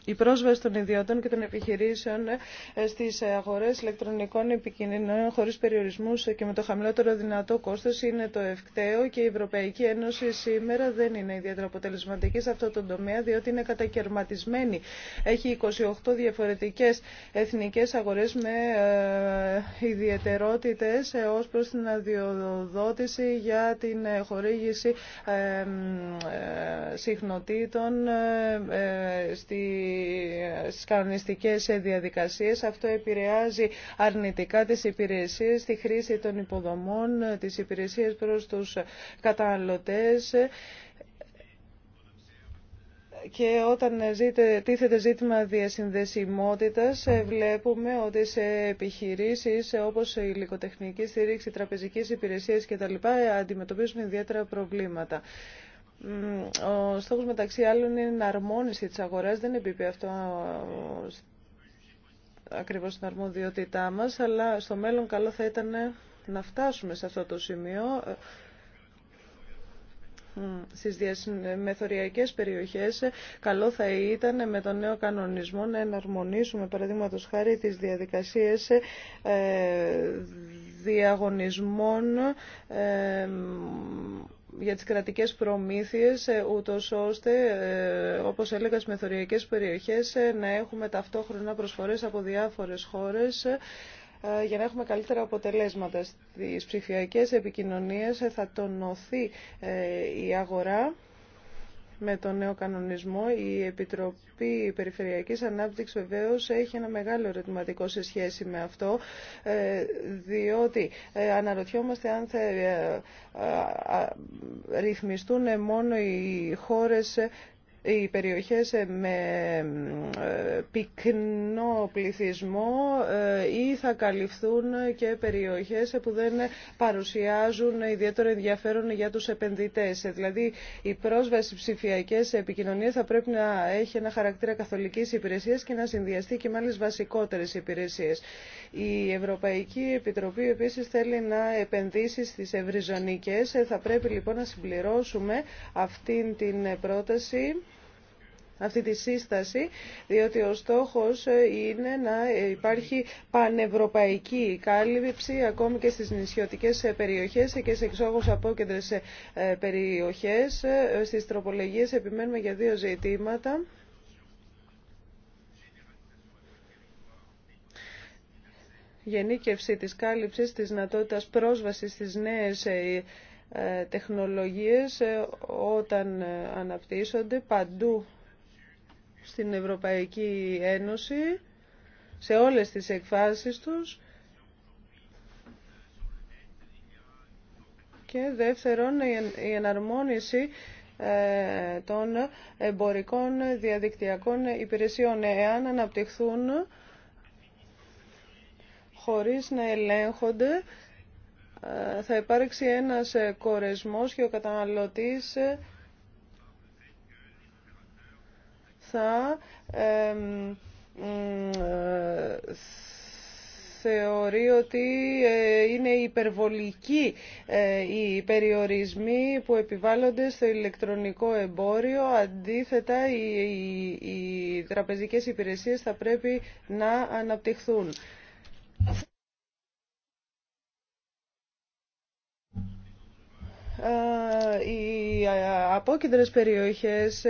η πρόσβαση των ιδιωτών και των επιχειρήσεων ε, στις αγορές ηλεκτρονικών επικοινωνιών χωρίς περιορισμούς και με το χαμηλότερο δυνατό κόστος είναι το ευκταίο και η Ευρωπαϊκή Ένωση σήμερα δεν είναι ιδιαίτερα αποτελεσματική σε αυτό το τομέα διότι είναι κατακαιρματισμένη. Έχει 28 διαφορετικέ εθνικές αγορέ με ε, ιδιαίτερότητε ε, ω προ την αδειοδότηση για την χορήγηση συχνοτήτων στη στις κανονιστικές διαδικασίες. Αυτό επηρεάζει αρνητικά τις υπηρεσίες, τη χρήση των υποδομών, τις υπηρεσίες προς τους καταναλωτές και όταν ζήτε, τίθεται ζήτημα διασυνδεσιμότητας βλέπουμε ότι σε επιχειρήσεις όπως η υλικοτεχνική στήριξη, τραπεζικές υπηρεσίες κτλ. αντιμετωπίζουν ιδιαίτερα προβλήματα. Ο στόχος μεταξύ άλλων είναι η αρμόνιση της αγοράς. Δεν επίπει αυτό ακριβώς στην αρμοδιότητά μας, αλλά στο μέλλον καλό θα ήταν να φτάσουμε σε αυτό το σημείο στις μεθοριακές περιοχές καλό θα ήταν με τον νέο κανονισμό να εναρμονίσουμε παραδείγματο χάρη τις διαδικασίες ε, διαγωνισμών ε, για τις κρατικές προμήθειες, ε, ούτως ώστε, ε, όπως έλεγα, στις μεθοριακές περιοχές ε, να έχουμε ταυτόχρονα προσφορές από διάφορες χώρες για να έχουμε καλύτερα αποτελέσματα. Στις ψηφιακές επικοινωνίες θα τονωθεί η αγορά με τον νέο κανονισμό. Η Επιτροπή Περιφερειακής Ανάπτυξης βεβαίως έχει ένα μεγάλο ερωτηματικό σε σχέση με αυτό, ε, διότι ε, αναρωτιόμαστε αν θα ε, ρυθμιστούν μόνο οι χώρες οι περιοχές με ε, πυκνό πληθυσμό ε, ή θα καλυφθούν και περιοχές που δεν παρουσιάζουν ιδιαίτερο ενδιαφέρον για τους επενδυτές. Δηλαδή η πρόσβαση ψηφιακές επικοινωνίες θα πρέπει να έχει ένα χαρακτήρα καθολικής υπηρεσίας και να συνδυαστεί και μάλιστα βασικότερες υπηρεσίες. Η Ευρωπαϊκή Επιτροπή επίσης θέλει να επενδύσει στις ευρυζωνικές. Θα πρέπει λοιπόν να συμπληρώσουμε αυτήν την πρόταση αυτή τη σύσταση, διότι ο στόχος ε, είναι να υπάρχει πανευρωπαϊκή κάλυψη ακόμη και στις νησιωτικές ε, περιοχές ε, και σε εξόγως απόκεντρες περιοχές. Στις τροπολογίες επιμένουμε για δύο ζητήματα. Γενίκευση της κάλυψης, της δυνατότητα πρόσβασης στις νέες τεχνολογίες όταν αναπτύσσονται παντού στην Ευρωπαϊκή Ένωση σε όλες τις εκφάσεις τους και δεύτερον η εναρμόνιση ε, των εμπορικών διαδικτυακών υπηρεσιών εάν αναπτυχθούν χωρίς να ελέγχονται ε, θα υπάρξει ένας ε, κορεσμός και ο καταναλωτής θα ε, θεωρεί ότι ε, είναι υπερβολικοί ε, οι περιορισμοί που επιβάλλονται στο ηλεκτρονικό εμπόριο. Αντίθετα, οι τραπεζικές υπηρεσίες θα πρέπει να αναπτυχθούν. Οι απόκεντρες περιοχές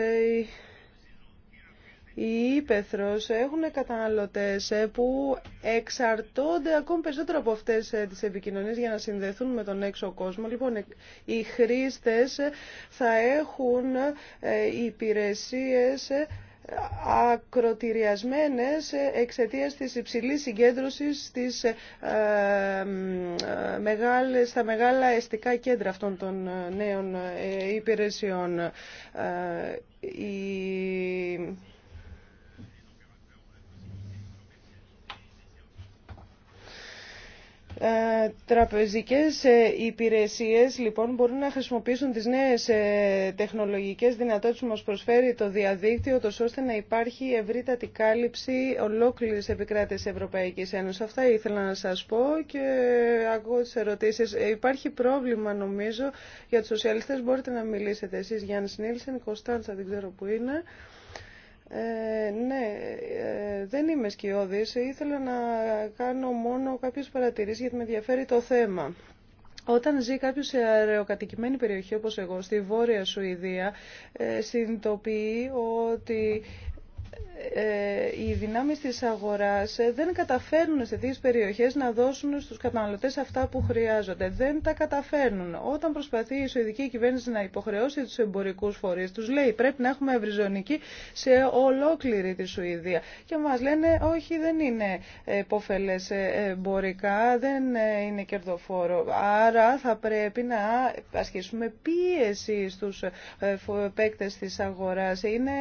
οι υπεθρός έχουν καταναλωτές ε, που εξαρτώνται ακόμη περισσότερο από αυτές ε, τις επικοινωνίες για να συνδεθούν με τον έξω κόσμο. Λοιπόν, ε, οι χρήστες θα έχουν υπηρεσίες ακροτηριασμένες εξαιτίας της υψηλής συγκέντρωσης στις, μεγάλες, στα μεγάλα αιστικά κέντρα αυτών των νέων υπηρεσιών. Ε, τραπεζικές ε, υπηρεσίες λοιπόν μπορούν να χρησιμοποιήσουν τις νέες ε, τεχνολογικές δυνατότητες που μας προσφέρει το διαδίκτυο τόσο ώστε να υπάρχει ευρύτατη κάλυψη ολόκληρης επικράτησης Ευρωπαϊκής Ένωσης. Αυτά ήθελα να σας πω και ακούω τις ερωτήσεις. Υπάρχει πρόβλημα νομίζω για τους σοσιαλιστές. Μπορείτε να μιλήσετε εσείς Γιάννη Σνίλσεν, Κωνσταντσα δεν ξέρω που είναι. Ε, ναι, ε, δεν είμαι σκιώδης. Ήθελα να κάνω μόνο κάποιες παρατηρήσεις γιατί με ενδιαφέρει το θέμα. Όταν ζει κάποιος σε αεροκατοικημένη περιοχή όπως εγώ, στη Βόρεια Σουηδία, ε, συνειδητοποιεί ότι ε, οι δυνάμεις της αγοράς ε, δεν καταφέρνουν σε τέτοιες περιοχές να δώσουν στους καταναλωτές αυτά που χρειάζονται. Δεν τα καταφέρνουν. Όταν προσπαθεί η Σουηδική κυβέρνηση να υποχρεώσει τους εμπορικούς φορείς, τους λέει πρέπει να έχουμε ευρυζωνική σε ολόκληρη τη Σουηδία. Και μας λένε όχι δεν είναι υποφελές εμπορικά, δεν ε, είναι κερδοφόρο. Άρα θα πρέπει να ασχίσουμε πίεση στους παίκτες της αγοράς. Είναι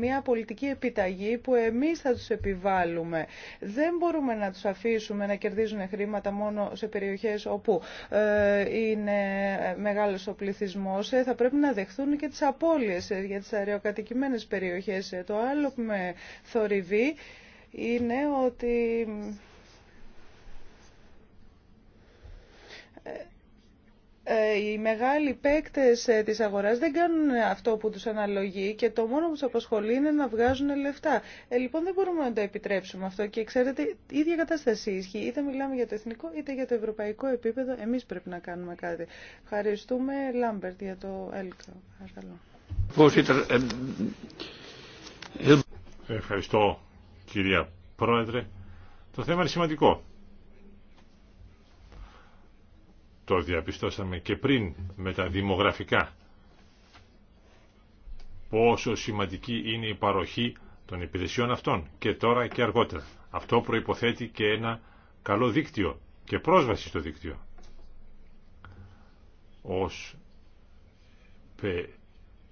μια πολιτική επιταγή που εμείς θα τους επιβάλλουμε. Δεν μπορούμε να τους αφήσουμε να κερδίζουν χρήματα μόνο σε περιοχές όπου ε, είναι μεγάλος ο πληθυσμός. Ε, θα πρέπει να δεχθούν και τις απώλειες ε, για τις αεροκατοικημένες περιοχές. Το άλλο που με θορυβεί είναι ότι οι μεγάλοι παίκτε ε, της αγοράς δεν κάνουν αυτό που του αναλογεί και το μόνο που του απασχολεί είναι να βγάζουν λεφτά. Ε, λοιπόν δεν μπορούμε να το επιτρέψουμε αυτό και ξέρετε η ίδια κατάσταση ισχύει. Είτε μιλάμε για το εθνικό είτε για το ευρωπαϊκό επίπεδο. Εμείς πρέπει να κάνουμε κάτι. Ευχαριστούμε Λάμπερτ για το Παρακαλώ. Ε, ε, Ευχαριστώ κυρία Πρόεδρε. Το θέμα είναι σημαντικό. Το διαπιστώσαμε και πριν με τα δημογραφικά. Πόσο σημαντική είναι η παροχή των υπηρεσιών αυτών και τώρα και αργότερα. Αυτό προϋποθέτει και ένα καλό δίκτυο και πρόσβαση στο δίκτυο. Ως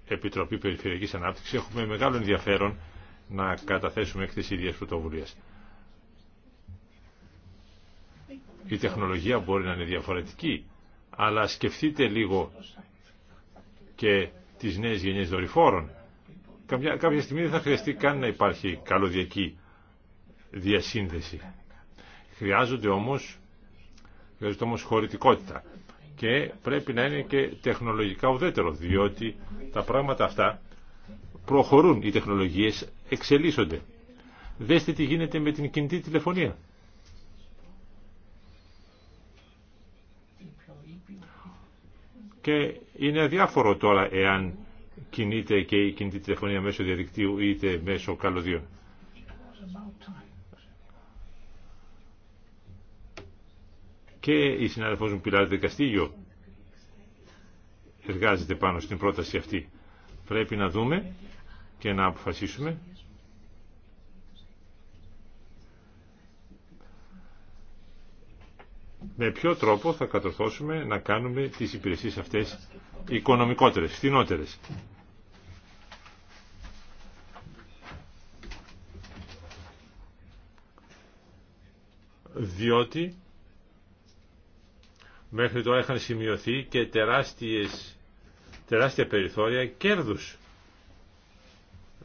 Επιτροπή Περιφερειακής Ανάπτυξης έχουμε μεγάλο ενδιαφέρον να καταθέσουμε της ίδιας πρωτοβουλίας. Η τεχνολογία μπορεί να είναι διαφορετική, αλλά σκεφτείτε λίγο και τις νέες γενιές δορυφόρων. Κάποια, στιγμή δεν θα χρειαστεί καν να υπάρχει καλωδιακή διασύνδεση. Χρειάζονται όμως, χρειάζονται όμως χωρητικότητα και πρέπει να είναι και τεχνολογικά ουδέτερο, διότι τα πράγματα αυτά προχωρούν, οι τεχνολογίες εξελίσσονται. Δέστε τι γίνεται με την κινητή τηλεφωνία. και είναι διάφορο τώρα εάν κινείται και η κινητή τηλεφωνία μέσω διαδικτύου είτε μέσω καλωδίων. Και η συνάδελφός μου Πιλάρ Δικαστήγιο εργάζεται πάνω στην πρόταση αυτή. Πρέπει να δούμε και να αποφασίσουμε με ποιο τρόπο θα κατορθώσουμε να κάνουμε τις υπηρεσίες αυτές οικονομικότερες, φθηνότερες. Διότι μέχρι τώρα είχαν σημειωθεί και τεράστιες, τεράστια περιθώρια κέρδους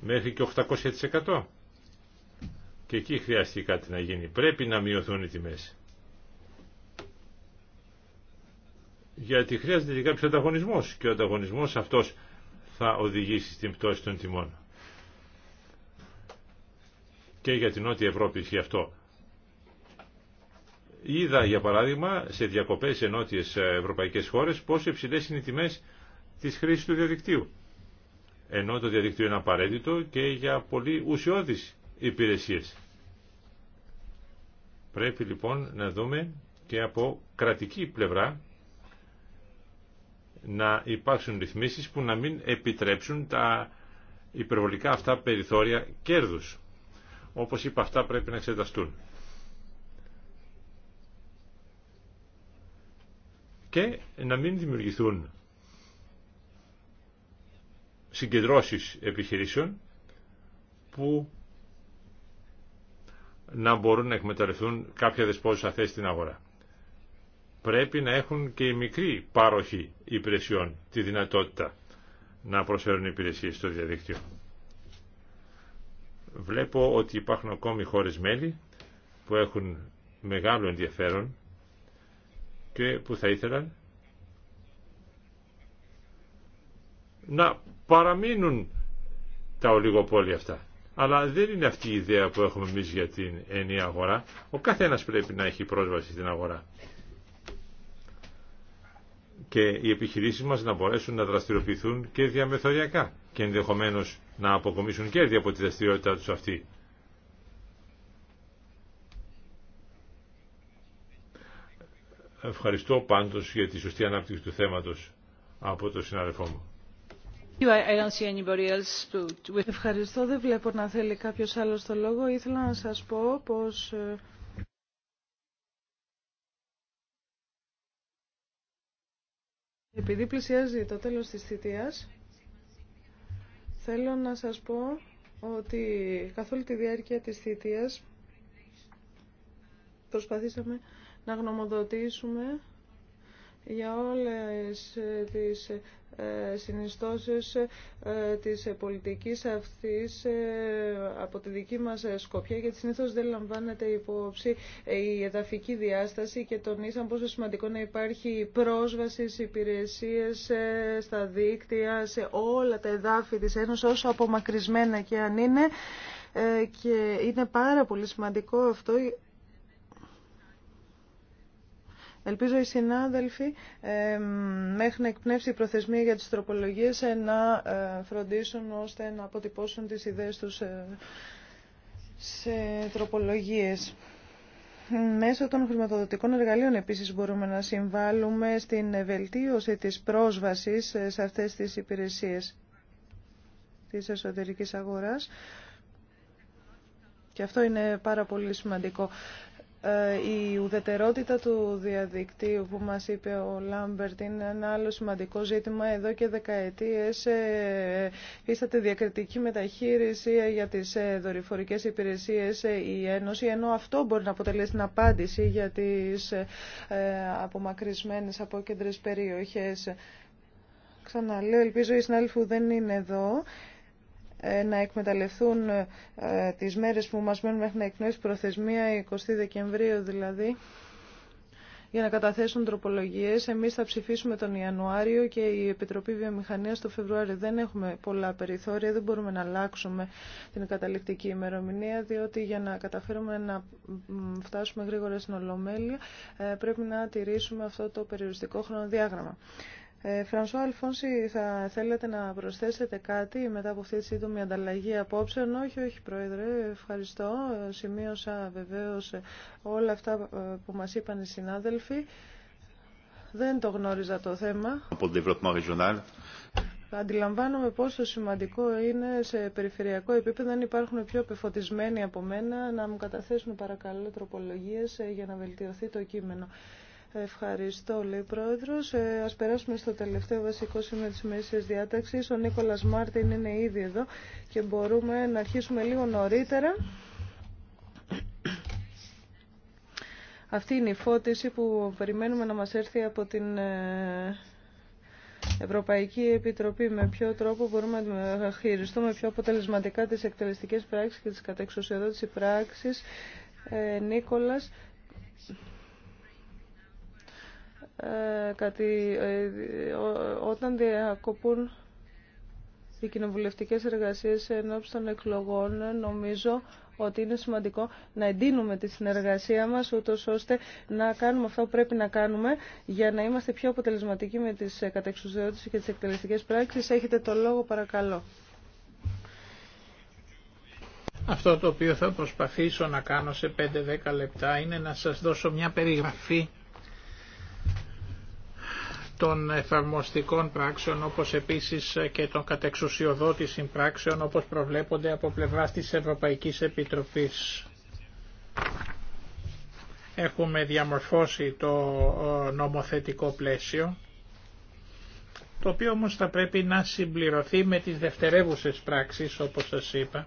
μέχρι και 800%. Και εκεί χρειάστηκε κάτι να γίνει. Πρέπει να μειωθούν οι τιμές. γιατί χρειάζεται και κάποιο ανταγωνισμό και ο ανταγωνισμό αυτός θα οδηγήσει στην πτώση των τιμών. Και για την Νότια Ευρώπη ισχύει αυτό. Είδα για παράδειγμα σε διακοπές σε νότιε ε, ευρωπαϊκές χώρες πόσο υψηλέ είναι οι τιμές της χρήση του διαδικτύου. Ενώ το διαδικτύο είναι απαραίτητο και για πολύ ουσιώδεις υπηρεσίε. Πρέπει λοιπόν να δούμε και από κρατική πλευρά να υπάρξουν ρυθμίσεις που να μην επιτρέψουν τα υπερβολικά αυτά περιθώρια κέρδους. Όπως είπα αυτά πρέπει να εξεταστούν. Και να μην δημιουργηθούν συγκεντρώσεις επιχειρήσεων που να μπορούν να εκμεταλλευτούν κάποια δεσπόζουσα θέση στην αγορά πρέπει να έχουν και οι μικροί πάροχοι υπηρεσιών τη δυνατότητα να προσφέρουν υπηρεσίες στο διαδίκτυο. Βλέπω ότι υπάρχουν ακόμη χώρες μέλη που έχουν μεγάλο ενδιαφέρον και που θα ήθελαν να παραμείνουν τα ολιγοπόλια αυτά. Αλλά δεν είναι αυτή η ιδέα που έχουμε εμείς για την ενιαία αγορά. Ο καθένας πρέπει να έχει πρόσβαση στην αγορά και οι επιχειρήσεις μας να μπορέσουν να δραστηριοποιηθούν και διαμεθοριακά και ενδεχομένως να αποκομίσουν κέρδη από τη δραστηριότητά τους αυτή. Ευχαριστώ πάντως για τη σωστή ανάπτυξη του θέματος από το συνάδελφό μου. Ευχαριστώ. Δεν βλέπω να θέλει κάποιος άλλος το λόγο. Ήθελα να σας πω πως... Ε, Επειδή πλησιάζει το τέλος της θητείας, θέλω να σας πω ότι καθ' όλη τη διάρκεια της θητείας προσπαθήσαμε να γνωμοδοτήσουμε για όλες τις ε, συνιστώσεις ε, της πολιτικής αυτής ε, από τη δική μας σκοπιά γιατί συνήθως δεν λαμβάνεται υπόψη η εδαφική διάσταση και τονίσαν πόσο σημαντικό να υπάρχει πρόσβαση στις υπηρεσίες στα δίκτυα σε όλα τα εδάφη της Ένωσης όσο απομακρυσμένα και αν είναι και είναι πάρα πολύ σημαντικό αυτό Ελπίζω οι συνάδελφοι μέχρι να εκπνεύσει η προθεσμία για τις τροπολογίες ε, να ε, φροντίσουν ώστε να αποτυπώσουν τις ιδέες τους ε, σε τροπολογίες. Μέσω των χρηματοδοτικών εργαλείων επίσης μπορούμε να συμβάλλουμε στην βελτίωση της πρόσβασης σε αυτές τις υπηρεσίες της εσωτερικής αγοράς. Και αυτό είναι πάρα πολύ σημαντικό. Ε, η ουδετερότητα του διαδικτύου που μας είπε ο Λάμπερτ είναι ένα άλλο σημαντικό ζήτημα. Εδώ και δεκαετίες ε, τη διακριτική μεταχείριση ε, για τις δορυφορικές υπηρεσίες η Ένωση, ενώ αυτό μπορεί να αποτελέσει την απάντηση για τις απομακρυσμένες απόκεντρες περιοχές. Ξαναλέω, ελπίζω η ΣΝΑΛΦΟΥ δεν είναι εδώ. Ε, να εκμεταλλευτούν ε, τις μέρες που μας μένουν μέχρι να εκνοήσει προθεσμία, 20 Δεκεμβρίου δηλαδή, για να καταθέσουν τροπολογίες. Εμείς θα ψηφίσουμε τον Ιανουάριο και η Επιτροπή Βιομηχανίας το Φεβρουάριο. Δεν έχουμε πολλά περιθώρια, δεν μπορούμε να αλλάξουμε την καταληκτική ημερομηνία, διότι για να καταφέρουμε να φτάσουμε γρήγορα στην Ολομέλεια ε, πρέπει να τηρήσουμε αυτό το περιοριστικό χρονοδιάγραμμα. Ε, Φρανσό Αλφόνση, θα θέλετε να προσθέσετε κάτι μετά από αυτή τη σύντομη ανταλλαγή απόψεων. Όχι, όχι, Πρόεδρε, ευχαριστώ. Σημείωσα βεβαίως όλα αυτά ε, που μας είπαν οι συνάδελφοι. Δεν το γνώριζα το θέμα. Αντιλαμβάνομαι πόσο σημαντικό είναι σε περιφερειακό επίπεδο, αν υπάρχουν πιο πεφωτισμένοι από μένα, να μου καταθέσουν παρακαλώ τροπολογίες ε, για να βελτιωθεί το κείμενο. Ευχαριστώ, λέει πρόεδρο. Ε, Α περάσουμε στο τελευταίο βασικό σημείο τη μέση διάταξη. Ο Νίκολα Μάρτιν είναι ήδη εδώ και μπορούμε να αρχίσουμε λίγο νωρίτερα. Αυτή είναι η φώτιση που περιμένουμε να μας έρθει από την ε, Ευρωπαϊκή Επιτροπή. Με ποιο τρόπο μπορούμε να χειριστούμε πιο αποτελεσματικά τις εκτελεστικές πράξεις και τις κατεξουσιοδότηση πράξεις. Ε, Νίκολας, ε, ε, όταν διακοπούν οι κοινοβουλευτικέ εργασίε εν των εκλογών, νομίζω ότι είναι σημαντικό να εντείνουμε τη συνεργασία μας, ούτω ώστε να κάνουμε αυτό που πρέπει να κάνουμε για να είμαστε πιο αποτελεσματικοί με τις κατεξουσιότητες και τις εκτελεστικές πράξεις. Έχετε το λόγο, παρακαλώ. Αυτό το οποίο θα προσπαθήσω να κάνω σε 5-10 λεπτά είναι να σα δώσω μια περιγραφή των εφαρμοστικών πράξεων όπως επίσης και των κατεξουσιοδότησης πράξεων όπως προβλέπονται από πλευράς της Ευρωπαϊκής Επιτροπής. Έχουμε διαμορφώσει το νομοθετικό πλαίσιο το οποίο όμως θα πρέπει να συμπληρωθεί με τις δευτερεύουσες πράξεις όπως σας είπα.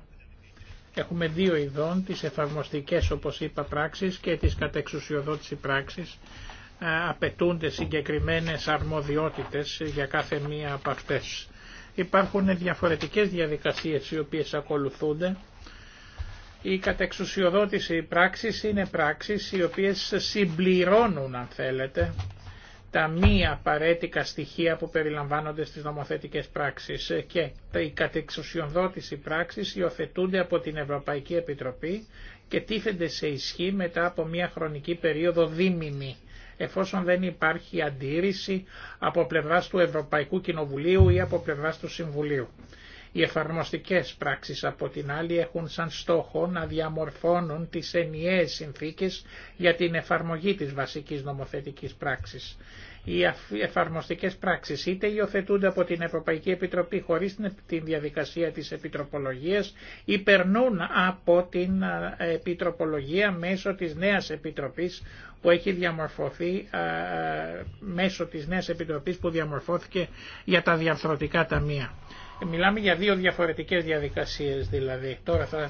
Έχουμε δύο ειδών, τις εφαρμοστικές όπως είπα πράξεις και τις κατεξουσιοδότηση πράξεις ε, απαιτούνται συγκεκριμένες αρμοδιότητες για κάθε μία από αυτές. Υπάρχουν διαφορετικές διαδικασίες οι οποίες ακολουθούνται. Η κατεξουσιοδότηση πράξης είναι πράξεις οι οποίες συμπληρώνουν αν θέλετε τα μία απαραίτητα στοιχεία που περιλαμβάνονται στις νομοθετικές πράξεις και η κατεξουσιοδότηση πράξης υιοθετούνται από την Ευρωπαϊκή Επιτροπή και τίθενται σε ισχύ μετά από μια χρονική περίοδο δίμηνη εφόσον δεν υπάρχει αντίρρηση από πλευράς του Ευρωπαϊκού Κοινοβουλίου ή από πλευράς του Συμβουλίου. Οι εφαρμοστικές πράξεις από την άλλη έχουν σαν στόχο να διαμορφώνουν τις ενιαίες συνθήκες για την εφαρμογή της βασικής νομοθετικής πράξης. Οι εφαρμοστικές πράξεις είτε υιοθετούνται από την Ευρωπαϊκή Επιτροπή χωρίς την διαδικασία της επιτροπολογίας ή περνούν από την ε, επιτροπολογία μέσω της νέας επιτροπής που έχει διαμορφωθεί ε, ε, μέσω της νέας επιτροπής που διαμορφώθηκε για τα διαρθρωτικά ταμεία. Μιλάμε για δύο διαφορετικές διαδικασίες δηλαδή. Τώρα θα,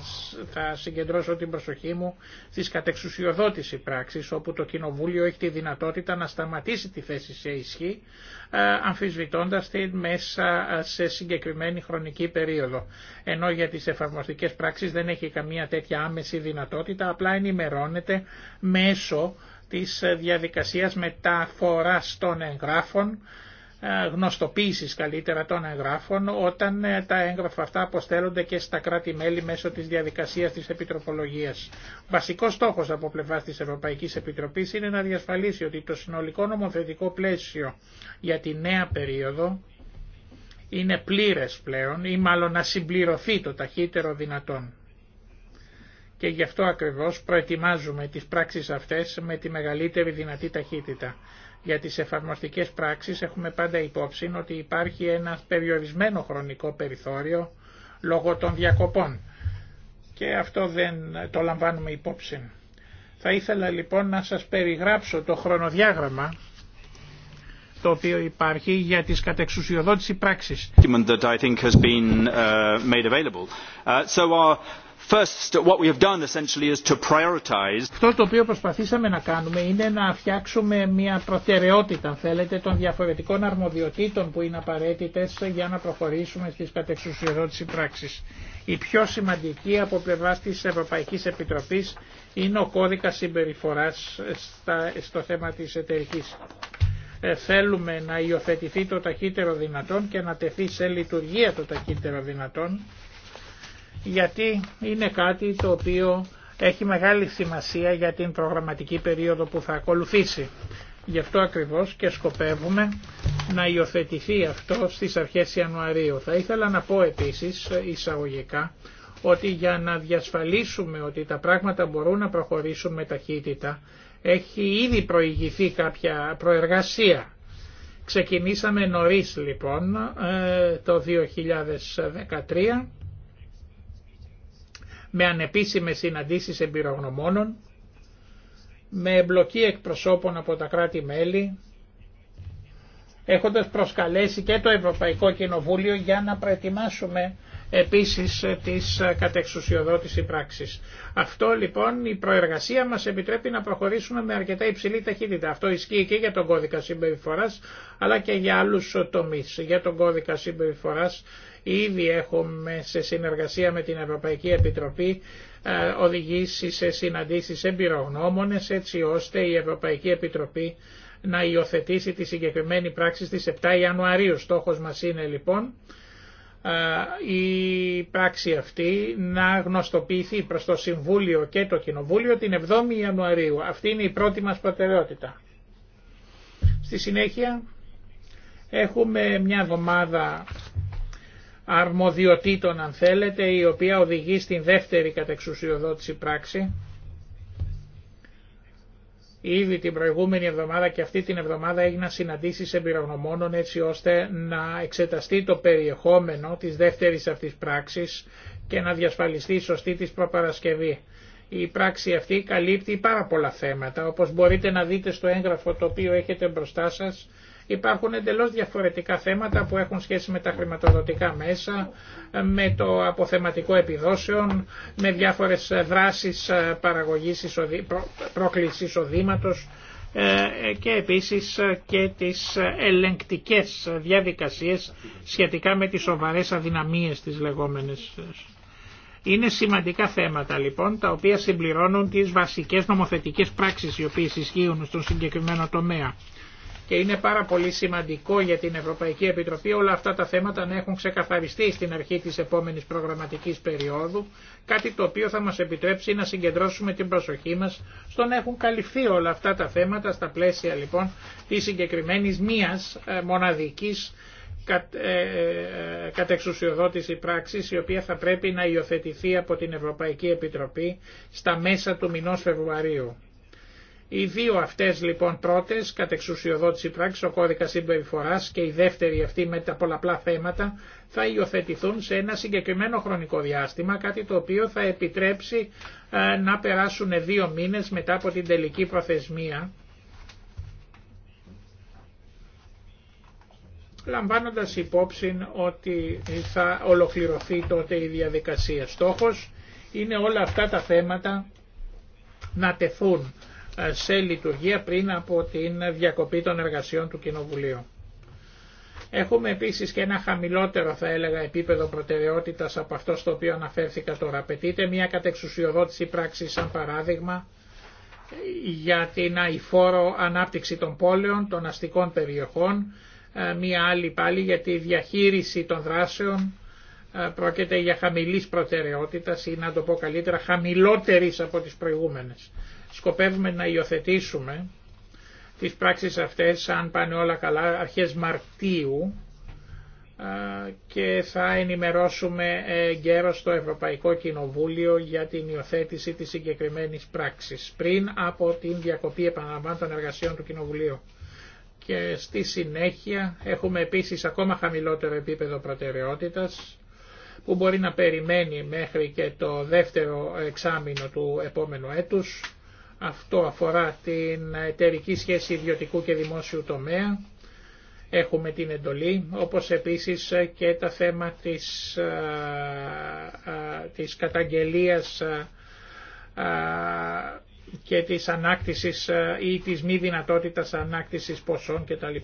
συγκεντρώσω την προσοχή μου στις κατεξουσιοδότηση πράξεις όπου το Κοινοβούλιο έχει τη δυνατότητα να σταματήσει τη θέση σε ισχύ αμφισβητώντας την μέσα σε συγκεκριμένη χρονική περίοδο. Ενώ για τις εφαρμοστικές πράξεις δεν έχει καμία τέτοια άμεση δυνατότητα, απλά ενημερώνεται μέσω της διαδικασίας μεταφοράς των εγγράφων ε, γνωστοποίησης καλύτερα των εγγράφων όταν ε, τα έγγραφα αυτά αποστέλλονται και στα κράτη-μέλη μέσω της διαδικασίας της επιτροπολογίας. Ο βασικός στόχος από πλευράς της Ευρωπαϊκής Επιτροπής είναι να διασφαλίσει ότι το συνολικό νομοθετικό πλαίσιο για τη νέα περίοδο είναι πλήρες πλέον ή μάλλον να συμπληρωθεί το ταχύτερο δυνατόν. Και γι' αυτό ακριβώς προετοιμάζουμε τις πράξεις αυτές με τη μεγαλύτερη δυνατή ταχύτητα για τις εφαρμοστικές πράξεις έχουμε πάντα υπόψη ότι υπάρχει ένα περιορισμένο χρονικό περιθώριο λόγω των διακοπών και αυτό δεν το λαμβάνουμε υπόψη. Θα ήθελα λοιπόν να σας περιγράψω το χρονοδιάγραμμα το οποίο υπάρχει για τις κατεξουσιοδότηση πράξεις. Αυτό το οποίο προσπαθήσαμε να κάνουμε είναι να φτιάξουμε μια προτεραιότητα, αν θέλετε, των διαφορετικών αρμοδιοτήτων που είναι απαραίτητε για να προχωρήσουμε στις κατεξουσιοδότηση πράξη. Η πιο σημαντική από πλευρά τη Ευρωπαϊκή Επιτροπή είναι ο κώδικα συμπεριφορά στο θέμα τη εταιρική. Ε, θέλουμε να υιοθετηθεί το ταχύτερο δυνατόν και να τεθεί σε λειτουργία το ταχύτερο δυνατόν γιατί είναι κάτι το οποίο έχει μεγάλη σημασία για την προγραμματική περίοδο που θα ακολουθήσει. Γι' αυτό ακριβώς και σκοπεύουμε να υιοθετηθεί αυτό στις αρχές Ιανουαρίου. Θα ήθελα να πω επίσης εισαγωγικά ότι για να διασφαλίσουμε ότι τα πράγματα μπορούν να προχωρήσουν με ταχύτητα έχει ήδη προηγηθεί κάποια προεργασία. Ξεκινήσαμε νωρίς λοιπόν ε, το 2013 με ανεπίσημες συναντήσεις εμπειρογνωμόνων, με εμπλοκή εκπροσώπων από τα κράτη-μέλη, έχοντας προσκαλέσει και το Ευρωπαϊκό Κοινοβούλιο για να προετοιμάσουμε επίσης τις κατεξουσιοδότηση πράξεις. Αυτό λοιπόν η προεργασία μας επιτρέπει να προχωρήσουμε με αρκετά υψηλή ταχύτητα. Αυτό ισχύει και για τον κώδικα συμπεριφοράς αλλά και για άλλους τομείς. Για τον κώδικα συμπεριφοράς ήδη έχουμε σε συνεργασία με την Ευρωπαϊκή Επιτροπή ε, οδηγήσει σε συναντήσεις εμπειρογνώμονες έτσι ώστε η Ευρωπαϊκή Επιτροπή να υιοθετήσει τη συγκεκριμένη πράξη στις 7 Ιανουαρίου. Στόχος μας είναι λοιπόν ε, η πράξη αυτή να γνωστοποιηθεί προς το Συμβούλιο και το Κοινοβούλιο την 7η Ιανουαρίου. Αυτή είναι η πρώτη μας προτεραιότητα. Στη συνέχεια έχουμε μια εβδομάδα αρμοδιοτήτων αν θέλετε η οποία οδηγεί στην δεύτερη κατεξουσιοδότηση πράξη. Ήδη την προηγούμενη εβδομάδα και αυτή την εβδομάδα έγιναν συναντήσεις εμπειρογνωμόνων έτσι ώστε να εξεταστεί το περιεχόμενο της δεύτερης αυτής πράξης και να διασφαλιστεί η σωστή της προπαρασκευή. Η πράξη αυτή καλύπτει πάρα πολλά θέματα, όπως μπορείτε να δείτε στο έγγραφο το οποίο έχετε μπροστά σας Υπάρχουν εντελώς διαφορετικά θέματα που έχουν σχέση με τα χρηματοδοτικά μέσα, με το αποθεματικό επιδόσεων, με διάφορες δράσεις ε, παραγωγής πρόκλησης οδήματος ε, ε, και επίσης και τις ελεγκτικές διαδικασίες σχετικά με τις σοβαρές αδυναμίες της λεγόμενης. Είναι σημαντικά θέματα λοιπόν τα οποία συμπληρώνουν τις βασικές νομοθετικές πράξεις οι οποίες ισχύουν στον συγκεκριμένο τομέα και είναι πάρα πολύ σημαντικό για την Ευρωπαϊκή Επιτροπή όλα αυτά τα θέματα να έχουν ξεκαθαριστεί στην αρχή της επόμενης προγραμματικής περίοδου, κάτι το οποίο θα μας επιτρέψει να συγκεντρώσουμε την προσοχή μας στο να έχουν καλυφθεί όλα αυτά τα θέματα στα πλαίσια λοιπόν της συγκεκριμένης μίας ε, μοναδικής ε, ε, κατεξουσιοδότηση πράξης η οποία θα πρέπει να υιοθετηθεί από την Ευρωπαϊκή Επιτροπή στα μέσα του μηνός Φεβρουαρίου. Οι δύο αυτές λοιπόν πρώτε, κατ' εξουσιοδότηση πράξη, ο κώδικας συμπεριφορά και η δεύτερη αυτή με τα πολλαπλά θέματα, θα υιοθετηθούν σε ένα συγκεκριμένο χρονικό διάστημα, κάτι το οποίο θα επιτρέψει ε, να περάσουν δύο μήνες μετά από την τελική προθεσμία, λαμβάνοντας υπόψη ότι θα ολοκληρωθεί τότε η διαδικασία. Στόχος είναι όλα αυτά τα θέματα να τεθούν σε λειτουργία πριν από την διακοπή των εργασιών του Κοινοβουλίου. Έχουμε επίσης και ένα χαμηλότερο θα έλεγα επίπεδο προτεραιότητας από αυτό στο οποίο αναφέρθηκα τώρα. Απαιτείται μια κατεξουσιοδότηση πράξη σαν παράδειγμα για την αηφόρο ανάπτυξη των πόλεων, των αστικών περιοχών, ε, μία άλλη πάλι για τη διαχείριση των δράσεων, ε, πρόκειται για χαμηλής προτεραιότητας ή να το πω καλύτερα χαμηλότερης από τις προηγούμενες σκοπεύουμε να υιοθετήσουμε τις πράξεις αυτές, αν πάνε όλα καλά, αρχές Μαρτίου και θα ενημερώσουμε γέρο στο Ευρωπαϊκό Κοινοβούλιο για την υιοθέτηση της συγκεκριμένης πράξης πριν από την διακοπή επαναλαμβάνω των εργασιών του Κοινοβουλίου. Και στη συνέχεια έχουμε επίσης ακόμα χαμηλότερο επίπεδο προτεραιότητας που μπορεί να περιμένει μέχρι και το δεύτερο εξάμεινο του επόμενου έτους αυτό αφορά την εταιρική σχέση ιδιωτικού και δημόσιου τομέα. Έχουμε την εντολή, όπως επίσης και τα θέμα της, της καταγγελίας και της ανάκτησης ή της μη δυνατότητας ανάκτησης ποσών κτλ.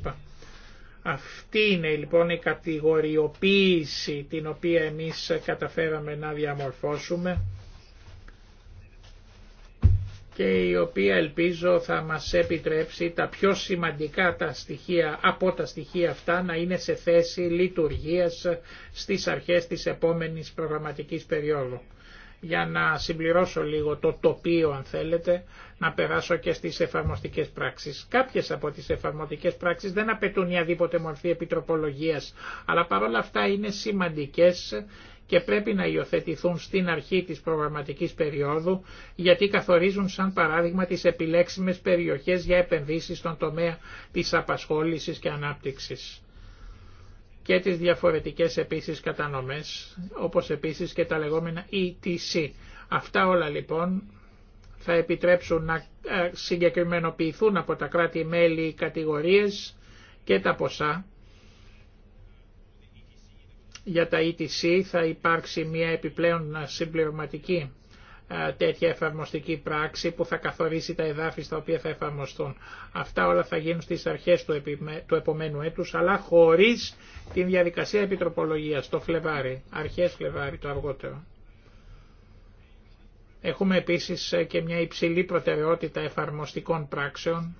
Αυτή είναι λοιπόν η κατηγοριοποίηση την οποία εμείς καταφέραμε να διαμορφώσουμε και η οποία ελπίζω θα μας επιτρέψει τα πιο σημαντικά τα στοιχεία, από τα στοιχεία αυτά να είναι σε θέση λειτουργίας στις αρχές της επόμενης προγραμματικής περίοδου. Για να συμπληρώσω λίγο το τοπίο αν θέλετε, να περάσω και στις εφαρμοστικές πράξεις. Κάποιες από τις εφαρμοστικές πράξεις δεν απαιτούν η μορφή επιτροπολογίας, αλλά παρόλα αυτά είναι σημαντικές και πρέπει να υιοθετηθούν στην αρχή της προγραμματικής περίοδου γιατί καθορίζουν σαν παράδειγμα τις επιλέξιμες περιοχές για επενδύσεις στον τομέα της απασχόλησης και ανάπτυξης και τις διαφορετικές επίσης κατανομές, όπως επίσης και τα λεγόμενα ETC. Αυτά όλα λοιπόν θα επιτρέψουν να ε, συγκεκριμενοποιηθούν από τα κράτη-μέλη οι κατηγορίες και τα ποσά για τα ETC θα υπάρξει μια επιπλέον συμπληρωματική ε, τέτοια εφαρμοστική πράξη που θα καθορίσει τα εδάφη στα οποία θα εφαρμοστούν. Αυτά όλα θα γίνουν στις αρχές του, του επομένου έτους, αλλά χωρίς την διαδικασία επιτροπολογίας, το Φλεβάρι, αρχές Φλεβάρι, το αργότερο. Έχουμε επίσης ε, και μια υψηλή προτεραιότητα εφαρμοστικών πράξεων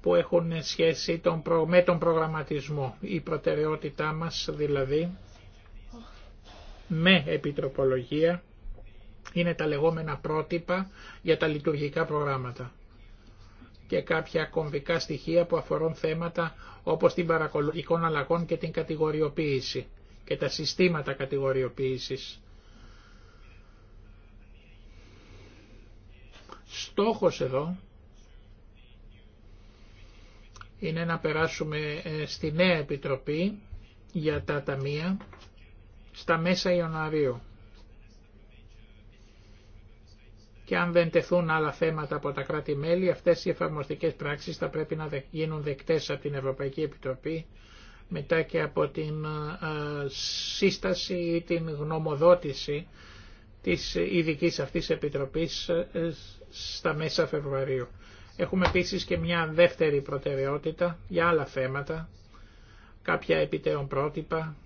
που έχουν σχέση τον με τον προγραμματισμό. Η προτεραιότητά μας δηλαδή με επιτροπολογία είναι τα λεγόμενα πρότυπα για τα λειτουργικά προγράμματα και κάποια κομβικά στοιχεία που αφορούν θέματα όπως την εικόνα αλλαγών και την κατηγοριοποίηση και τα συστήματα κατηγοριοποίησης. Στόχος εδώ είναι να περάσουμε ε, στη νέα επιτροπή για τα ταμεία στα μέσα Ιανουαρίου. Και αν δεν τεθούν άλλα θέματα από τα κράτη-μέλη, αυτές οι εφαρμοστικές πράξεις θα πρέπει να γίνουν δεκτές από την Ευρωπαϊκή Επιτροπή μετά και από την ε, σύσταση ή την γνωμοδότηση της ειδική αυτής επιτροπής ε, στα μέσα Φεβρουαρίου. Έχουμε επίση και μια δεύτερη προτεραιότητα για άλλα θέματα, κάποια επιτέων πρότυπα,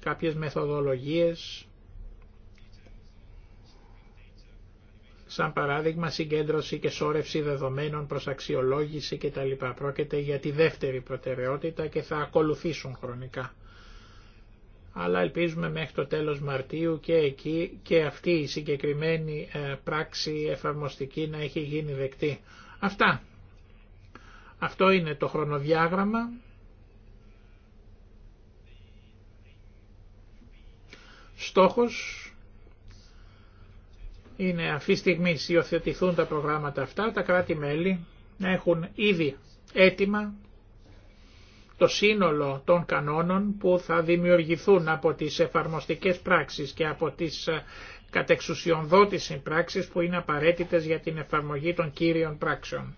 κάποιες μεθοδολογίες, σαν παράδειγμα συγκέντρωση και σόρευση δεδομένων προς αξιολόγηση κτλ. Πρόκειται για τη δεύτερη προτεραιότητα και θα ακολουθήσουν χρονικά. Αλλά ελπίζουμε μέχρι το τέλος Μαρτίου και εκεί και αυτή η συγκεκριμένη ε, πράξη εφαρμοστική να έχει γίνει δεκτή. Αυτά. Αυτό είναι το χρονοδιάγραμμα. Στόχος είναι αυτή τη στιγμή υιοθετηθούν τα προγράμματα αυτά, τα κράτη-μέλη να έχουν ήδη έτοιμα το σύνολο των κανόνων που θα δημιουργηθούν από τις εφαρμοστικές πράξεις και από τις ε, κατεξουσιοδότηση πράξης που είναι απαραίτητες για την εφαρμογή των κύριων πράξεων.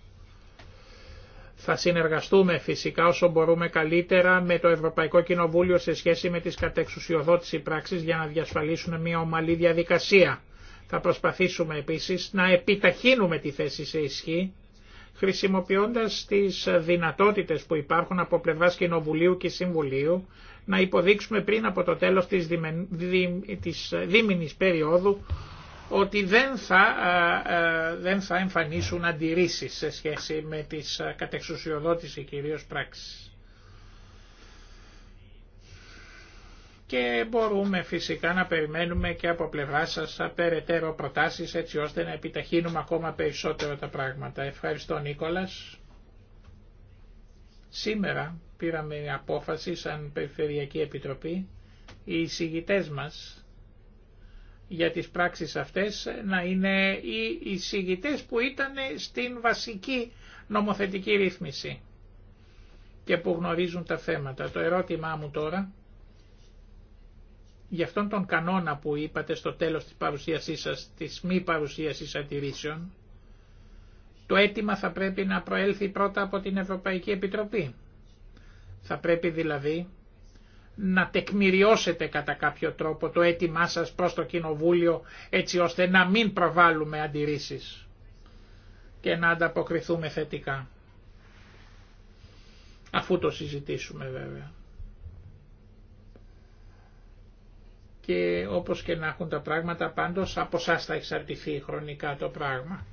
Θα συνεργαστούμε φυσικά όσο μπορούμε καλύτερα με το Ευρωπαϊκό Κοινοβούλιο σε σχέση με τις κατεξουσιοδότηση πράξεις για να διασφαλίσουμε μια ομαλή διαδικασία. Θα προσπαθήσουμε επίσης να επιταχύνουμε τη θέση σε ισχύ χρησιμοποιώντας τις δυνατότητες που υπάρχουν από πλευράς Κοινοβουλίου και Συμβουλίου να υποδείξουμε πριν από το τέλος της, της ε, δίμηνης περίοδου ότι δεν θα, ε, ε, δεν θα εμφανίσουν αντιρρήσεις σε σχέση με τις κατεξουσιοδότηση κυρίως πράξεις. Και μπορούμε φυσικά να περιμένουμε και από πλευρά σας περαιτέρω προτάσεις έτσι ώστε να επιταχύνουμε ακόμα περισσότερο τα πράγματα. Ευχαριστώ Νίκολας. Σήμερα πήραμε απόφαση σαν Περιφερειακή Επιτροπή οι εισηγητές μας για τις πράξεις αυτές να είναι οι εισηγητές που ήταν στην βασική νομοθετική ρύθμιση και που γνωρίζουν τα θέματα. Το ερώτημά μου τώρα, για αυτόν τον κανόνα που είπατε στο τέλος της παρουσίασής σας, της μη παρουσίασης αντιρρήσεων, το αίτημα θα πρέπει να προέλθει πρώτα από την Ευρωπαϊκή Επιτροπή. Θα πρέπει δηλαδή να τεκμηριώσετε κατά κάποιο τρόπο το αίτημά σας προς το Κοινοβούλιο έτσι ώστε να μην προβάλλουμε αντιρρήσεις και να ανταποκριθούμε θετικά. Αφού το συζητήσουμε βέβαια. Και όπως και να έχουν τα πράγματα πάντως από σας θα εξαρτηθεί χρονικά το πράγμα.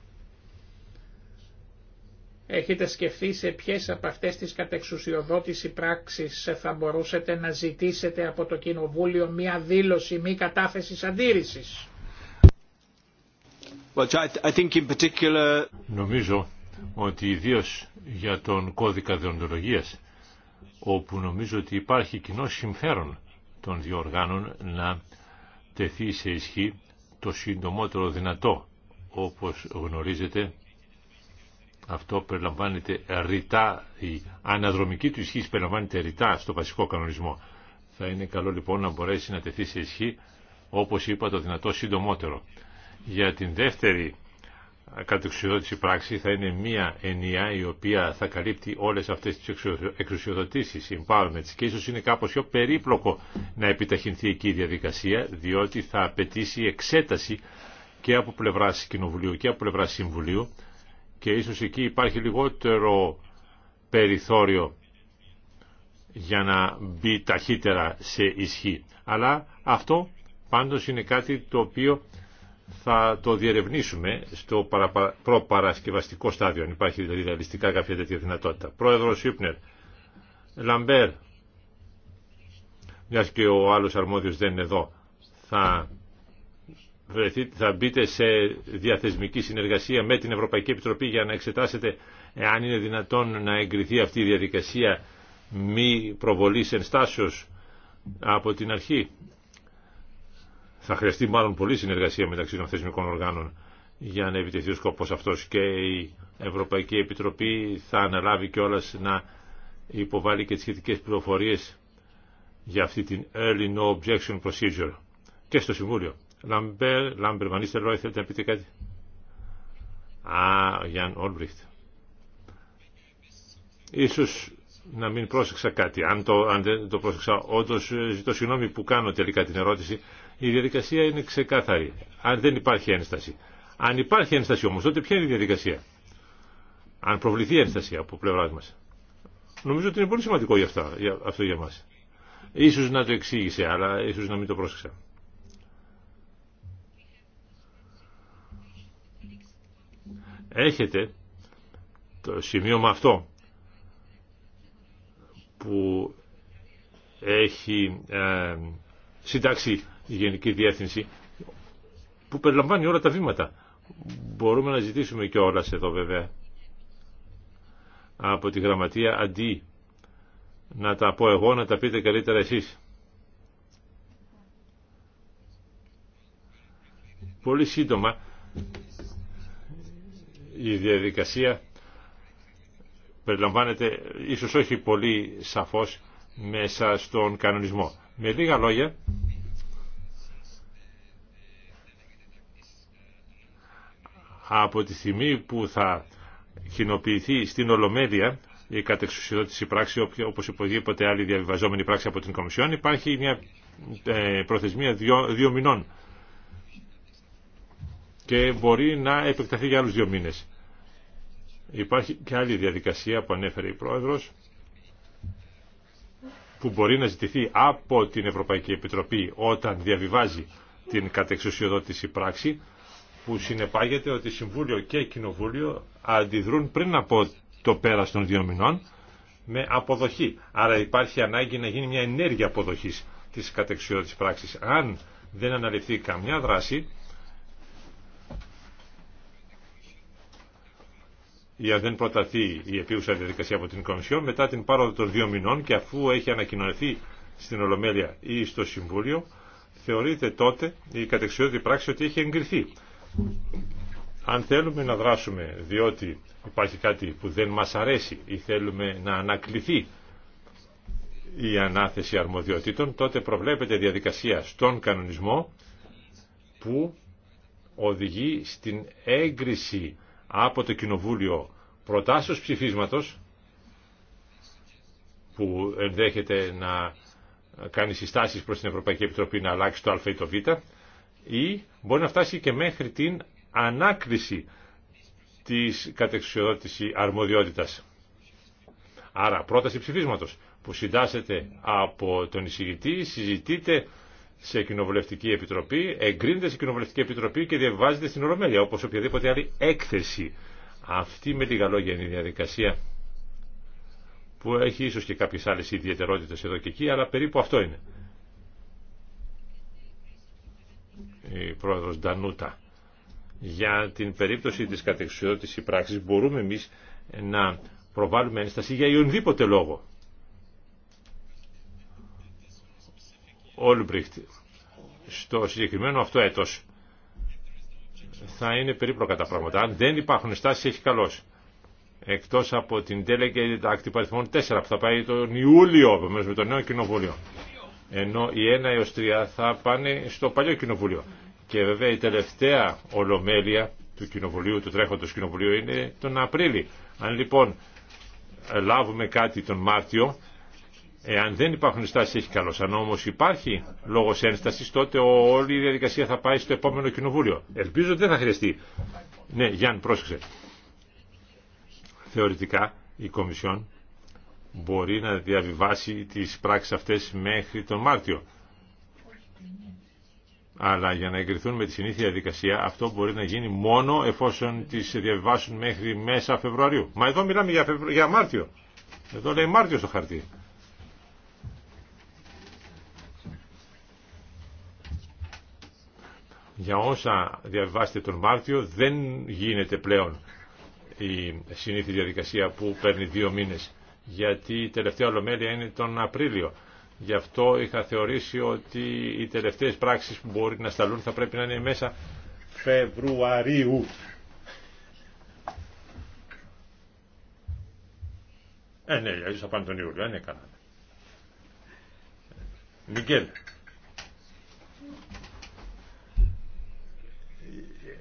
Έχετε σκεφτεί σε ποιες από αυτές τις κατεξουσιοδότηση πράξεις θα μπορούσατε να ζητήσετε από το Κοινοβούλιο μία δήλωση μη κατάθεση αντίρρησης. Νομίζω ότι ιδίω για τον κώδικα δεοντολογίας, όπου νομίζω ότι υπάρχει κοινό συμφέρον των δύο οργάνων να τεθεί σε ισχύ το συντομότερο δυνατό. Όπως γνωρίζετε, αυτό περιλαμβάνεται ρητά, η αναδρομική του ισχύ περιλαμβάνεται ρητά στο βασικό κανονισμό. Θα είναι καλό λοιπόν να μπορέσει να τεθεί σε ισχύ, όπως είπα, το δυνατό συντομότερο. Για την δεύτερη κατεξουσιοδότηση πράξη θα είναι μία ενία η οποία θα καλύπτει όλες αυτές τις εξουσιοδοτήσεις, empowerment, και ίσως είναι κάπως πιο περίπλοκο να επιταχυνθεί εκεί η διαδικασία διότι θα απαιτήσει εξέταση και από πλευράς Κοινοβουλίου και από πλευράς Συμβουλίου και ίσως εκεί υπάρχει λιγότερο περιθώριο για να μπει ταχύτερα σε ισχύ. Αλλά αυτό πάντως είναι κάτι το οποίο θα το διερευνήσουμε στο προπαρασκευαστικό στάδιο, αν υπάρχει δηλαδή ρεαλιστικά κάποια τέτοια δυνατότητα. Πρόεδρος Ιούπνερ, Λαμπέρ, μιας και ο άλλος αρμόδιος δεν είναι εδώ, θα θα μπείτε σε διαθεσμική συνεργασία με την Ευρωπαϊκή Επιτροπή για να εξετάσετε εάν είναι δυνατόν να εγκριθεί αυτή η διαδικασία μη προβολής ενστάσεως από την αρχή. Θα χρειαστεί μάλλον πολλή συνεργασία μεταξύ των θεσμικών οργάνων για να επιτεθεί ο σκοπός αυτός και η Ευρωπαϊκή Επιτροπή θα αναλάβει κιόλα να υποβάλει και τις σχετικές πληροφορίες για αυτή την Early No Objection Procedure και στο Συμβούλιο. Λαμπέρ, Λάμπερ, Μανίστερ, Ρόι, θέλετε να πείτε κάτι. Α, Γιάνν Όλμπριχτ. Ίσως να μην πρόσεξα κάτι. Αν, το, αν δεν το πρόσεξα, όντω ε, ζητώ συγγνώμη που κάνω τελικά την ερώτηση. Η διαδικασία είναι ξεκάθαρη. Αν δεν υπάρχει ένσταση. Αν υπάρχει ένσταση όμω, τότε ποια είναι η διαδικασία. Αν προβληθεί ένσταση από πλευρά μα. Νομίζω ότι είναι πολύ σημαντικό για αυτά, για, αυτό για μα. Ίσως να το εξήγησε, αλλά ίσως να μην το πρόσεξα. έχετε το σημείωμα αυτό που έχει ε, συντάξει η Γενική Διεύθυνση που περιλαμβάνει όλα τα βήματα. Μπορούμε να ζητήσουμε και όλα εδώ βέβαια από τη γραμματεία αντί να τα πω εγώ να τα πείτε καλύτερα εσείς. Πολύ σύντομα η διαδικασία περιλαμβάνεται ίσως όχι πολύ σαφώς μέσα στον κανονισμό. Με λίγα λόγια, από τη στιγμή που θα κοινοποιηθεί στην Ολομέλεια η κατεξουσιοδότηση πράξη όπως οποιαδήποτε άλλη διαβιβαζόμενη πράξη από την Κομισιόν υπάρχει μια ε, προθεσμία δύο, δύο μηνών και μπορεί να επεκταθεί για άλλους δύο μήνες. Υπάρχει και άλλη διαδικασία που ανέφερε η Πρόεδρος που μπορεί να ζητηθεί από την Ευρωπαϊκή Επιτροπή όταν διαβιβάζει την κατεξουσιοδότηση πράξη που συνεπάγεται ότι Συμβούλιο και Κοινοβούλιο αντιδρούν πριν από το πέρας των δύο μηνών με αποδοχή. Άρα υπάρχει ανάγκη να γίνει μια ενέργεια αποδοχής της κατεξουσιοδότησης πράξης. Αν δεν αναλυθεί καμιά δράση ή αν δεν προταθεί η επίουσα διαδικασία από την Κομισιόν μετά την πάροδο των δύο μηνών και αφού έχει ανακοινωθεί στην Ολομέλεια ή στο Συμβούλιο θεωρείται τότε η κατεξιότητα πράξη ότι έχει εγκριθεί. Αν θέλουμε να δράσουμε διότι υπάρχει κάτι που δεν μας αρέσει ή θέλουμε να ανακληθεί η ανάθεση αρμοδιοτήτων, τότε προβλέπεται διαδικασία στον κανονισμό που οδηγεί στην έγκριση από το Κοινοβούλιο προτάσεως ψηφίσματος που ενδέχεται να κάνει συστάσεις προς την Ευρωπαϊκή Επιτροπή να αλλάξει το α ή το β ή μπορεί να φτάσει και μέχρι την ανάκριση της κατεξουσιοδότηση αρμοδιότητας. Άρα πρόταση ψηφίσματος που συντάσσεται από τον εισηγητή συζητείται σε κοινοβουλευτική επιτροπή, εγκρίνεται σε κοινοβουλευτική επιτροπή και διαβάζεται στην Ολομέλεια, όπως οποιαδήποτε άλλη έκθεση. Αυτή με λίγα λόγια είναι η διαδικασία που έχει ίσως και κάποιες άλλες ιδιαιτερότητες εδώ και εκεί, αλλά περίπου αυτό είναι. Η πρόεδρος Ντανούτα. Για την περίπτωση της κατεξουσιοδότησης πράξης μπορούμε εμείς να προβάλλουμε ένσταση για οποιονδήποτε λόγο. Όλμπριχτ στο συγκεκριμένο αυτό έτος θα είναι περίπλοκα τα πράγματα. Αν δεν υπάρχουν στάσει, έχει καλώς. Εκτός από την Delegated Act υπαριθμών 4 που θα πάει τον Ιούλιο με το νέο κοινοβούλιο. Ενώ η 1 έως 3 θα πάνε στο παλιό κοινοβούλιο. Και βέβαια η τελευταία ολομέλεια του κοινοβουλίου, του τρέχοντος κοινοβουλίου είναι τον Απρίλιο. Αν λοιπόν λάβουμε κάτι τον Μάρτιο Εάν δεν υπάρχουν στάσεις έχει καλώς. Αν όμως υπάρχει λόγος ένστασης τότε όλη η διαδικασία θα πάει στο επόμενο κοινοβούλιο. Ελπίζω ότι δεν θα χρειαστεί. Ναι, Γιάννη πρόσεξε. Θεωρητικά η Κομισιόν μπορεί να διαβιβάσει τις πράξεις αυτές μέχρι τον Μάρτιο. Αλλά για να εγκριθούν με τη συνήθεια διαδικασία αυτό μπορεί να γίνει μόνο εφόσον τις διαβιβάσουν μέχρι μέσα Φεβρουαρίου. Μα εδώ μιλάμε για, Φεβρου... για Μάρτιο. Εδώ λέει Μάρτιο στο χαρτί. για όσα διαβάσετε τον Μάρτιο δεν γίνεται πλέον η συνήθη διαδικασία που παίρνει δύο μήνες γιατί η τελευταία ολομέλεια είναι τον Απρίλιο. Γι' αυτό είχα θεωρήσει ότι οι τελευταίες πράξεις που μπορεί να σταλούν θα πρέπει να είναι μέσα Φεβρουαρίου. Ε, ναι, αλλιώς θα πάνε τον Ιούλιο, δεν ναι, Μικέλ.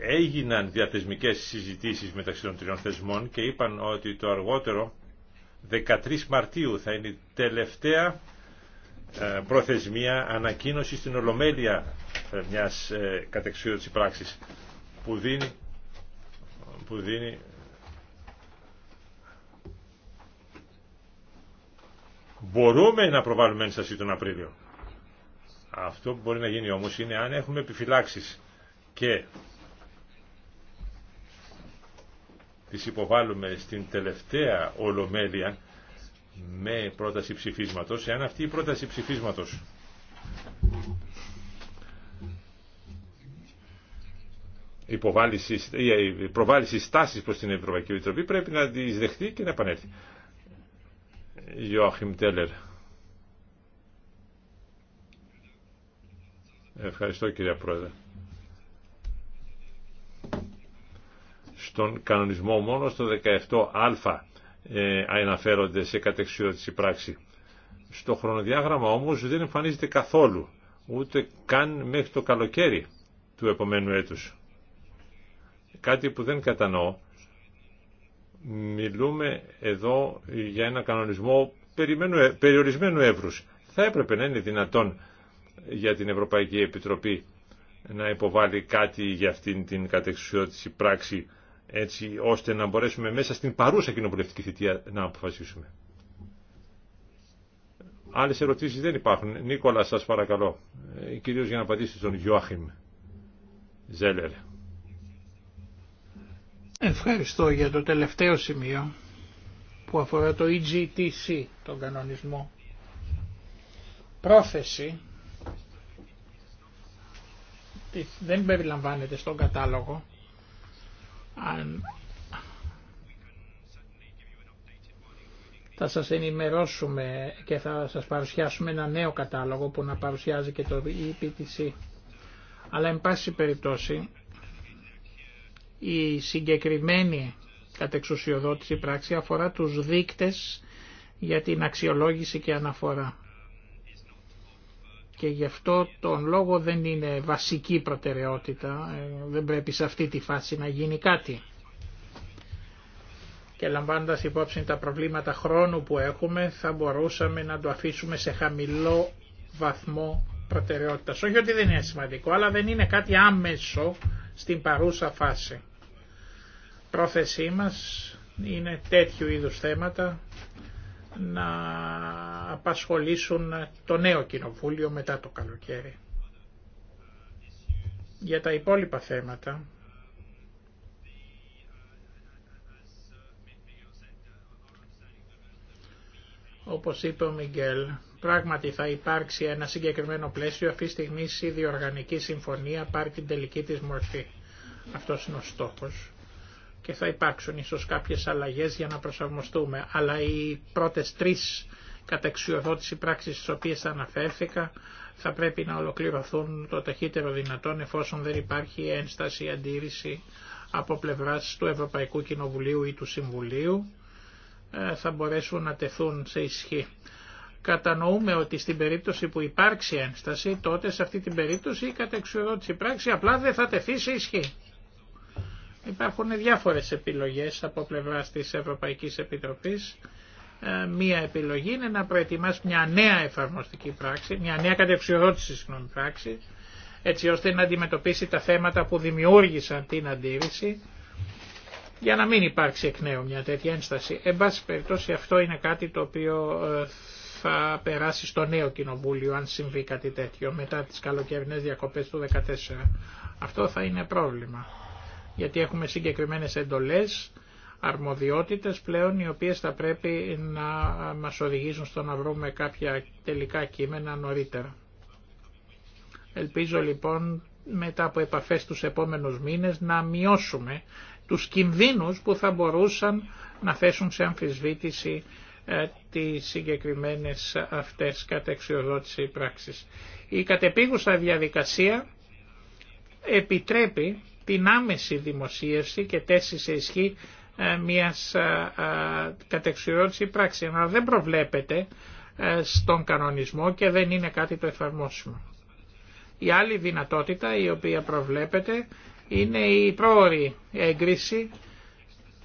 έγιναν διαθεσμικές συζητήσεις μεταξύ των τριών θεσμών και είπαν ότι το αργότερο 13 Μαρτίου θα είναι η τελευταία ε, προθεσμία ανακοίνωση στην Ολομέλεια ε, μιας ε, κατεξίωσης πράξης που δίνει, που δίνει μπορούμε να προβάλλουμε ένσταση τον Απρίλιο. Αυτό που μπορεί να γίνει όμως είναι αν έχουμε επιφυλάξεις και τις υποβάλλουμε στην τελευταία ολομέλεια με πρόταση ψηφίσματος, εάν αυτή η πρόταση ψηφίσματος η ε, προβάλληση στάσης προς την Ευρωπαϊκή Επιτροπή πρέπει να τις δεχτεί και να επανέλθει. Ιωάχιμ Τέλερ. Ευχαριστώ κυρία Πρόεδρε. Στον κανονισμό μόνο στο 17α ε, αναφέρονται σε κατεξιότητα πράξη. Στο χρονοδιάγραμμα όμως δεν εμφανίζεται καθόλου, ούτε καν μέχρι το καλοκαίρι του επομένου έτους. Κάτι που δεν κατανοώ. Μιλούμε εδώ για ένα κανονισμό περιορισμένου εύρους. Θα έπρεπε να είναι δυνατόν για την Ευρωπαϊκή Επιτροπή να υποβάλει κάτι για αυτήν την κατεξουσιώτηση πράξη έτσι ώστε να μπορέσουμε μέσα στην παρούσα κοινοβουλευτική θητεία να αποφασίσουμε. Άλλες ερωτήσεις δεν υπάρχουν. Νίκολα, σας παρακαλώ. Ε, κυρίως για να απαντήσετε στον Γιώαχιμ Ζέλερ. Ευχαριστώ για το τελευταίο σημείο που αφορά το EGTC, τον κανονισμό. Πρόθεση δεν περιλαμβάνεται στον κατάλογο θα σας ενημερώσουμε και θα σας παρουσιάσουμε ένα νέο κατάλογο που να παρουσιάζει και το EPTC. Αλλά εν πάση περιπτώσει η συγκεκριμένη κατεξουσιοδότηση πράξη αφορά τους δείκτες για την αξιολόγηση και αναφορά και γι' αυτό τον λόγο δεν είναι βασική προτεραιότητα, ε, δεν πρέπει σε αυτή τη φάση να γίνει κάτι. Και λαμβάνοντας υπόψη τα προβλήματα χρόνου που έχουμε θα μπορούσαμε να το αφήσουμε σε χαμηλό βαθμό προτεραιότητας. Όχι ότι δεν είναι σημαντικό, αλλά δεν είναι κάτι άμεσο στην παρούσα φάση. Πρόθεσή μας είναι τέτοιου είδους θέματα να απασχολήσουν το νέο κοινοβούλιο μετά το καλοκαίρι. Για τα υπόλοιπα θέματα, όπως είπε ο Μιγγέλ, πράγματι θα υπάρξει ένα συγκεκριμένο πλαίσιο, αυτή τη στιγμή η διοργανική συμφωνία πάρει την τελική της μορφή. Αυτός είναι ο στόχος και θα υπάρξουν ίσως κάποιες αλλαγές για να προσαρμοστούμε. Αλλά οι πρώτες τρεις καταξιοδότηση πράξεις στις οποίες αναφέρθηκα θα πρέπει να ολοκληρωθούν το ταχύτερο δυνατόν εφόσον δεν υπάρχει ένσταση αντίρρηση από πλευράς του Ευρωπαϊκού Κοινοβουλίου ή του Συμβουλίου ε, θα μπορέσουν να τεθούν σε ισχύ. Κατανοούμε ότι στην περίπτωση που υπάρξει ένσταση, τότε σε αυτή την περίπτωση η κατεξουδότηση πράξη σε αυτη την περιπτωση η κατεξιοδοτηση πραξη απλα δεν θα τεθεί σε ισχύ. Υπάρχουν διάφορες επιλογές από πλευράς της Ευρωπαϊκής Επιτροπής. Ε, μία επιλογή είναι να προετοιμάσει μια νέα εφαρμοστική πράξη, μια νέα κατεξιοδότηση συγγνώμη πράξη, έτσι ώστε να αντιμετωπίσει τα θέματα που δημιούργησαν την αντίρρηση, για να μην υπάρξει εκ νέου μια τέτοια ένσταση. Εν πάση περιπτώσει αυτό είναι κάτι το οποίο ε, θα περάσει στο νέο κοινοβούλιο αν συμβεί κάτι τέτοιο μετά τις καλοκαιρινές διακοπές του 2014. Αυτό θα είναι πρόβλημα γιατί έχουμε συγκεκριμένες εντολές, αρμοδιότητες πλέον οι οποίες θα πρέπει να μας οδηγήσουν στο να βρούμε κάποια τελικά κείμενα νωρίτερα. Ελπίζω λοιπόν μετά από επαφές τους επόμενους μήνες να μειώσουμε τους κινδύνους που θα μπορούσαν να θέσουν σε αμφισβήτηση ε, τις συγκεκριμένες αυτές κατεξιοδότηση πράξεις. Η κατεπίγουσα διαδικασία επιτρέπει την άμεση δημοσίευση και τέση σε ισχύ ε, μιας ε, ε, κατεξιότητας πράξη. Αλλά δεν προβλέπεται στον κανονισμό και δεν είναι κάτι το εφαρμόσιμο. Η άλλη δυνατότητα η οποία προβλέπεται είναι η πρόορη έγκριση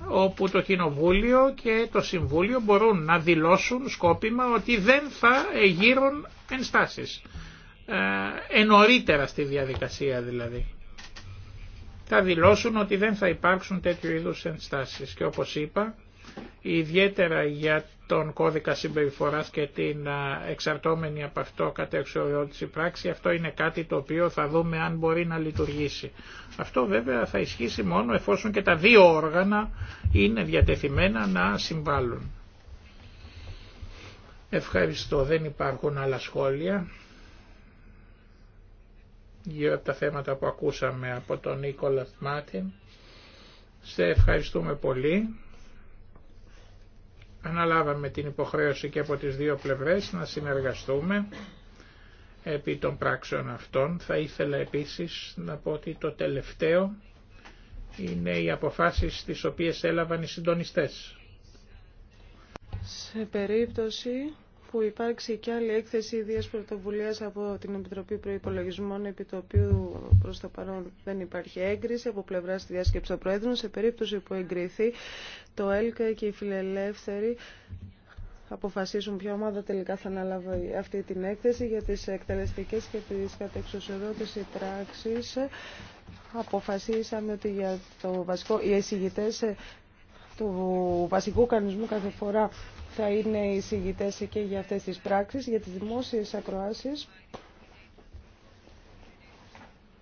όπου το Κοινοβούλιο και το Συμβούλιο μπορούν να δηλώσουν σκόπιμα ότι δεν θα γύρουν ενστάσεις. Ε, ενωρίτερα στη διαδικασία δηλαδή θα δηλώσουν ότι δεν θα υπάρξουν τέτοιου είδους ενστάσεις. Και όπως είπα, ιδιαίτερα για τον κώδικα συμπεριφοράς και την εξαρτώμενη από αυτό κατεξοριότηση πράξη, αυτό είναι κάτι το οποίο θα δούμε αν μπορεί να λειτουργήσει. Αυτό βέβαια θα ισχύσει μόνο εφόσον και τα δύο όργανα είναι διατεθειμένα να συμβάλλουν. Ευχαριστώ, δεν υπάρχουν άλλα σχόλια γύρω από τα θέματα που ακούσαμε από τον Νίκολα Μάτιν. Σε ευχαριστούμε πολύ. Αναλάβαμε την υποχρέωση και από τις δύο πλευρές να συνεργαστούμε επί των πράξεων αυτών. Θα ήθελα επίσης να πω ότι το τελευταίο είναι οι αποφάσεις τις οποίες έλαβαν οι συντονιστές. Σε περίπτωση που υπάρξει και άλλη έκθεση ιδίας πρωτοβουλία από την Επιτροπή Προϋπολογισμών επί το οποίο προς το παρόν δεν υπάρχει έγκριση από πλευρά στη διάσκεψη των Πρόεδρων σε περίπτωση που εγκριθεί το ΕΛΚΑ και οι φιλελεύθεροι αποφασίσουν ποια ομάδα τελικά θα αναλάβει αυτή την έκθεση για τις εκτελεστικές και τις κατεξουσιοδότηση πράξεις. Αποφασίσαμε ότι για το βασικό, οι εισηγητές του βασικού κανονισμού κάθε φορά θα είναι οι συγγητές και για αυτές τις πράξεις, για τις δημόσιες ακροάσεις.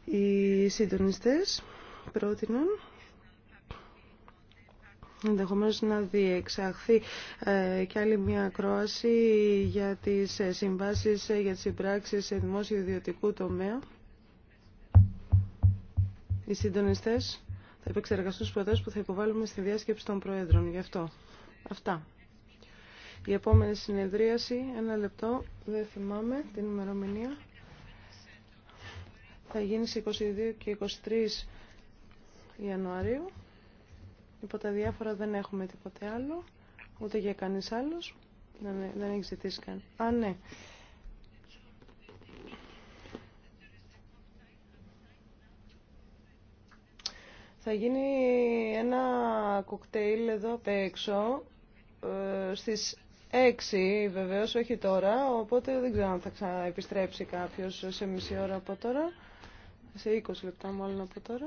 Οι συντονιστές πρότειναν ενδεχομένω να διεξαχθεί ε, και άλλη μια ακρόαση για τις ε, συμβάσεις, ε, για τις συμπράξεις σε δημόσιο ιδιωτικού τομέα. Οι συντονιστές θα επεξεργαστούν τις που θα υποβάλουμε στη διάσκεψη των Προέδρων. Γι' αυτό. Αυτά. Η επόμενη συνεδρίαση, ένα λεπτό, δεν θυμάμαι την ημερομηνία, θα γίνει στις 22 και 23 Ιανουαρίου. Υπό τα διάφορα δεν έχουμε τίποτε άλλο, ούτε για κανείς άλλος. Δεν, δεν έχει ζητήσει Α, ναι. Θα γίνει ένα κοκτέιλ εδώ απ' έξω ε, στις Έξι βεβαίως, όχι τώρα, οπότε δεν ξέρω αν θα ξαναεπιστρέψει κάποιο σε μισή ώρα από τώρα, σε 20 λεπτά μάλλον από τώρα.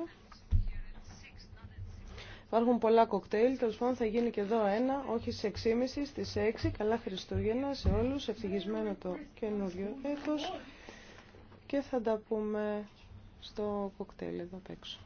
Υπάρχουν πολλά κοκτέιλ, τέλο πάντων θα γίνει και εδώ ένα, όχι στι 6.30, στι 6. Καλά Χριστούγεννα σε όλου. ευτυχισμένο το καινούριο έτος και θα τα πούμε στο κοκτέιλ εδώ απ' έξω.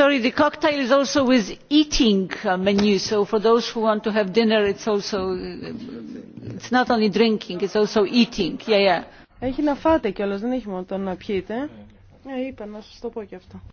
sorry the cocktail is also with eating menu so for those who want to have dinner it's also it's not only drinking it's also eating yeah yeah Έχει να φάτε κιόλας, δεν έχει μόνο να πιείτε. είπα να σας αυτό.